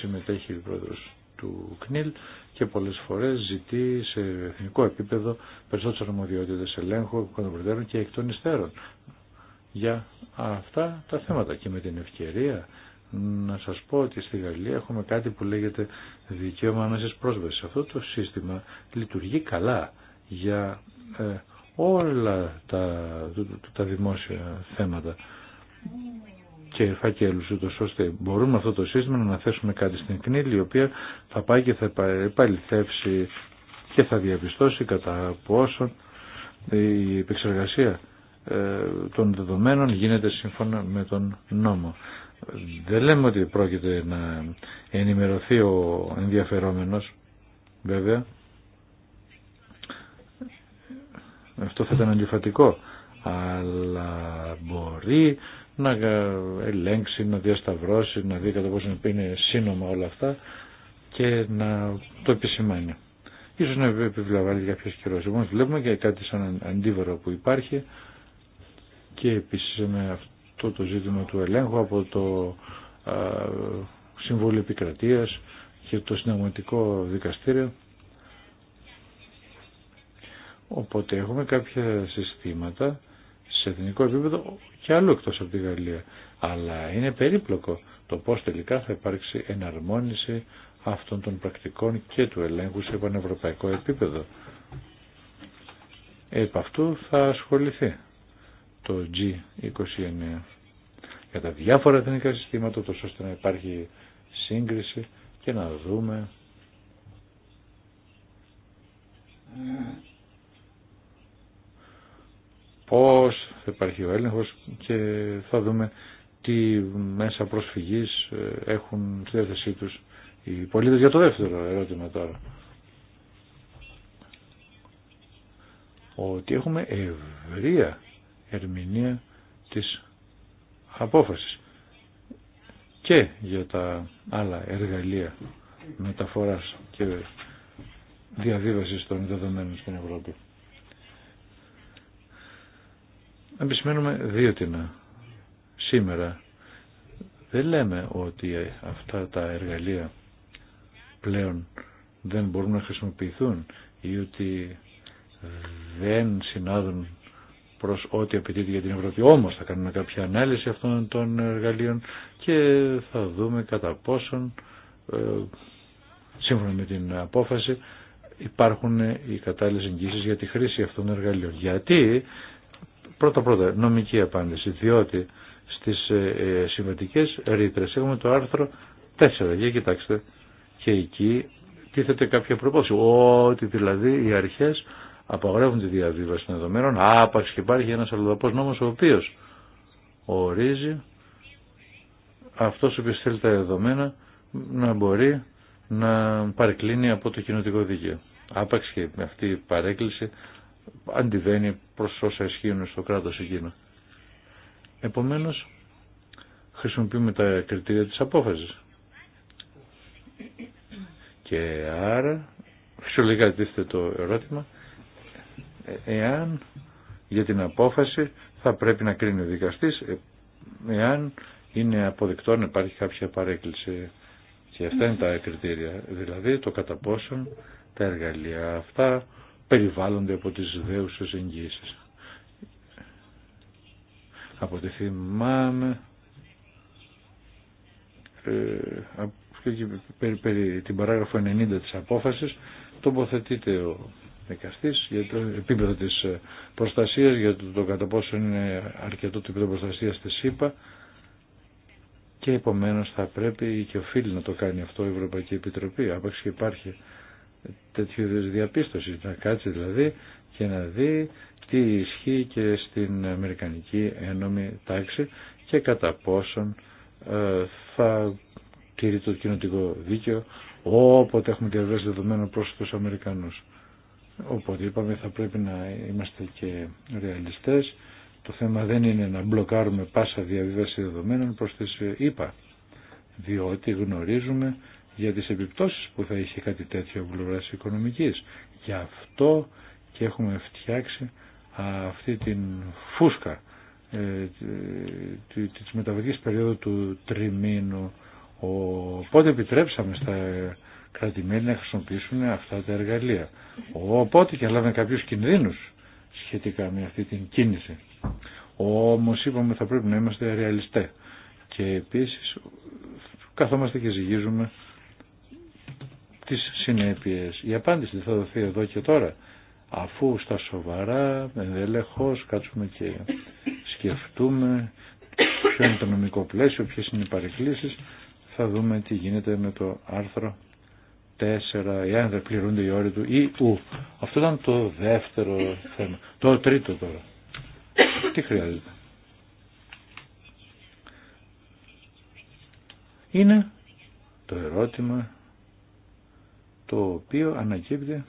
συμμετέχει η πρόεδρος του ΚΝΙΛ και πολλές φορές ζητεί σε εθνικό επίπεδο περισσότερες αρμοδιότητες ελέγχου των και εκ των υστέρων για αυτά τα θέματα και με την ευκαιρία να σας πω ότι στη Γαλλία έχουμε κάτι που λέγεται δικαίωμα άμεση πρόσβαση. Αυτό το σύστημα λειτουργεί καλά για ε, όλα τα, τα δημόσια θέματα και φάκελους ούτως ώστε μπορούμε αυτό το σύστημα να θέσουμε κάτι στην κνήλη η οποία θα πάει και θα επαληθεύσει και θα διαπιστώσει κατά πόσο η επεξεργασία ε, των δεδομένων γίνεται σύμφωνα με τον νόμο. Δεν λέμε ότι πρόκειται να ενημερωθεί ο ενδιαφερόμενος, βέβαια. Αυτό θα ήταν αντιφατικό, αλλά μπορεί να ε, ελέγξει, να διασταυρώσει, να δει κατά πόσο είναι σύνομα όλα αυτά και να το επισημάνει. Ίσως να επιβλαβάλλει κάποιο καιρό. Λοιπόν, βλέπουμε και κάτι σαν αντίβαρο που υπάρχει και επίσης με αυτό το ζήτημα του ελέγχου από το ε, Συμβούλιο Επικρατείας και το Συνταγματικό Δικαστήριο. Οπότε έχουμε κάποια συστήματα σε εθνικό επίπεδο και αλλού εκτό από τη Γαλλία. Αλλά είναι περίπλοκο το πώ τελικά θα υπάρξει εναρμόνιση αυτών των πρακτικών και του ελέγχου σε πανευρωπαϊκό επίπεδο. Επ' αυτού θα ασχοληθεί το G29 για τα διάφορα εθνικά συστήματα τόσο ώστε να υπάρχει σύγκριση και να δούμε πώς θα υπάρχει ο έλεγχος και θα δούμε τι μέσα προσφυγής ε, έχουν στη διάθεσή τους οι πολίτες για το δεύτερο ερώτημα τώρα. Ότι έχουμε ευρεία ερμηνεία της απόφασης και για τα άλλα εργαλεία μεταφοράς και διαβίβασης των δεδομένων στην Ευρώπη. επισημαίνουμε δύο τινά. Σήμερα δεν λέμε ότι αυτά τα εργαλεία πλέον δεν μπορούν να χρησιμοποιηθούν ή ότι δεν συνάδουν προς ό,τι απαιτείται για την Ευρώπη. Όμως θα κάνουμε κάποια ανάλυση αυτών των εργαλείων και θα δούμε κατά πόσον, ε, σύμφωνα με την απόφαση, υπάρχουν οι κατάλληλες εγγύσεις για τη χρήση αυτών των εργαλείων. Γιατί Πρώτα πρώτα, νομική απάντηση, διότι στις ε, ε συμβατικές ρήτρες έχουμε το άρθρο 4, για κοιτάξτε, και εκεί τίθεται κάποια προπόση, ότι δηλαδή οι αρχές απαγορεύουν τη διαβίβαση των δεδομένων, άπαξ και υπάρχει ένας αλλοδαπός νόμος ο οποίος ορίζει αυτός ο οποίος θέλει τα δεδομένα να μπορεί να παρεκκλίνει από το κοινωτικό δίκαιο. Άπαξ και αυτή η παρέκκληση αντιβαίνει προς όσα ισχύουν στο κράτος εκείνο. Επομένως, χρησιμοποιούμε τα κριτήρια της απόφασης. Και άρα, φυσιολογικά το ερώτημα, εάν για την απόφαση θα πρέπει να κρίνει ο δικαστής, ε, εάν είναι αποδεκτό να υπάρχει κάποια παρέκκληση. Και αυτά είναι τα κριτήρια, δηλαδή το κατά πόσον τα εργαλεία αυτά περιβάλλονται από τις δέουσες εγγύησεις. Από τη θυμάμαι, ε, περί, περί την παράγραφο 90 της απόφασης τοποθετείται ο δικαστής για το επίπεδο της ε, προστασίας, για το, το κατά πόσο είναι αρκετό το επίπεδο προστασίας της ΣΥΠΑ και επομένως θα πρέπει και οφείλει να το κάνει αυτό η Ευρωπαϊκή Επιτροπή, άπαξ και υπάρχει τέτοιου είδου διαπίστωση. Να κάτσει δηλαδή και να δει τι ισχύει και στην Αμερικανική Ένωμη Τάξη και κατά πόσον ε, θα τηρεί το κοινοτικό δίκαιο όποτε έχουμε το δεδομένα προς τους Αμερικανούς. Οπότε είπαμε θα πρέπει να είμαστε και ρεαλιστές. Το θέμα δεν είναι να μπλοκάρουμε πάσα διαβίβαση δεδομένων προς τις ΗΠΑ, ΕΕ, διότι γνωρίζουμε για τις επιπτώσεις που θα είχε κάτι τέτοιο από πλευράς οικονομικής. Γι' αυτό και έχουμε φτιάξει αυτή την φούσκα ε, της μεταβατικής περίοδου του τριμήνου. Οπότε επιτρέψαμε στα κρατημένα να χρησιμοποιήσουν αυτά τα εργαλεία. Οπότε και λάβαμε κάποιους κινδύνους σχετικά με αυτή την κίνηση. Όμως είπαμε θα πρέπει να είμαστε ρεαλιστές. Και επίσης καθόμαστε και ζυγίζουμε τις συνέπειες. Η απάντηση θα δοθεί εδώ και τώρα, αφού στα σοβαρά, ενδελεχώς, κάτσουμε και σκεφτούμε ποιο είναι το νομικό πλαίσιο, ποιες είναι οι παρεκκλήσεις, θα δούμε τι γίνεται με το άρθρο 4, εάν δεν πληρούνται οι όροι του ή ου. Αυτό ήταν το δεύτερο θέμα. Το τρίτο τώρα. Τι χρειάζεται. Είναι το ερώτημα το οποίο ανακύπτει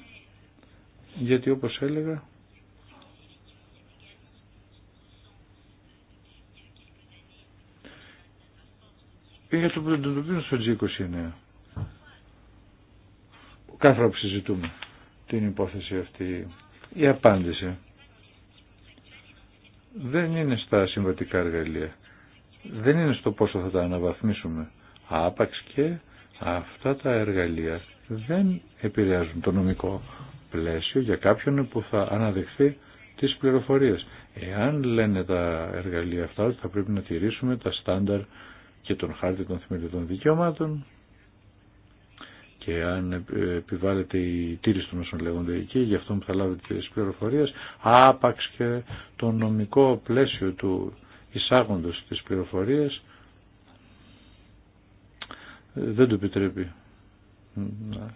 γιατί όπως έλεγα για το πρωτοτοπίο στο G29. Κάθε φορά που συζητούμε την υπόθεση αυτή, η απάντηση δεν είναι στα συμβατικά εργαλεία. Δεν είναι στο πόσο θα τα αναβαθμίσουμε. Άπαξ και αυτά τα εργαλεία δεν επηρεάζουν το νομικό πλαίσιο για κάποιον που θα αναδεχθεί τις πληροφορίες. Εάν λένε τα εργαλεία αυτά ότι θα πρέπει να τηρήσουμε τα στάνταρ και τον χάρτη των θεμελιωδών δικαιωμάτων και αν επιβάλλεται η τήρηση των όσων λέγονται εκεί για αυτόν που θα λάβει τις πληροφορίες άπαξ και το νομικό πλαίσιο του εισάγοντος τις πληροφορίες ε, δεν το επιτρέπει ναι.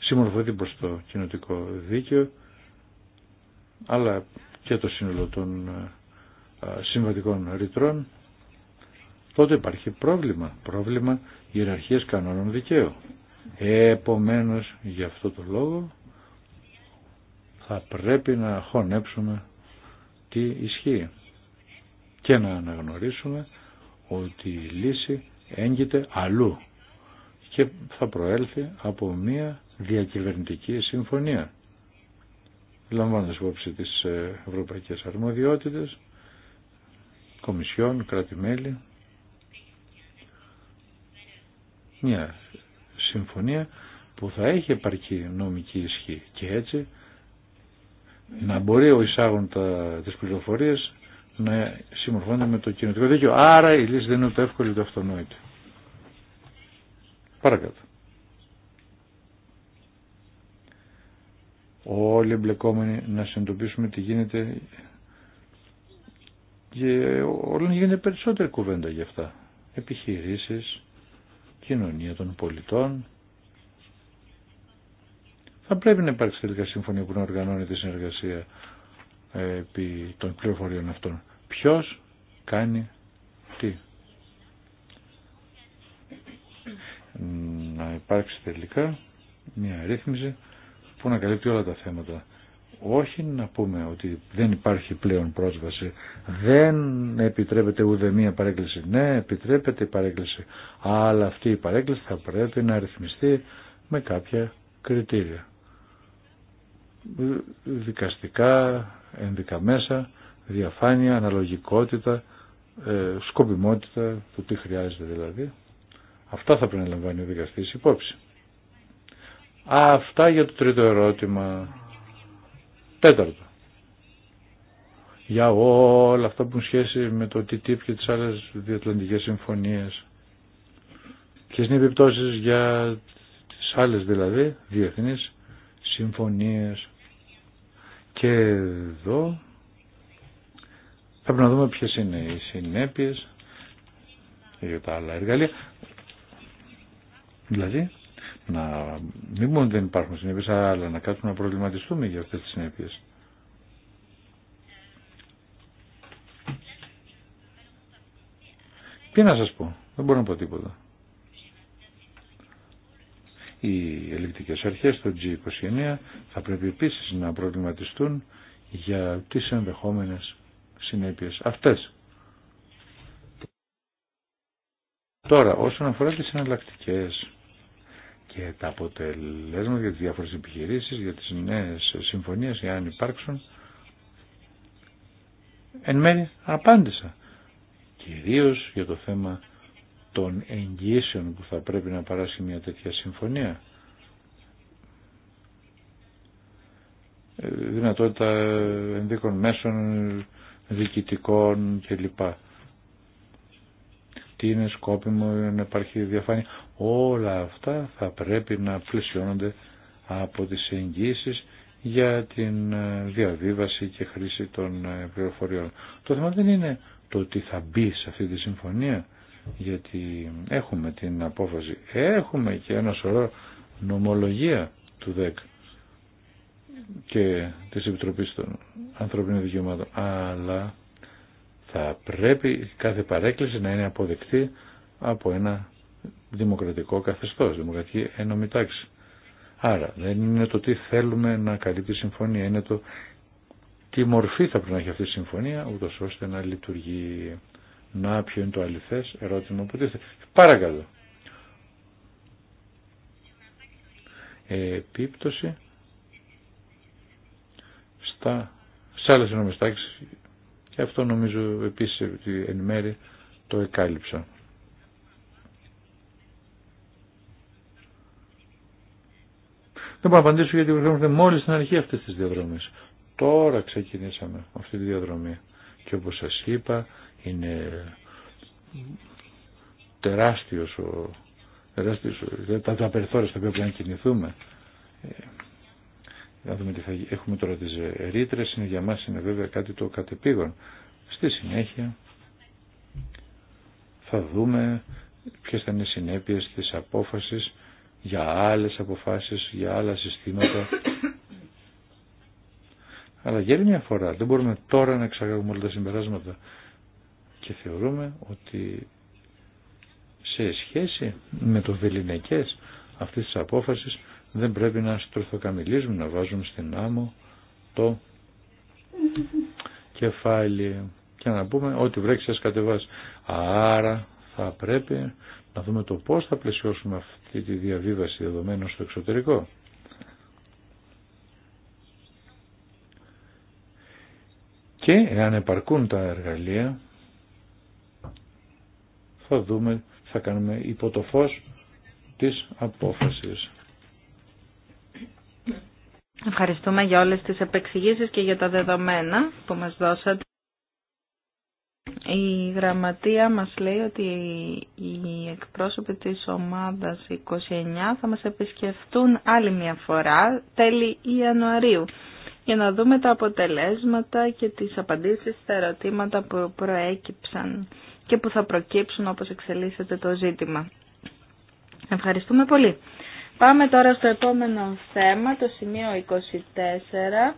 συμμορφωθεί προς το κοινοτικό δίκαιο αλλά και το σύνολο των ε, συμβατικών ρητρών τότε υπάρχει πρόβλημα πρόβλημα ιεραρχίας κανόνων δικαίου επομένως για αυτό το λόγο θα πρέπει να χωνέψουμε τι ισχύει και να αναγνωρίσουμε ότι η λύση έγκυται αλλού και θα προέλθει από μια διακυβερνητική συμφωνία λαμβάνοντας υπόψη τις ε, ευρωπαϊκές αρμοδιότητες, κομισιόν, κράτη-μέλη, μια συμφωνία που θα έχει επαρκή νομική ισχύ και έτσι να μπορεί ο εισάγων τα, τις να συμμορφώνεται με το κοινωτικό δίκαιο. Άρα η λύση δεν είναι ούτε εύκολη ούτε αυτονόητη. Παρακάτω. Όλοι εμπλεκόμενοι να συνειδητοποιήσουμε τι γίνεται και όλων γίνεται περισσότερη κουβέντα για αυτά. Επιχειρήσεις, κοινωνία των πολιτών. Θα πρέπει να υπάρξει τελικά συμφωνία που να οργανώνει τη συνεργασία ε, επί των πληροφοριών αυτών. Ποιος κάνει να υπάρξει τελικά μια ρύθμιση που να καλύπτει όλα τα θέματα. Όχι να πούμε ότι δεν υπάρχει πλέον πρόσβαση, δεν επιτρέπεται ούτε μία παρέκκληση. Ναι, επιτρέπεται η παρέκκληση, αλλά αυτή η παρέκκληση θα πρέπει να ρυθμιστεί με κάποια κριτήρια. Δικαστικά, ενδικά μέσα, διαφάνεια, αναλογικότητα, ε, σκοπιμότητα, του τι χρειάζεται δηλαδή. Αυτά θα πρέπει να λαμβάνει ο δικαστής υπόψη. Αυτά για το τρίτο ερώτημα. Τέταρτο. Για όλα αυτά που έχουν σχέση με το TTIP και τις άλλες διατλαντικές συμφωνίες. Ποιες είναι οι επιπτώσεις για τις άλλες δηλαδή διεθνείς συμφωνίες. Και εδώ θα πρέπει να δούμε ποιες είναι οι συνέπειες για τα άλλα εργαλεία. Δηλαδή, να μην μόνο δεν υπάρχουν συνέπειες, αλλά να κάτσουμε να προβληματιστούμε για αυτές τις συνέπειες. Τι να σας πω, δεν μπορώ να πω τίποτα. Οι ελεκτικές αρχές του G29 θα πρέπει επίσης να προβληματιστούν για τις ενδεχόμενες συνέπειες αυτές. Τώρα, όσον αφορά τις εναλλακτικές, και τα αποτελέσματα για τις διάφορες επιχειρήσεις, για τις νέες συμφωνίες, για αν υπάρξουν. Εν μέρει απάντησα. Κυρίως για το θέμα των εγγύσεων που θα πρέπει να παράσει μια τέτοια συμφωνία. Δυνατότητα ενδίκων μέσων, διοικητικών κλπ. Τι είναι σκόπιμο να υπάρχει διαφάνεια. Όλα αυτά θα πρέπει να πλησιώνονται από τις εγγύσεις για την ε, διαβίβαση και χρήση των ε, πληροφοριών. Το θέμα δεν είναι το τι θα μπει σε αυτή τη συμφωνία, γιατί έχουμε την απόφαση, έχουμε και ένα σωρό νομολογία του ΔΕΚ και της Επιτροπής των Ανθρωπίνων Δικαιωμάτων, αλλά θα πρέπει κάθε παρέκκληση να είναι αποδεκτή από ένα δημοκρατικό καθεστώ. δημοκρατική ένωμη τάξη. Άρα δεν είναι το τι θέλουμε να καλύπτει η συμφωνία, είναι το τι μορφή θα πρέπει να έχει αυτή η συμφωνία, ούτω ώστε να λειτουργεί. Να, ποιο είναι το αληθε. ερώτημα που τίθεται. Παρακαλώ. επίπτωση στα, σε άλλες νομιστάξεις και αυτό νομίζω επίσης εν μέρη το εκάλυψα. Δεν μπορώ να απαντήσω γιατί βρισκόμαστε μόλι στην αρχή αυτή τη διαδρομή. Τώρα ξεκινήσαμε αυτή τη διαδρομή. Και όπω σα είπα, είναι τεράστιο ο. Τεράστιος, τα, τα περιθώρια στα οποία πρέπει να κινηθούμε. Ε, να δούμε τι θα Έχουμε τώρα τις ρήτρε, είναι για μα είναι βέβαια κάτι το κατεπήγον. Στη συνέχεια θα δούμε ποιε θα είναι οι συνέπειε τη απόφαση για άλλες αποφάσεις, για άλλα συστήματα. Αλλά για μια φορά δεν μπορούμε τώρα να εξαγάγουμε όλα τα συμπεράσματα και θεωρούμε ότι σε σχέση με το βεληνικές αυτής της απόφασης δεν πρέπει να στροφοκαμιλίζουμε, να βάζουμε στην άμμο το κεφάλι και να πούμε ότι βρέξει σας κατεβάς. Άρα θα πρέπει να δούμε το πώς θα πλαισιώσουμε αυτή τη διαβίβαση δεδομένων στο εξωτερικό. Και εάν επαρκούν τα εργαλεία θα δούμε, θα κάνουμε υπό το φως της απόφασης. Ευχαριστούμε για όλες τις επεξηγήσεις και για τα δεδομένα που μας δώσατε. Η γραμματεία μας λέει ότι οι εκπρόσωποι της ομάδας 29 θα μας επισκεφτούν άλλη μια φορά τέλη Ιανουαρίου για να δούμε τα αποτελέσματα και τις απαντήσεις στα ερωτήματα που προέκυψαν και που θα προκύψουν όπως εξελίσσεται το ζήτημα. Ευχαριστούμε πολύ. Πάμε τώρα στο επόμενο θέμα, το σημείο 24.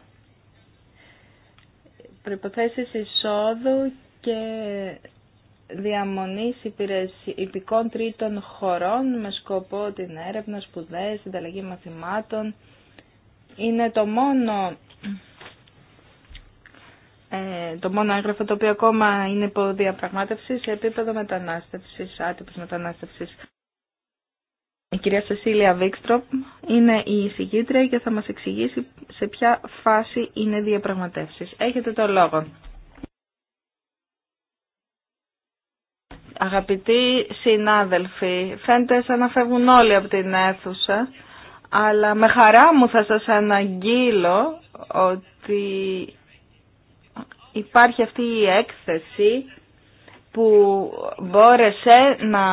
Προϋποθέσεις εισόδου και διαμονής υπηκών τρίτων χωρών με σκοπό την έρευνα, σπουδές, συνταλλαγή μαθημάτων. Είναι το μόνο, ε, το μόνο έγγραφο το οποίο ακόμα είναι υπό διαπραγμάτευση σε επίπεδο μετανάστευσης, άτυπης μετανάστευσης. Η κυρία Σεσίλια Βίκστροπ είναι η εισηγήτρια και θα μας εξηγήσει σε ποια φάση είναι διαπραγματεύσεις. Έχετε το λόγο. Αγαπητοί συνάδελφοι, φαίνεται σαν να φεύγουν όλοι από την αίθουσα, αλλά με χαρά μου θα σας αναγγείλω ότι υπάρχει αυτή η έκθεση που μπόρεσε να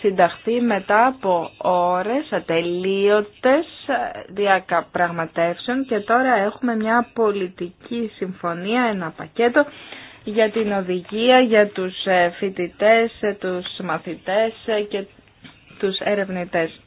συνταχθεί μετά από ώρες ατελείωτες διακαπραγματεύσεων και τώρα έχουμε μια πολιτική συμφωνία, ένα πακέτο για την οδηγία, για τους ε, φοιτητές, ε, τους μαθητές ε, και τους ερευνητές.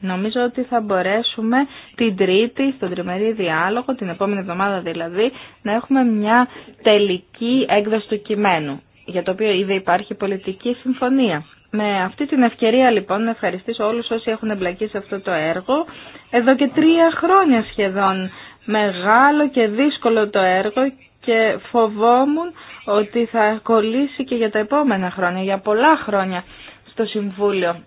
Νομίζω ότι θα μπορέσουμε την Τρίτη, στον τριμερή διάλογο, την επόμενη εβδομάδα δηλαδή, να έχουμε μια τελική έκδοση του κειμένου, για το οποίο ήδη υπάρχει πολιτική συμφωνία. Με αυτή την ευκαιρία λοιπόν να ευχαριστήσω όλους όσοι έχουν εμπλακεί σε αυτό το έργο. Εδώ και τρία χρόνια σχεδόν μεγάλο και δύσκολο το έργο και φοβόμουν ότι θα κολλήσει και για τα επόμενα χρόνια, για πολλά χρόνια στο Συμβούλιο.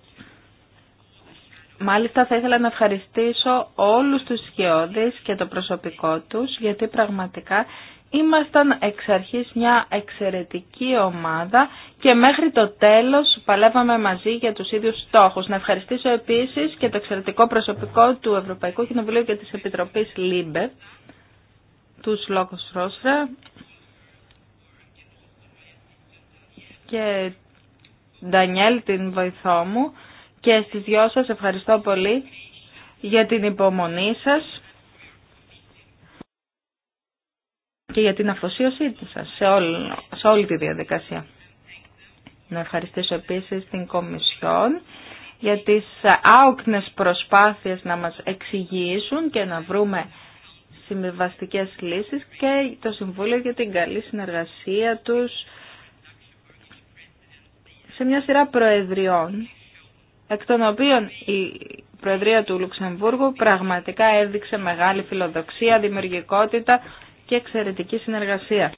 Μάλιστα θα ήθελα να ευχαριστήσω όλους τους σχεώδεις και το προσωπικό τους γιατί πραγματικά ήμασταν εξ αρχής μια εξαιρετική ομάδα και μέχρι το τέλος παλεύαμε μαζί για τους ίδιους στόχους. Να ευχαριστήσω επίσης και το εξαιρετικό προσωπικό του Ευρωπαϊκού Κοινοβουλίου και της Επιτροπής ΛΥΜΠΕ τους λόγους Ρόσφρα και Ντανιέλ την βοηθό μου και στις δυο σας ευχαριστώ πολύ για την υπομονή σας και για την αφοσίωσή σας σε, όλη, σε όλη τη διαδικασία. Να ευχαριστήσω επίσης την Κομισιόν για τις άοκνες προσπάθειες να μας εξηγήσουν και να βρούμε συμβιβαστικές λύσεις και το Συμβούλιο για την καλή συνεργασία τους σε μια σειρά προεδριών, εκ των οποίων η Προεδρία του Λουξεμβούργου πραγματικά έδειξε μεγάλη φιλοδοξία, δημιουργικότητα και εξαιρετική συνεργασία.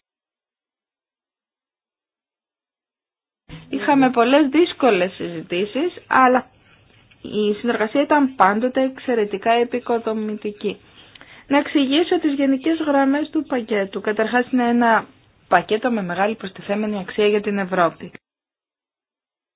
Είχαμε πολλές δύσκολες συζητήσεις, αλλά η συνεργασία ήταν πάντοτε εξαιρετικά επικοδομητική να εξηγήσω τις γενικές γραμμές του πακέτου. Καταρχάς είναι ένα πακέτο με μεγάλη προστιθέμενη αξία για την Ευρώπη.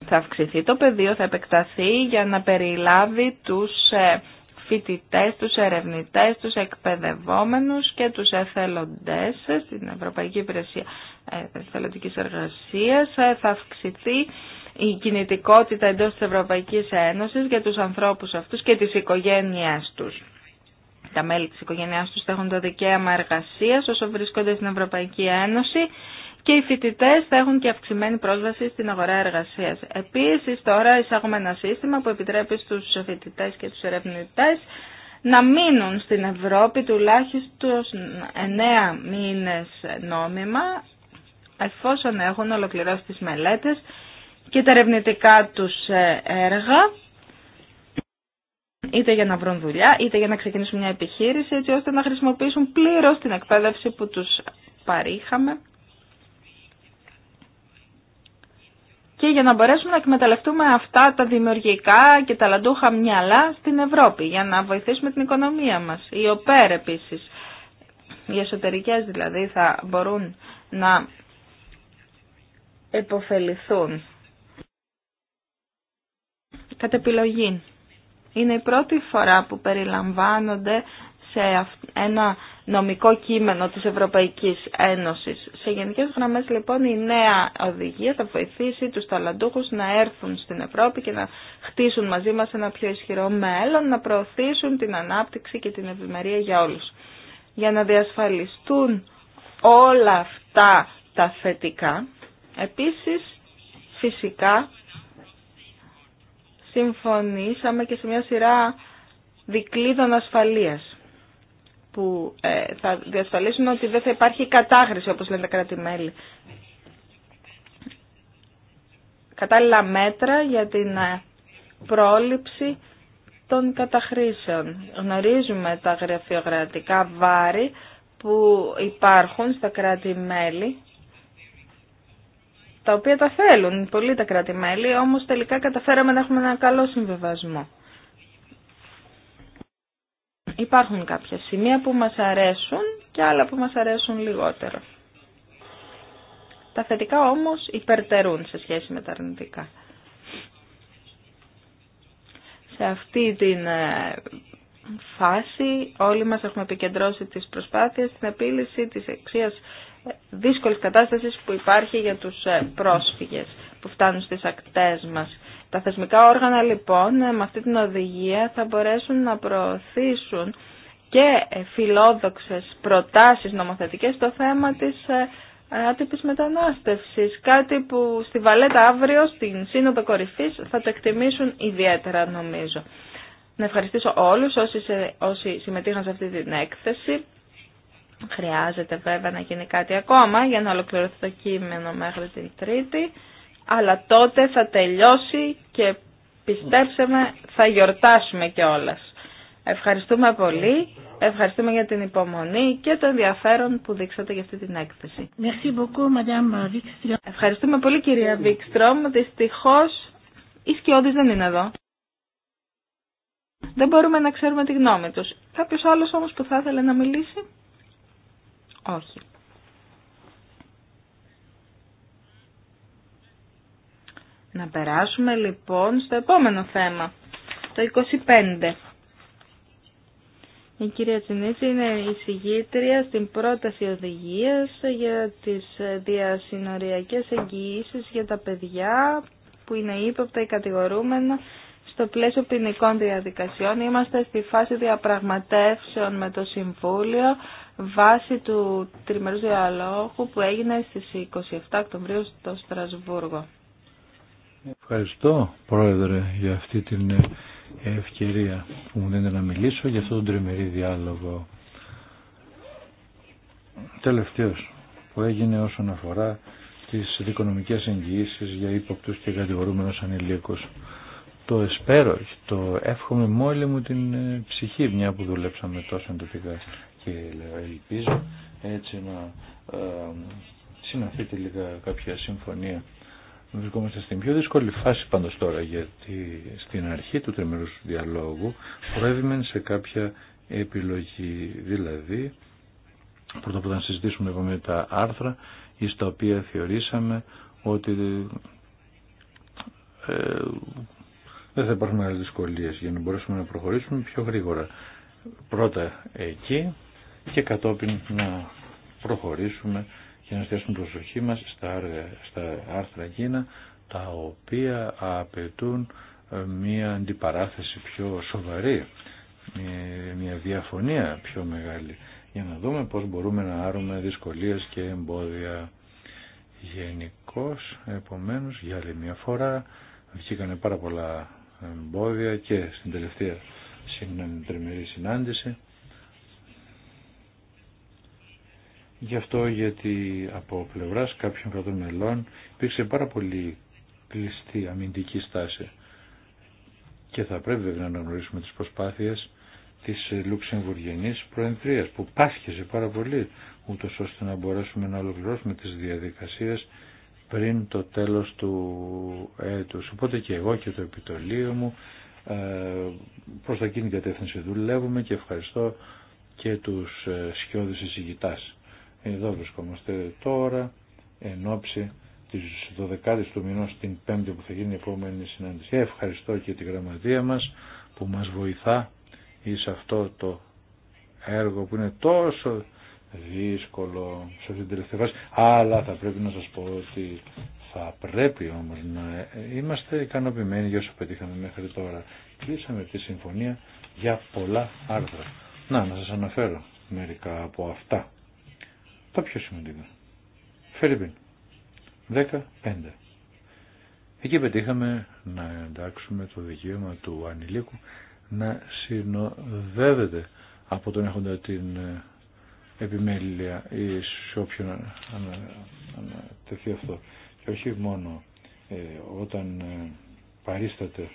Θα αυξηθεί το πεδίο, θα επεκταθεί για να περιλάβει τους ε, φοιτητές, τους ερευνητές, τους εκπαιδευόμενους και τους εθελοντές στην Ευρωπαϊκή Υπηρεσία ε, Εθελοντικής Εργασίας. Ε, θα αυξηθεί η κινητικότητα εντός της Ευρωπαϊκής Ένωσης για τους ανθρώπους αυτούς και τις οικογένειές τους τα μέλη της οικογένειάς τους θα έχουν το δικαίωμα εργασίας όσο βρίσκονται στην Ευρωπαϊκή Ένωση και οι φοιτητέ θα έχουν και αυξημένη πρόσβαση στην αγορά εργασία. Επίση, τώρα εισάγουμε ένα σύστημα που επιτρέπει στου φοιτητέ και του ερευνητέ να μείνουν στην Ευρώπη τουλάχιστον 9 μήνες νόμιμα εφόσον έχουν ολοκληρώσει τις μελέτες και τα ερευνητικά τους ε, έργα είτε για να βρουν δουλειά, είτε για να ξεκινήσουν μια επιχείρηση, έτσι ώστε να χρησιμοποιήσουν πλήρως την εκπαίδευση που τους παρήχαμε και για να μπορέσουμε να εκμεταλλευτούμε αυτά τα δημιουργικά και τα λαντούχα μυαλά στην Ευρώπη, για να βοηθήσουμε την οικονομία μας. Οι ΟΠΕΡ επίση, οι εσωτερικές δηλαδή, θα μπορούν να υποφεληθούν κατ' επιλογή. Είναι η πρώτη φορά που περιλαμβάνονται σε ένα νομικό κείμενο της Ευρωπαϊκής Ένωσης. Σε γενικές γραμμές λοιπόν η νέα οδηγία θα βοηθήσει τους ταλαντούχους να έρθουν στην Ευρώπη και να χτίσουν μαζί μας ένα πιο ισχυρό μέλλον, να προωθήσουν την ανάπτυξη και την ευημερία για όλους. Για να διασφαλιστούν όλα αυτά τα θετικά, επίσης φυσικά συμφωνήσαμε και σε μια σειρά δικλείδων ασφαλείας που ε, θα διασφαλίσουν ότι δεν θα υπάρχει κατάχρηση όπως λένε τα κράτη-μέλη. Κατάλληλα μέτρα για την ε, πρόληψη των καταχρήσεων. Γνωρίζουμε τα γραφειοκρατικά βάρη που υπάρχουν στα κράτη-μέλη τα οποία τα θέλουν πολύ τα κράτη-μέλη, όμως τελικά καταφέραμε να έχουμε ένα καλό συμβιβασμό. Υπάρχουν κάποια σημεία που μας αρέσουν και άλλα που μας αρέσουν λιγότερο. Τα θετικά όμως υπερτερούν σε σχέση με τα αρνητικά. Σε αυτή την ε, φάση όλοι μας έχουμε επικεντρώσει τις προσπάθειες στην επίλυση της εξίας δύσκολης κατάστασης που υπάρχει για τους ε, πρόσφυγες που φτάνουν στις ακτές μας. Τα θεσμικά όργανα λοιπόν ε, με αυτή την οδηγία θα μπορέσουν να προωθήσουν και ε, φιλόδοξες προτάσεις νομοθετικές στο θέμα της άτυπης μετανάστευσης. Κάτι που στη Βαλέτα αύριο στην Σύνοδο Κορυφής θα το εκτιμήσουν ιδιαίτερα νομίζω. Να ευχαριστήσω όλους όσοι, όσοι συμμετείχαν σε αυτή την έκθεση Χρειάζεται βέβαια να γίνει κάτι ακόμα για να ολοκληρωθεί το κείμενο μέχρι την Τρίτη, αλλά τότε θα τελειώσει και πιστέψτε με θα γιορτάσουμε κιόλα. Ευχαριστούμε πολύ, ευχαριστούμε για την υπομονή και το ενδιαφέρον που δείξατε για αυτή την έκθεση. Ευχαριστούμε πολύ κυρία Βίκστρομ, δυστυχώς η Σκιώδης δεν είναι εδώ. Δεν μπορούμε να ξέρουμε τη γνώμη τους. Κάποιος άλλος όμως που θα ήθελε να μιλήσει. Όχι. Να περάσουμε λοιπόν στο επόμενο θέμα, το 25. Η κυρία Τσινίτση είναι η συγγήτρια στην πρόταση οδηγίας για τις διασυνοριακές εγγυήσεις για τα παιδιά που είναι ύποπτα ή κατηγορούμενα στο πλαίσιο ποινικών διαδικασιών. Είμαστε στη φάση διαπραγματεύσεων με το Συμβούλιο βάσει του τριμερούς διαλόγου που έγινε στις 27 Οκτωβρίου στο Στρασβούργο. Ευχαριστώ Πρόεδρε για αυτή την ευκαιρία που μου δίνετε να μιλήσω για αυτόν τον τριμερή διάλογο τελευταίος που έγινε όσον αφορά τις δικονομικές εγγυήσεις για ύποπτους και κατηγορούμενους ανηλίκους. Το εσπέρο, το εύχομαι μόλι μου την ψυχή μια που δουλέψαμε τόσο εντοπικά και ελπίζω έτσι να ε, συναθεί τελικά κάποια συμφωνία. Βρισκόμαστε στην πιο δύσκολη φάση πάντως τώρα γιατί στην αρχή του τριμερούς διαλόγου προέβημεν σε κάποια επιλογή δηλαδή πρώτα που θα συζητήσουμε με τα άρθρα εις τα οποία θεωρήσαμε ότι ε, δεν θα υπάρχουν μεγάλες δυσκολίες για να μπορέσουμε να προχωρήσουμε πιο γρήγορα. Πρώτα εκεί και κατόπιν να προχωρήσουμε και να στέσουμε προσοχή μας στα, άρθρα εκείνα τα οποία απαιτούν ε, μια αντιπαράθεση πιο σοβαρή, ε, μια διαφωνία πιο μεγάλη για να δούμε πώς μπορούμε να άρουμε δυσκολίες και εμπόδια γενικώ, επομένως για άλλη μια φορά βγήκανε πάρα πολλά εμπόδια και στην τελευταία τριμερή συνάντηση Γι' αυτό γιατί από πλευρά κάποιων κρατών μελών υπήρξε πάρα πολύ κλειστή αμυντική στάση και θα πρέπει να αναγνωρίσουμε τις προσπάθειες της Λουξεμβουργενής Προεδρίας που πάσχεσε πάρα πολύ ούτως ώστε να μπορέσουμε να ολοκληρώσουμε τις διαδικασίες πριν το τέλος του έτους. Οπότε και εγώ και το επιτολείο μου ε, προς τα εκείνη κατεύθυνση δουλεύουμε και ευχαριστώ και τους ε, σκιώδεις εισηγητάς εδώ βρισκόμαστε τώρα, εν ώψη τη 12η του μηνό, την 5η που θα γίνει η επόμενη συνάντηση. Ευχαριστώ και τη γραμματεία μα που μα βοηθά σε αυτό το έργο που είναι τόσο δύσκολο σε αυτή την τελευταία φάση. Αλλά θα πρέπει να σας πω ότι θα πρέπει όμως να είμαστε ικανοποιημένοι για όσο πετύχαμε μέχρι τώρα. Κλείσαμε τη συμφωνία για πολλά άρθρα. Να, να σας αναφέρω μερικά από αυτά τα πιο σημαντικά. Φερρυπίν. 15. Εκεί πετύχαμε να εντάξουμε το δικαίωμα του ανηλίκου να συνοδεύεται από τον έχοντα την ε, επιμέλεια ή σε όποιον ανατεθεί αυτό. Και όχι μόνο ε, όταν ε, παρίσταται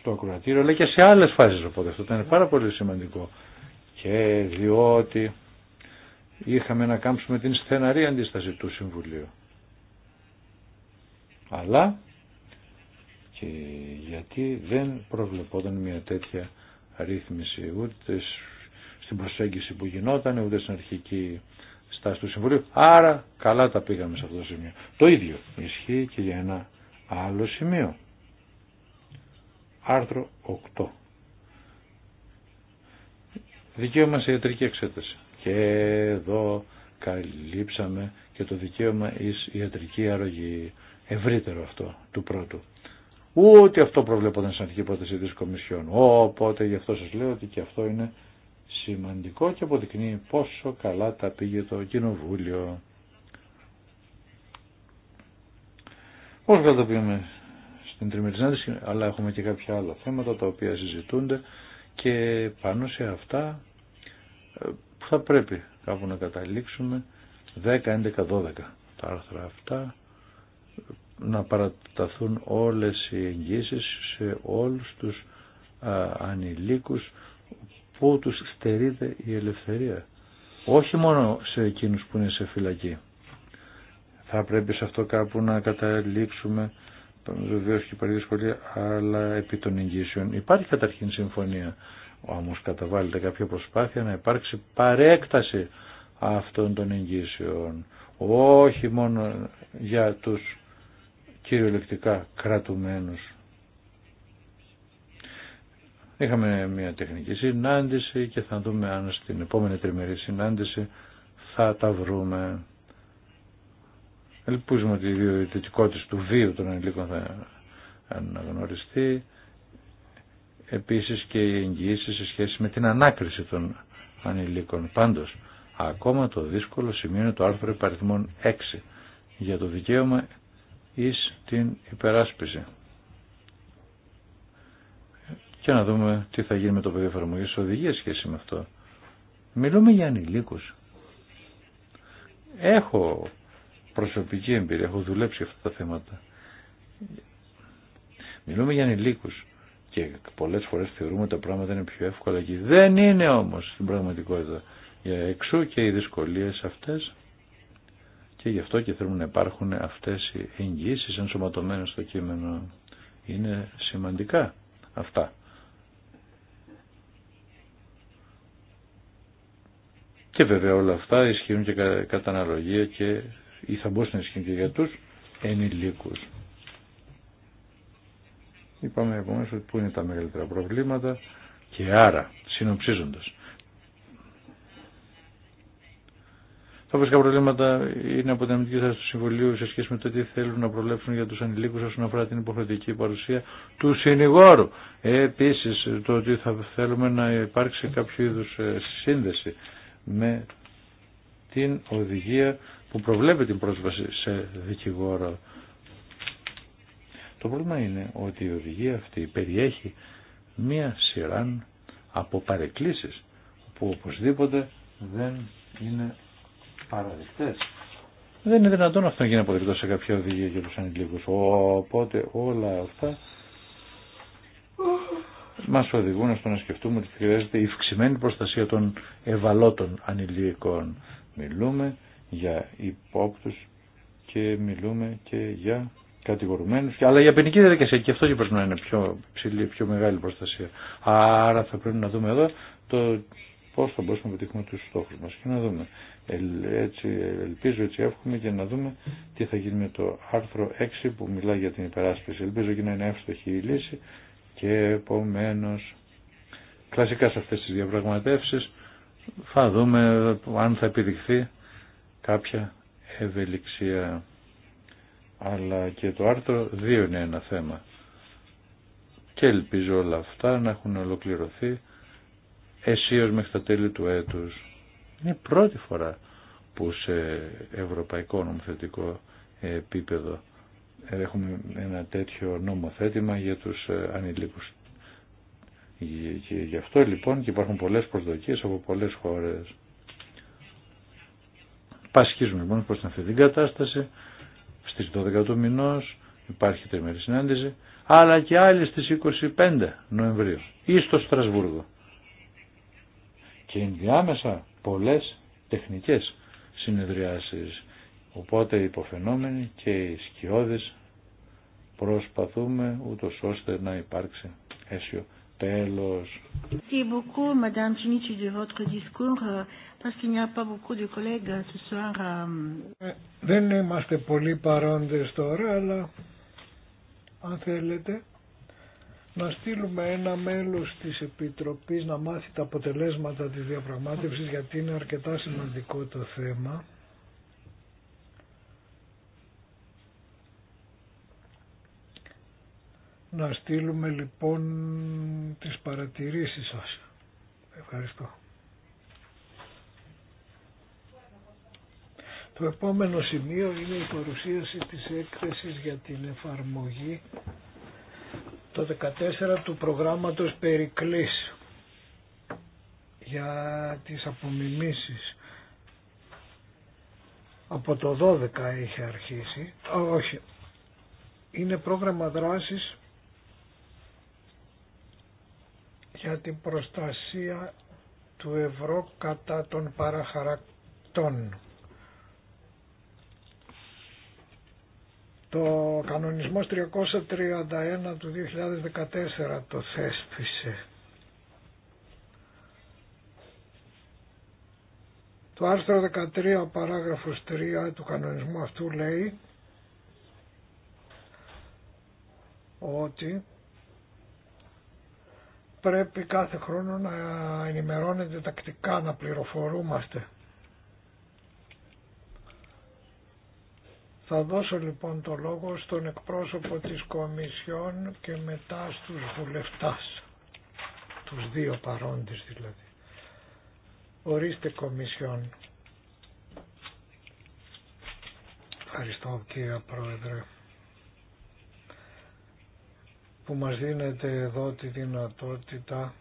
στο ακροατήριο, αλλά και σε άλλες φάσεις. Οπότε αυτό ήταν πάρα πολύ σημαντικό. Και διότι είχαμε να κάμψουμε την στεναρή αντίσταση του Συμβουλίου. Αλλά και γιατί δεν προβλεπόταν μια τέτοια ρύθμιση ούτε στην προσέγγιση που γινόταν ούτε στην αρχική στάση του Συμβουλίου. Άρα καλά τα πήγαμε σε αυτό το σημείο. Το ίδιο ισχύει και για ένα άλλο σημείο. Άρθρο 8. Δικαίωμα σε ιατρική εξέταση. Και εδώ καλύψαμε και το δικαίωμα εις ιατρική αρρωγή. Ευρύτερο αυτό του πρώτου. Ούτε αυτό προβλέπονταν στην αρχή πρόταση της Κομισιόν. Οπότε γι' αυτό σας λέω ότι και αυτό είναι σημαντικό και αποδεικνύει πόσο καλά τα πήγε το Κοινοβούλιο. Πόσο καλά τα πήγαμε στην τριμερή αλλά έχουμε και κάποια άλλα θέματα τα οποία συζητούνται και πάνω σε αυτά θα πρέπει κάπου να καταλήξουμε 10, 11, 12 τα άρθρα αυτά να παραταθούν όλες οι εγγύσεις σε όλους τους α, ανηλίκους που τους στερείται η ελευθερία. Όχι μόνο σε εκείνους που είναι σε φυλακή. Θα πρέπει σε αυτό κάπου να καταλήξουμε βεβαίω και υπάρχει δυσκολία, αλλά επί των εγγύσεων. Υπάρχει καταρχήν συμφωνία όμως καταβάλλεται κάποια προσπάθεια να υπάρξει παρέκταση αυτών των εγγύσεων. Όχι μόνο για τους κυριολεκτικά κρατουμένους. Είχαμε μια τεχνική συνάντηση και θα δούμε αν στην επόμενη τριμερή συνάντηση θα τα βρούμε. Ελπίζουμε ότι η ιδιωτικότητα του βίου των ανηλίκων θα αναγνωριστεί επίσης και οι εγγυήσεις σε σχέση με την ανάκριση των ανηλίκων. Πάντως, ακόμα το δύσκολο σημείο είναι το άρθρο υπαριθμών 6 για το δικαίωμα εις την υπεράσπιση. Και να δούμε τι θα γίνει με το πεδίο εφαρμογή οδηγία σχέση με αυτό. Μιλούμε για ανηλίκους. Έχω προσωπική εμπειρία, έχω δουλέψει αυτά τα θέματα. Μιλούμε για ανηλίκους και πολλές φορές θεωρούμε τα πράγματα είναι πιο εύκολα και δεν είναι όμως στην πραγματικότητα για εξού και οι δυσκολίες αυτές και γι' αυτό και θέλουν να υπάρχουν αυτές οι εγγύσεις ενσωματωμένες στο κείμενο είναι σημαντικά αυτά και βέβαια όλα αυτά ισχύουν και κατά αναλογία και ή θα μπορούσαν να ισχύουν και για τους ενηλίκους Είπαμε επομένω ότι πού είναι τα μεγαλύτερα προβλήματα και άρα, συνοψίζοντας, τα βασικά προβλήματα είναι από την αμυντική του Συμβουλίου σε σχέση με το τι θέλουν να προβλέψουν για του ανηλίκου όσον αφορά την υποχρεωτική παρουσία του συνηγόρου. Επίση, το ότι θα θέλουμε να υπάρξει κάποιο είδου ε, σύνδεση με την οδηγία που προβλέπει την πρόσβαση σε δικηγόρο. Το πρόβλημα είναι ότι η οδηγία αυτή περιέχει μία σειρά από παρεκκλήσεις που οπωσδήποτε δεν είναι παραδεικτές. Δεν είναι δυνατόν αυτό να γίνει αποδεκτό σε κάποια οδηγία για τους ανηλίκους. Οπότε όλα αυτά μας οδηγούν στο να σκεφτούμε ότι χρειάζεται η αυξημένη προστασία των ευαλώτων ανηλίκων. Μιλούμε για υπόπτους και μιλούμε και για κατηγορουμένους, αλλά η απενική διαδικασία και αυτό και πρέπει να είναι πιο ψηλή, πιο μεγάλη προστασία. Άρα θα πρέπει να δούμε εδώ το πώς θα μπορούμε να πετύχουμε τους στόχους μας και να δούμε. Έτσι, ελπίζω, έτσι εύχομαι και να δούμε τι θα γίνει με το άρθρο 6 που μιλά για την υπεράσπιση. Ελπίζω και να είναι εύστοχη η λύση και επομένω κλασικά σε αυτές τις διαπραγματεύσεις θα δούμε αν θα επιδειχθεί κάποια ευελιξία αλλά και το άρθρο 2 είναι ένα θέμα. Και ελπίζω όλα αυτά να έχουν ολοκληρωθεί αισίως μέχρι τα τέλη του έτους. Είναι η πρώτη φορά που σε ευρωπαϊκό νομοθετικό επίπεδο έχουμε ένα τέτοιο νομοθέτημα για τους ε, ανηλίκους. Και γι' αυτό λοιπόν και υπάρχουν πολλές προσδοκίες από πολλές χώρες. Πασχίζουμε λοιπόν προς αυτή την κατάσταση στις 12 του μηνός υπάρχει τριμερή συνάντηση, αλλά και άλλη στις 25 Νοεμβρίου ή στο Στρασβούργο. Και ενδιάμεσα πολλές τεχνικές συνεδριάσεις, οπότε υποφαινόμενοι και οι σκιώδεις προσπαθούμε ούτως ώστε να υπάρξει αίσιο Τέλος. Δεν είμαστε πολύ παρόντες τώρα, αλλά αν θέλετε να στείλουμε ένα μέλος της Επιτροπής να μάθει τα αποτελέσματα της διαπραγμάτευσης γιατί είναι αρκετά σημαντικό το θέμα. Να στείλουμε λοιπόν τις παρατηρήσεις σας. Ευχαριστώ. Το επόμενο σημείο είναι η παρουσίαση της έκθεσης για την εφαρμογή το 14 του προγράμματος Περικλής για τις απομιμήσεις. Από το 12 είχε αρχίσει, όχι, είναι πρόγραμμα δράσης για την προστασία του ευρώ κατά των παραχαρακτών. Το κανονισμός 331 του 2014 το θέσπισε. Το άρθρο 13 παράγραφος 3 του κανονισμού αυτού λέει ότι πρέπει κάθε χρόνο να ενημερώνετε τακτικά, να πληροφορούμαστε. Θα δώσω λοιπόν το λόγο στον εκπρόσωπο της Κομισιόν και μετά στους βουλευτάς, τους δύο παρόντες δηλαδή. Ορίστε Κομισιόν. Ευχαριστώ κύριε Πρόεδρε που μας δίνεται εδώ τη δυνατότητα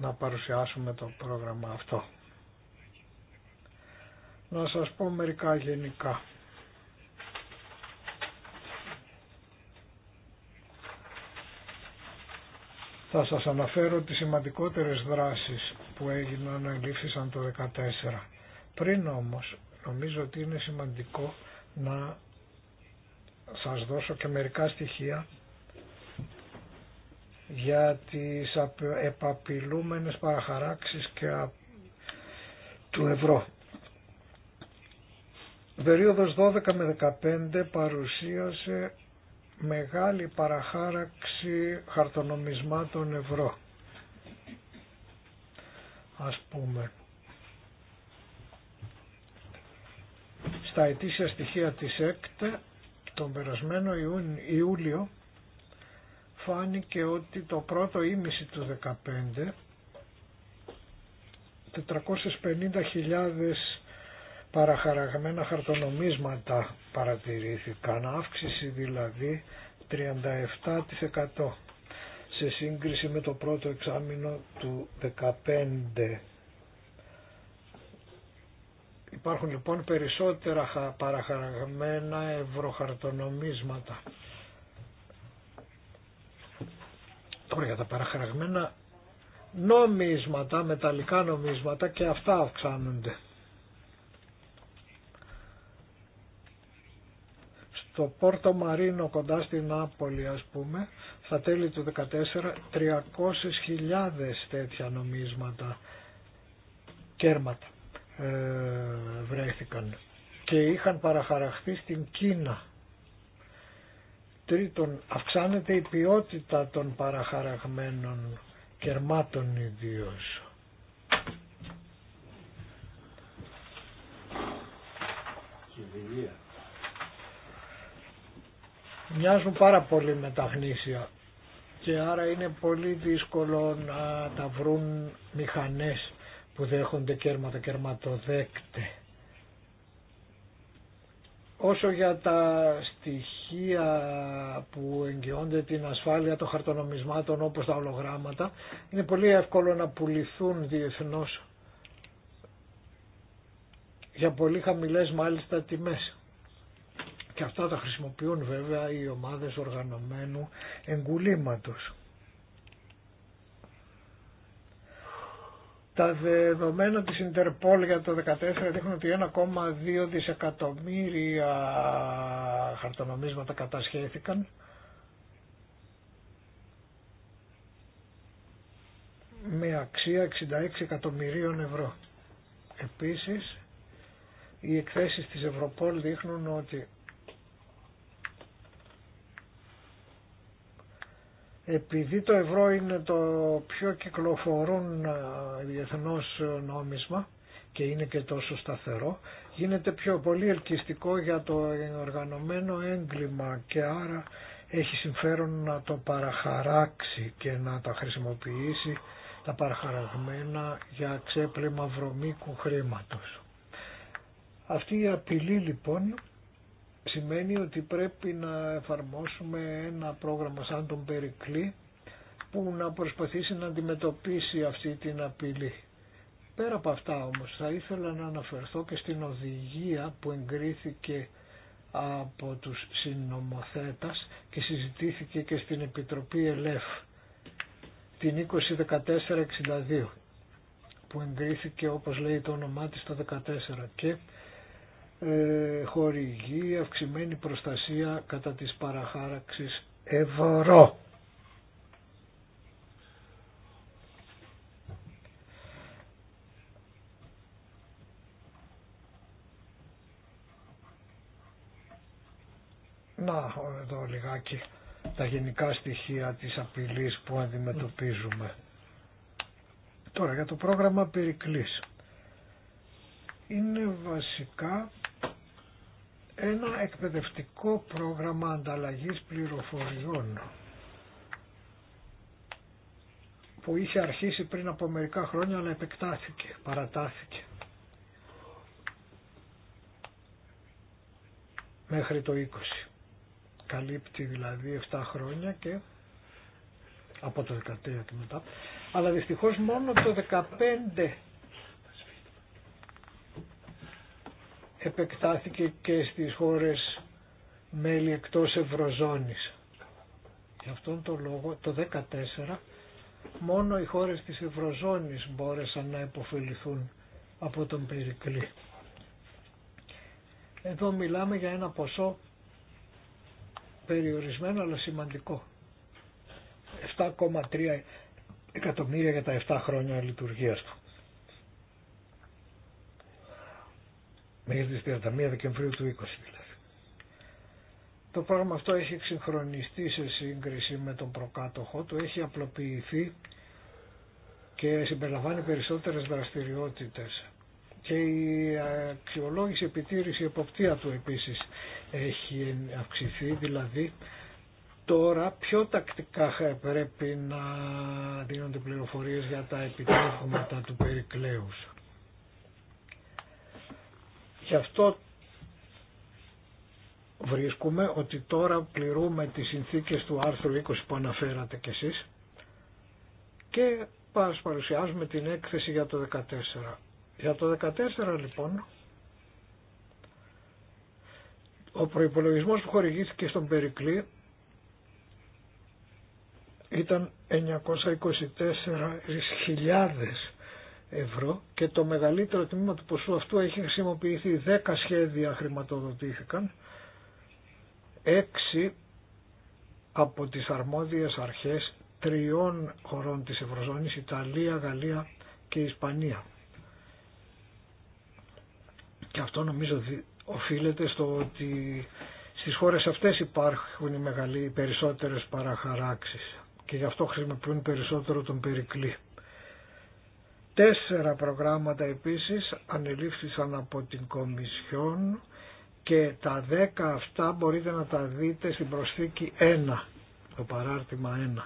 να παρουσιάσουμε το πρόγραμμα αυτό. Να σας πω μερικά γενικά. Θα σας αναφέρω τις σημαντικότερες δράσεις που έγιναν να το 2014. Πριν όμως νομίζω ότι είναι σημαντικό να σας δώσω και μερικά στοιχεία για τις επαπειλούμενες παραχαράξεις και του ευρώ. Περίοδος 12 με 15 παρουσίασε μεγάλη παραχάραξη χαρτονομισμάτων ευρώ. Ας πούμε. Στα ετήσια στοιχεία της ΕΚΤ τον περασμένο Ιούλιο φάνηκε ότι το πρώτο ίμιση του 2015 450.000 παραχαραγμένα χαρτονομίσματα παρατηρήθηκαν, αύξηση δηλαδή 37% σε σύγκριση με το πρώτο εξάμεινο του 2015. Υπάρχουν λοιπόν περισσότερα παραχαραγμένα ευρωχαρτονομίσματα. Τώρα για τα παραχαραγμένα νομίσματα, μεταλλικά νομίσματα και αυτά αυξάνονται. Στο Πόρτο Μαρίνο κοντά στην Νάπολη ας πούμε, θα τέλη του 14, 300.000 τέτοια νομίσματα, κέρματα ε, βρέθηκαν και είχαν παραχαραχθεί στην Κίνα. Τρίτον, αυξάνεται η ποιότητα των παραχαραγμένων κερμάτων ιδίως. Μοιάζουν πάρα πολύ με τα γνήσια και άρα είναι πολύ δύσκολο να τα βρουν μηχανές που δέχονται κέρματα, κερματοδέκτε. Όσο για τα στοιχεία που εγγυώνται την ασφάλεια των χαρτονομισμάτων όπως τα ολογράμματα, είναι πολύ εύκολο να πουληθούν διεθνώς για πολύ χαμηλές μάλιστα τιμές. Και αυτά τα χρησιμοποιούν βέβαια οι ομάδες οργανωμένου εγκουλήματος. Τα δεδομένα της Ιντερπόλ για το 2014 δείχνουν ότι 1,2 δισεκατομμύρια χαρτονομίσματα κατασχέθηκαν. με αξία 66 εκατομμυρίων ευρώ. Επίσης, οι εκθέσεις της Ευρωπόλ δείχνουν ότι επειδή το ευρώ είναι το πιο κυκλοφορούν διεθνώς ε, νόμισμα και είναι και τόσο σταθερό, γίνεται πιο πολύ ελκυστικό για το οργανωμένο έγκλημα και άρα έχει συμφέρον να το παραχαράξει και να τα χρησιμοποιήσει τα παραχαραγμένα για ξέπλυμα βρωμίκου χρήματος. Αυτή η απειλή λοιπόν σημαίνει ότι πρέπει να εφαρμόσουμε ένα πρόγραμμα σαν τον Περικλή που να προσπαθήσει να αντιμετωπίσει αυτή την απειλή. Πέρα από αυτά όμως θα ήθελα να αναφερθώ και στην οδηγία που εγκρίθηκε από τους συνομοθέτας και συζητήθηκε και στην Επιτροπή ΕΛΕΦ την 2014-62 που εγκρίθηκε όπως λέει το όνομά της το 14 και ε, χορηγεί αυξημένη προστασία κατά της παραχάραξης ευρώ. Να, εδώ λιγάκι τα γενικά στοιχεία της απειλής που αντιμετωπίζουμε. Τώρα για το πρόγραμμα Περικλής. Είναι βασικά ένα εκπαιδευτικό πρόγραμμα ανταλλαγής πληροφοριών που είχε αρχίσει πριν από μερικά χρόνια αλλά επεκτάθηκε, παρατάθηκε. Μέχρι το 20. Καλύπτει δηλαδή 7 χρόνια και από το 13 και μετά. Αλλά δυστυχώς μόνο το 15 επεκτάθηκε και στις χώρες μέλη εκτός Ευρωζώνης. Γι' αυτόν τον λόγο το 2014 μόνο οι χώρες της Ευρωζώνης μπόρεσαν να υποφεληθούν από τον Περικλή. Εδώ μιλάμε για ένα ποσό περιορισμένο αλλά σημαντικό. 7,3 εκατομμύρια για τα 7 χρόνια λειτουργίας του. μέχρι τις 31 Δεκεμβρίου του 20 δηλαδή. Το πράγμα αυτό έχει εξυγχρονιστεί σε σύγκριση με τον προκάτοχο του, έχει απλοποιηθεί και συμπεριλαμβάνει περισσότερες δραστηριότητες. Και η αξιολόγηση, επιτήρηση, εποπτεία του επίσης έχει αυξηθεί, δηλαδή τώρα πιο τακτικά πρέπει να δίνονται πληροφορίες για τα επιτρέχματα του περικλέους και αυτό βρίσκουμε ότι τώρα πληρούμε τις συνθήκες του άρθρου 20 που αναφέρατε κι εσείς και παρουσιάζουμε την έκθεση για το 14. Για το 14 λοιπόν ο προϋπολογισμός που χορηγήθηκε στον Περικλή ήταν 924.000 ευρώ και το μεγαλύτερο τμήμα του ποσού αυτού έχει χρησιμοποιηθεί. 10 σχέδια χρηματοδοτήθηκαν, 6 από τις αρμόδιες αρχές τριών χωρών της Ευρωζώνης, Ιταλία, Γαλλία και Ισπανία. Και αυτό νομίζω οφείλεται στο ότι στις χώρες αυτές υπάρχουν οι, οι περισσότερες παραχαράξεις και γι' αυτό χρησιμοποιούν περισσότερο τον περικλή. Τέσσερα προγράμματα επίσης ανελήφθησαν από την Κομισιόν και τα δέκα αυτά μπορείτε να τα δείτε στην προσθήκη 1, το παράρτημα 1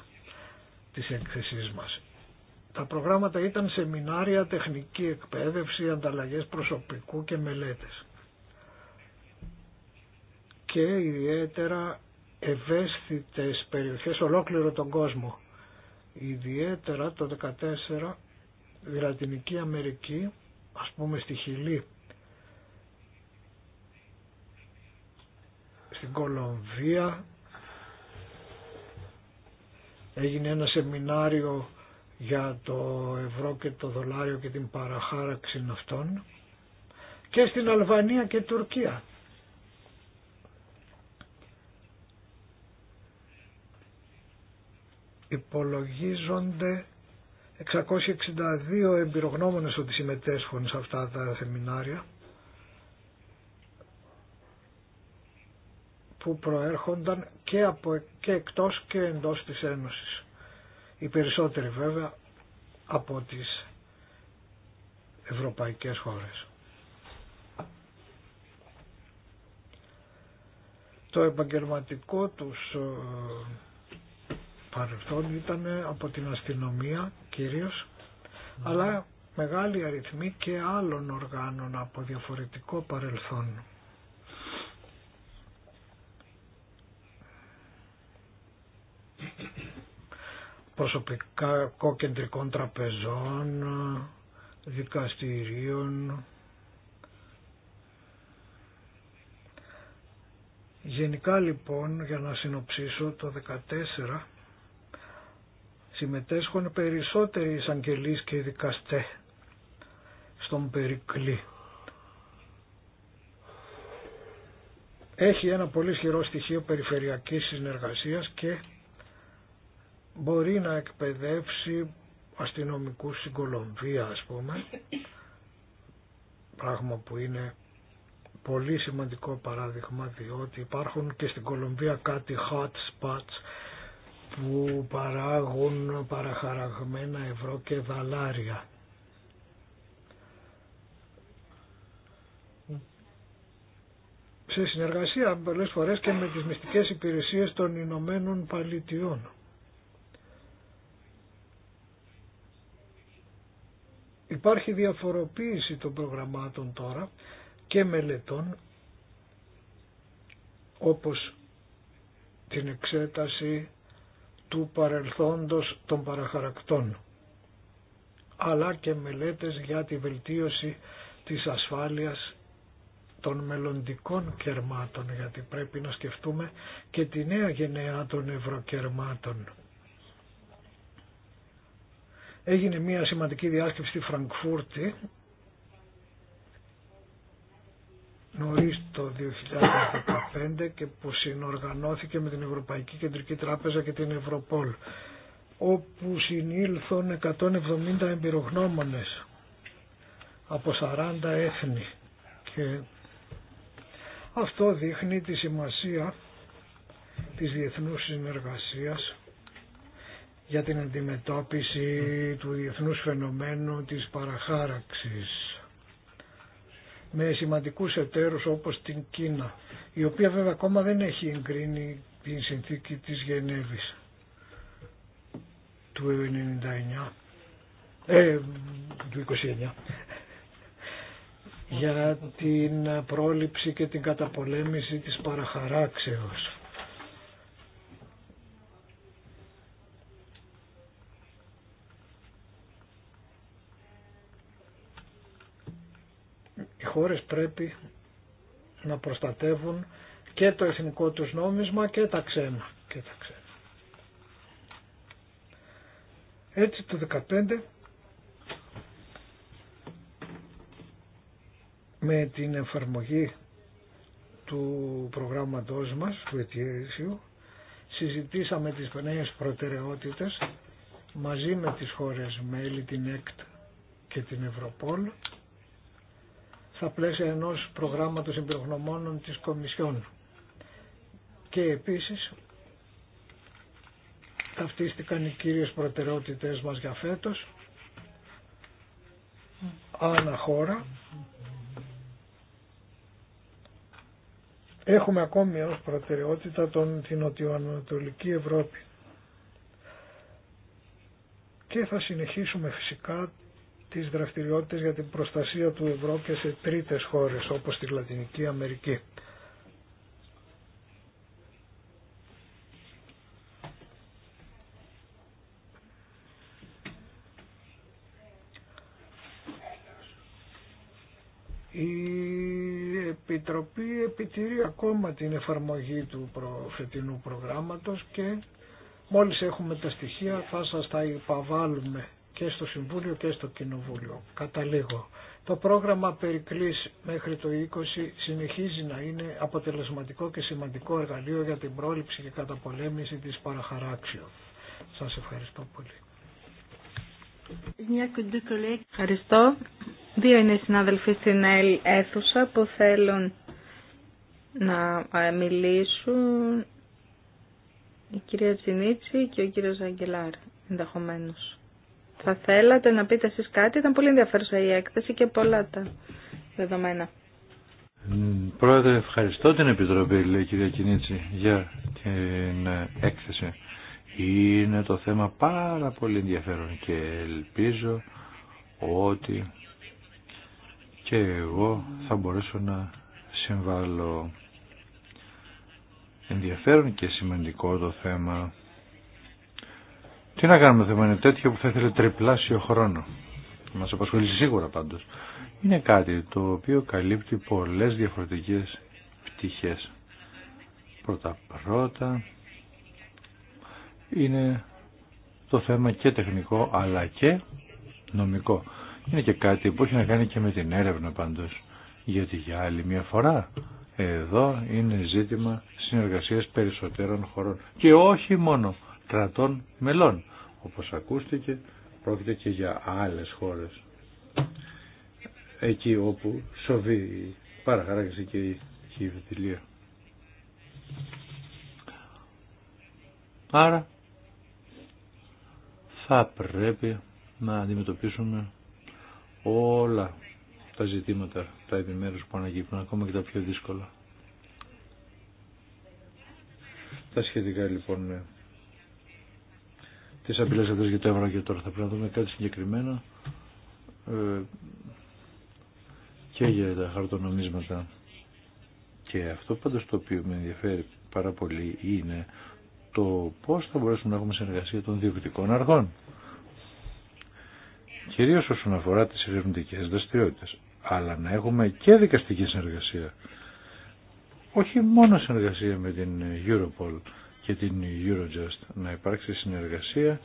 της έκθεσής μας. Τα προγράμματα ήταν σεμινάρια, τεχνική εκπαίδευση, ανταλλαγές προσωπικού και μελέτες. Και ιδιαίτερα ευαίσθητες περιοχές ολόκληρο τον κόσμο. Ιδιαίτερα το 14. Η Λατινική Αμερική, ας πούμε στη Χιλή, στην Κολομβία, έγινε ένα σεμινάριο για το ευρώ και το δολάριο και την παραχάραξη αυτών και στην Αλβανία και Τουρκία. Υπολογίζονται 662 εμπειρογνώμονες ότι συμμετέσχουν σε αυτά τα σεμινάρια που προέρχονταν και, από, και εκτός και εντός της Ένωσης. Οι περισσότεροι βέβαια από τις ευρωπαϊκές χώρες. Το επαγγελματικό τους ε, παρελθόν ήταν από την αστυνομία κυρίως, αλλά μεγάλη αριθμή και άλλων οργάνων από διαφορετικό παρελθόν. Προσωπικά κεντρικών τραπεζών, δικαστηρίων, Γενικά λοιπόν για να συνοψίσω το 14 συμμετέσχουν περισσότεροι εισαγγελείς και δικαστέ στον Περικλή. Έχει ένα πολύ ισχυρό στοιχείο περιφερειακής συνεργασίας και μπορεί να εκπαιδεύσει αστυνομικούς στην Κολομβία ας πούμε πράγμα που είναι πολύ σημαντικό παράδειγμα διότι υπάρχουν και στην Κολομβία κάτι hot spots που παράγουν παραχαραγμένα ευρώ και δαλάρια. σε συνεργασία πολλές φορές και με τις μυστικές υπηρεσίες των Ηνωμένων Παλιτιών. Υπάρχει διαφοροποίηση των προγραμμάτων τώρα και μελετών όπως την εξέταση του παρελθόντος των παραχαρακτών αλλά και μελέτες για τη βελτίωση της ασφάλειας των μελλοντικών κερμάτων γιατί πρέπει να σκεφτούμε και τη νέα γενεά των ευρωκερμάτων. Έγινε μια σημαντική διάσκεψη στη Φραγκφούρτη νωρίς το 2015 και που συνοργανώθηκε με την Ευρωπαϊκή Κεντρική Τράπεζα και την Ευρωπόλ όπου συνήλθαν 170 εμπειρογνώμονες από 40 έθνη και αυτό δείχνει τη σημασία της διεθνούς συνεργασίας για την αντιμετώπιση του διεθνούς φαινομένου της παραχάραξης με σημαντικούς εταίρους όπως την Κίνα, η οποία βέβαια ακόμα δεν έχει εγκρίνει την συνθήκη της Γενέβης του 99, ε, του για την πρόληψη και την καταπολέμηση της παραχαράξεως. χώρες πρέπει να προστατεύουν και το εθνικό τους νόμισμα και τα ξένα. Και τα ξένα. Έτσι το 2015 με την εφαρμογή του προγράμματός μας, του ετήσιου, συζητήσαμε τις νέες προτεραιότητες μαζί με τις χώρες μέλη, την ΕΚΤ και την Ευρωπόλ στα πλαίσια ενός προγράμματος εμπειρογνωμόνων της Κομισιόν. Και επίσης ταυτίστηκαν οι κύριες προτεραιότητες μας για φέτος ανά χώρα. Έχουμε ακόμη ως προτεραιότητα τον, την Νοτιοανατολική Ευρώπη. Και θα συνεχίσουμε φυσικά τις δραστηριότητες για την προστασία του ευρώ και σε τρίτες χώρες όπως τη Λατινική Αμερική. Η Επιτροπή επιτηρεί ακόμα την εφαρμογή του φετινού προγράμματος και μόλις έχουμε τα στοιχεία θα σας τα υπαβάλουμε και στο Συμβούλιο και στο Κοινοβούλιο. Καταλήγω. Το πρόγραμμα Περικλής μέχρι το 20 συνεχίζει να είναι αποτελεσματικό και σημαντικό εργαλείο για την πρόληψη και καταπολέμηση της παραχαράξεως. Σας ευχαριστώ πολύ. Ευχαριστώ. Δύο είναι συνάδελφοι στην αίθουσα που θέλουν να ε, μιλήσουν η κυρία Τζινίτση και ο κύριος Αγγελάρ ενδεχομένως θα θέλατε να πείτε εσείς κάτι. Ήταν πολύ ενδιαφέρουσα η έκθεση και πολλά τα δεδομένα. Πρόεδρε, ευχαριστώ την Επιτροπή, λέει η κυρία Κινίτση, για την έκθεση. Είναι το θέμα πάρα πολύ ενδιαφέρον και ελπίζω ότι και εγώ θα μπορέσω να συμβάλλω ενδιαφέρον και σημαντικό το θέμα τι να κάνουμε, θέμα είναι τέτοιο που θα ήθελε τριπλάσιο χρόνο. Μας απασχολεί σίγουρα πάντως. Είναι κάτι το οποίο καλύπτει πολλές διαφορετικές πτυχές. Πρώτα πρώτα είναι το θέμα και τεχνικό αλλά και νομικό. Είναι και κάτι που έχει να κάνει και με την έρευνα πάντως. Γιατί για άλλη μια φορά εδώ είναι ζήτημα συνεργασίας περισσότερων χωρών. Και όχι μόνο κρατών μελών. Όπως ακούστηκε, πρόκειται και για άλλες χώρες. Εκεί όπου σοβεί η παραχαράκηση και η βιβλία. Άρα θα πρέπει να αντιμετωπίσουμε όλα τα ζητήματα, τα επιμέρους που ανακύπτουν, ακόμα και τα πιο δύσκολα. Τα σχετικά λοιπόν με ναι. Τι απειλέ αυτέ για το ευρώ και τώρα. Θα πρέπει να δούμε κάτι συγκεκριμένο ε, και για τα χαρτονομίσματα. Και αυτό πάντως το οποίο με ενδιαφέρει πάρα πολύ είναι το πώς θα μπορέσουμε να έχουμε συνεργασία των διοικητικών αργών. Κυρίω όσον αφορά τις ερευνητικέ δραστηριότητε, Αλλά να έχουμε και δικαστική συνεργασία. Όχι μόνο συνεργασία με την Europol, και την Eurojust να υπάρξει συνεργασία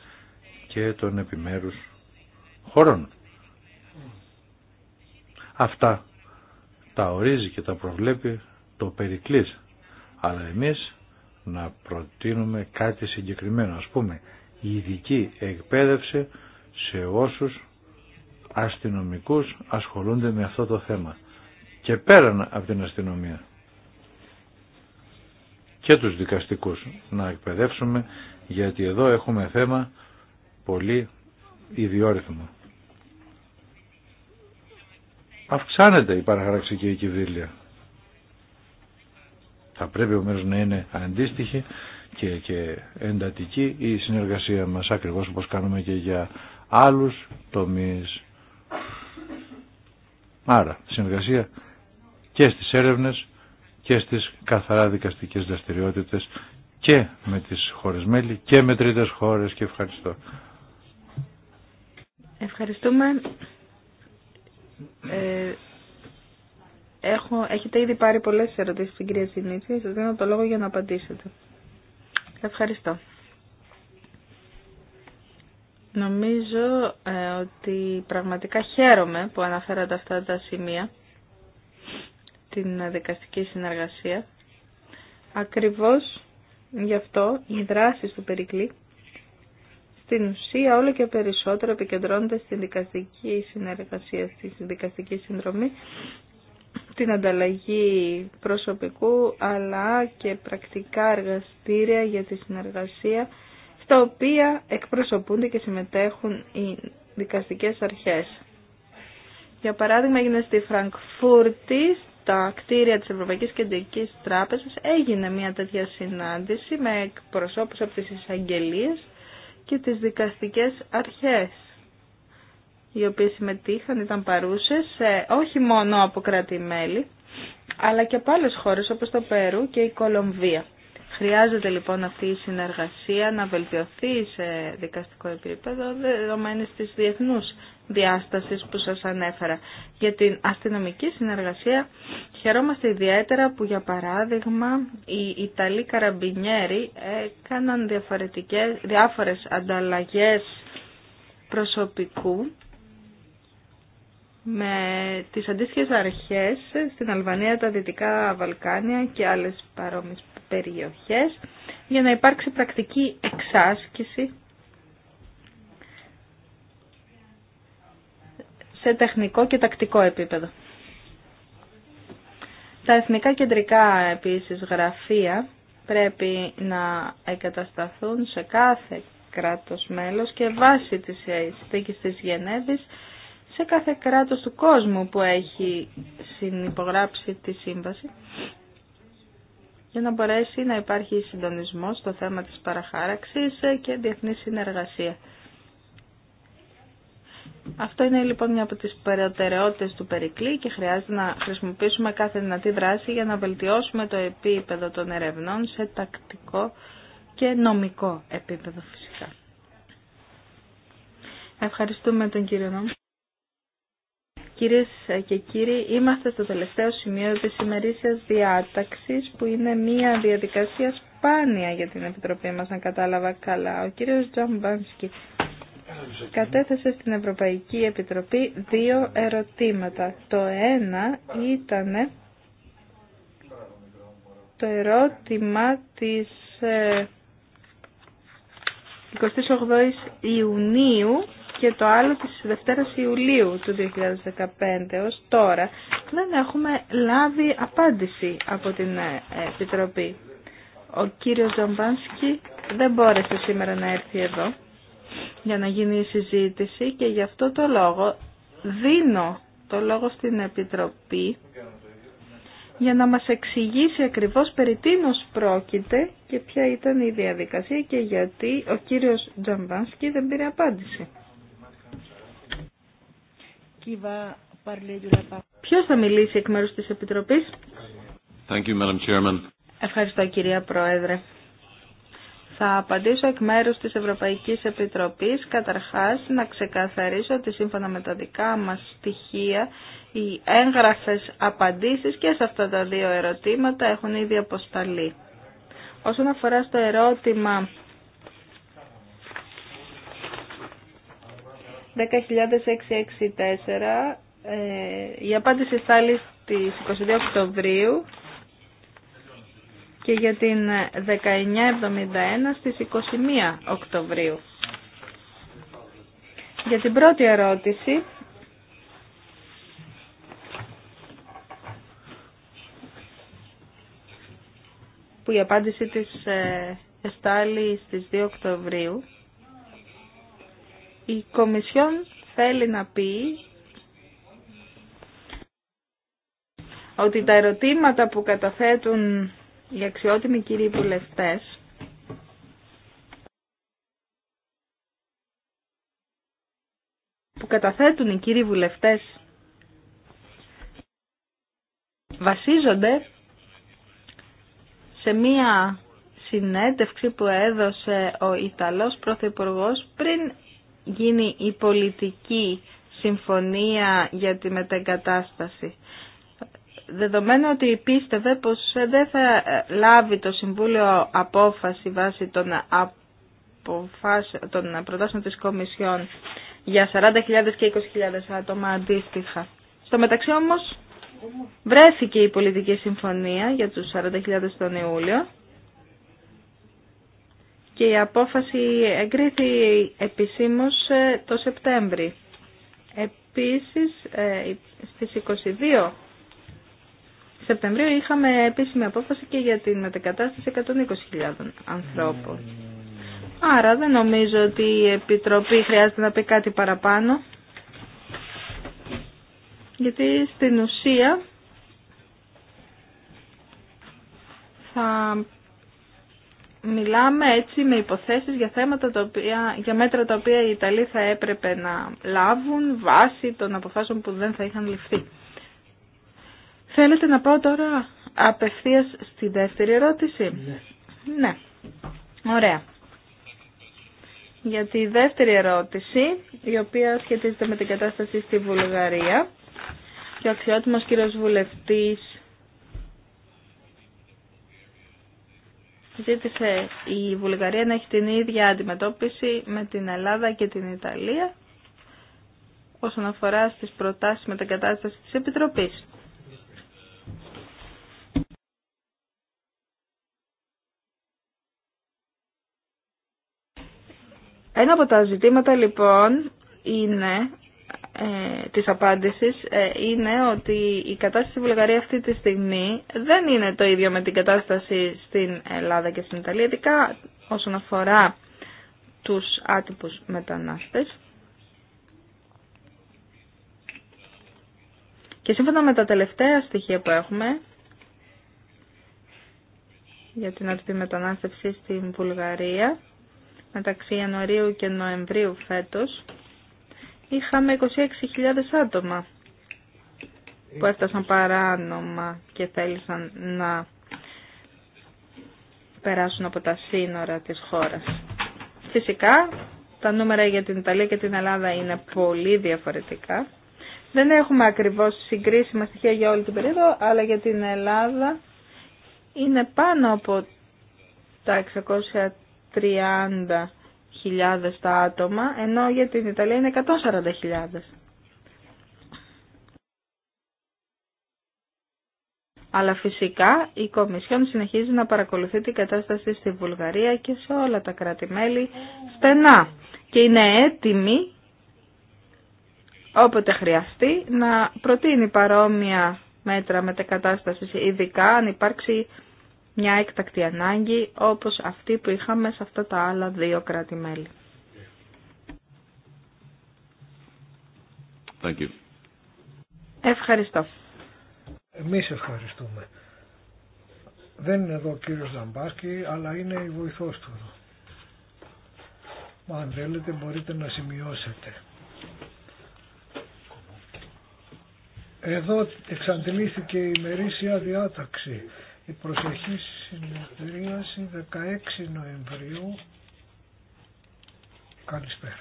και των επιμέρους χωρών. Αυτά τα ορίζει και τα προβλέπει το περικλής. Αλλά εμείς να προτείνουμε κάτι συγκεκριμένο. Ας πούμε, ειδική εκπαίδευση σε όσους αστυνομικούς ασχολούνται με αυτό το θέμα. Και πέραν από την αστυνομία και τους δικαστικούς να εκπαιδεύσουμε γιατί εδώ έχουμε θέμα πολύ ιδιόρυθμο. Αυξάνεται η η κυβήλια. Θα πρέπει ο μέρος να είναι αντίστοιχη και, και εντατική η συνεργασία μας ακριβώς όπως κάνουμε και για άλλους τομείς. Άρα, συνεργασία και στις έρευνες και στις καθαρά δικαστικές δραστηριότητες και με τις χώρες μέλη και με τρίτες χώρες και ευχαριστώ. Ευχαριστούμε. Ε, έχω, έχετε ήδη πάρει πολλές ερωτήσεις στην κυρία Συνήθεια. Σας δίνω το λόγο για να απαντήσετε. Ευχαριστώ. Νομίζω ε, ότι πραγματικά χαίρομαι που αναφέρατε αυτά τα σημεία την δικαστική συνεργασία. Ακριβώς γι' αυτό οι δράσεις του Περικλή στην ουσία όλο και περισσότερο επικεντρώνονται στην δικαστική συνεργασία, στη δικαστική συνδρομή, την ανταλλαγή προσωπικού αλλά και πρακτικά εργαστήρια για τη συνεργασία στα οποία εκπροσωπούνται και συμμετέχουν οι δικαστικές αρχές. Για παράδειγμα έγινε στη Φραγκφούρτη τα κτίρια της Ευρωπαϊκής Κεντρικής Τράπεζας έγινε μια τέτοια συνάντηση με εκπροσώπους από τις εισαγγελίε και τις δικαστικές αρχές οι οποίες συμμετείχαν, ήταν παρούσες, ε, όχι μόνο από κράτη-μέλη, αλλά και από άλλες χώρες όπως το Περού και η Κολομβία. Χρειάζεται λοιπόν αυτή η συνεργασία να βελτιωθεί σε δικαστικό επίπεδο δεδομένες στις διεθνούς διάστασης που σας ανέφερα. Για την αστυνομική συνεργασία χαιρόμαστε ιδιαίτερα που για παράδειγμα οι Ιταλοί καραμπινιέροι έκαναν διαφορετικές, διάφορες ανταλλαγές προσωπικού με τις αντίστοιχες αρχές στην Αλβανία, τα Δυτικά Βαλκάνια και άλλες παρόμοιες περιοχές για να υπάρξει πρακτική εξάσκηση σε τεχνικό και τακτικό επίπεδο. Τα εθνικά κεντρικά επίσης γραφεία πρέπει να εγκατασταθούν σε κάθε κράτος μέλος και βάσει της συνθήκης της Γενέβης σε κάθε κράτος του κόσμου που έχει συνυπογράψει τη σύμβαση για να μπορέσει να υπάρχει συντονισμός στο θέμα της παραχάραξης και διεθνή συνεργασία. Αυτό είναι λοιπόν μια από τις προτεραιότητες του Περικλή και χρειάζεται να χρησιμοποιήσουμε κάθε δυνατή δράση για να βελτιώσουμε το επίπεδο των ερευνών σε τακτικό και νομικό επίπεδο φυσικά. Ευχαριστούμε τον κύριο Νόμου. Κυρίες και κύριοι, είμαστε στο τελευταίο σημείο της ημερήσιας διάταξης που είναι μια διαδικασία σπάνια για την Επιτροπή μας, αν κατάλαβα καλά. Ο κύριος Τζαμπάνσκι κατέθεσε στην Ευρωπαϊκή Επιτροπή δύο ερωτήματα. Το ένα ήταν το ερώτημα της 28 ε, Ιουνίου και το άλλο της Δευτέρας Ιουλίου του 2015 ως τώρα δεν έχουμε λάβει απάντηση από την ε, Επιτροπή. Ο κύριος Ζομπάνσκι δεν μπόρεσε σήμερα να έρθει εδώ για να γίνει η συζήτηση και γι' αυτό το λόγο δίνω το λόγο στην Επιτροπή για να μας εξηγήσει ακριβώς περί τίνος πρόκειται και ποια ήταν η διαδικασία και γιατί ο κύριος Τζαμπάνσκι δεν πήρε απάντηση. Ποιος θα μιλήσει εκ μέρους της Επιτροπής? Ευχαριστώ κυρία Πρόεδρε. Θα απαντήσω εκ μέρους της Ευρωπαϊκής Επιτροπής, καταρχάς να ξεκαθαρίσω ότι σύμφωνα με τα δικά μας στοιχεία, οι έγγραφες απαντήσεις και σε αυτά τα δύο ερωτήματα έχουν ήδη αποσταλεί. Όσον αφορά στο ερώτημα 10.664, ε, η απάντηση στάλει στις 22 Οκτωβρίου και για την 1971 στις 21 Οκτωβρίου. Για την πρώτη ερώτηση, που η απάντησή της ε, εστάλει στις 2 Οκτωβρίου, η Κομισιόν θέλει να πει ότι τα ερωτήματα που καταθέτουν οι αξιότιμοι κύριοι βουλευτές, που καταθέτουν οι κύριοι βουλευτές, βασίζονται σε μία συνέντευξη που έδωσε ο Ιταλός Πρωθυπουργός πριν γίνει η πολιτική συμφωνία για τη μετεγκατάσταση δεδομένου ότι πίστευε πως ε, δεν θα ε, λάβει το Συμβούλιο απόφαση βάσει των, αποφάσ... των προτάσεων της Κομισιόν για 40.000 και 20.000 άτομα αντίστοιχα. Στο μεταξύ όμως βρέθηκε η πολιτική συμφωνία για τους 40.000 τον Ιούλιο και η απόφαση εγκρίθη επισήμως ε, το Σεπτέμβρη. Επίσης, στις 22 Σεπτεμβρίου είχαμε επίσημη απόφαση και για την μετεκατάσταση 120.000 ανθρώπων. Άρα δεν νομίζω ότι η Επιτροπή χρειάζεται να πει κάτι παραπάνω. Γιατί στην ουσία θα μιλάμε έτσι με υποθέσεις για, θέματα τα οποία, για μέτρα τα οποία οι Ιταλοί θα έπρεπε να λάβουν βάσει των αποφάσεων που δεν θα είχαν ληφθεί. Θέλετε να πάω τώρα απευθείας στη δεύτερη ερώτηση. Ναι. ναι. Ωραία. Για τη δεύτερη ερώτηση, η οποία σχετίζεται με την κατάσταση στη Βουλγαρία και ο αξιότιμος κύριος βουλευτής ζήτησε η Βουλγαρία να έχει την ίδια αντιμετώπιση με την Ελλάδα και την Ιταλία όσον αφορά στις προτάσεις κατάσταση της Επιτροπής. Ένα από τα ζητήματα λοιπόν είναι ε, της απάντησης ε, είναι ότι η κατάσταση στη Βουλγαρία αυτή τη στιγμή δεν είναι το ίδιο με την κατάσταση στην Ελλάδα και στην Ιταλία, ειδικά όσον αφορά τους άτυπους μετανάστες. Και σύμφωνα με τα τελευταία στοιχεία που έχουμε για την άτυπη μετανάστευση στην Βουλγαρία, μεταξύ Ιανουαρίου και Νοεμβρίου φέτος είχαμε 26.000 άτομα που έφτασαν παράνομα και θέλησαν να περάσουν από τα σύνορα της χώρας. Φυσικά τα νούμερα για την Ιταλία και την Ελλάδα είναι πολύ διαφορετικά. Δεν έχουμε ακριβώς συγκρίσιμα στοιχεία για όλη την περίοδο, αλλά για την Ελλάδα είναι πάνω από τα 30.000 τα άτομα, ενώ για την Ιταλία είναι 140.000. Αλλά φυσικά η Κομισιόν συνεχίζει να παρακολουθεί την κατάσταση στη Βουλγαρία και σε όλα τα κράτη-μέλη στενά. Και είναι έτοιμη όποτε χρειαστεί να προτείνει παρόμοια μέτρα μετακατάστασης, ειδικά αν υπάρξει μια έκτακτη ανάγκη όπως αυτή που είχαμε σε αυτά τα άλλα δύο κράτη-μέλη. Thank you. Ευχαριστώ. Εμείς ευχαριστούμε. Δεν είναι εδώ ο κύριος Ζαμπάσκη, αλλά είναι η βοηθός του εδώ. Μα αν θέλετε μπορείτε να σημειώσετε. Εδώ εξαντλήθηκε η μερίσια διάταξη. Η προσεχή συνεδρίαση 16 Νοεμβρίου. Καλησπέρα.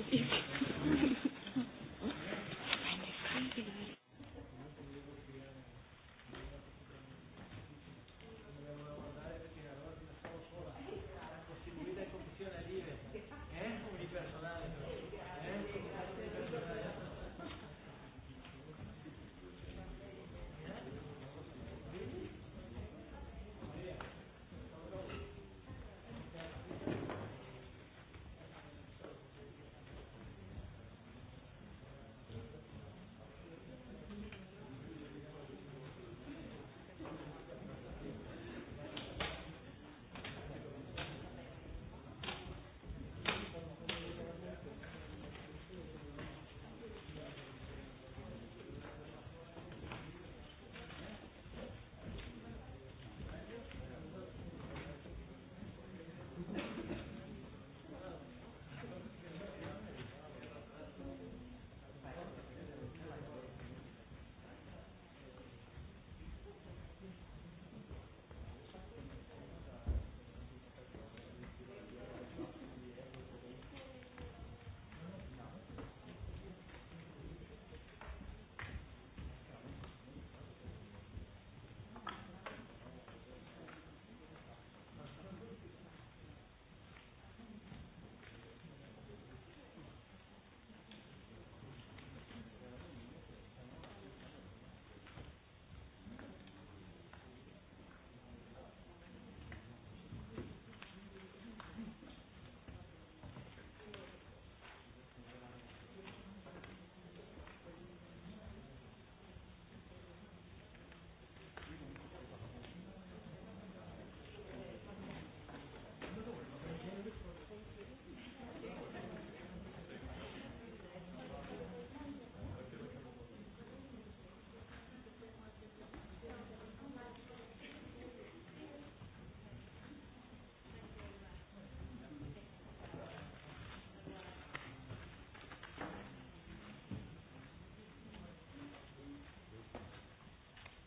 Thank you.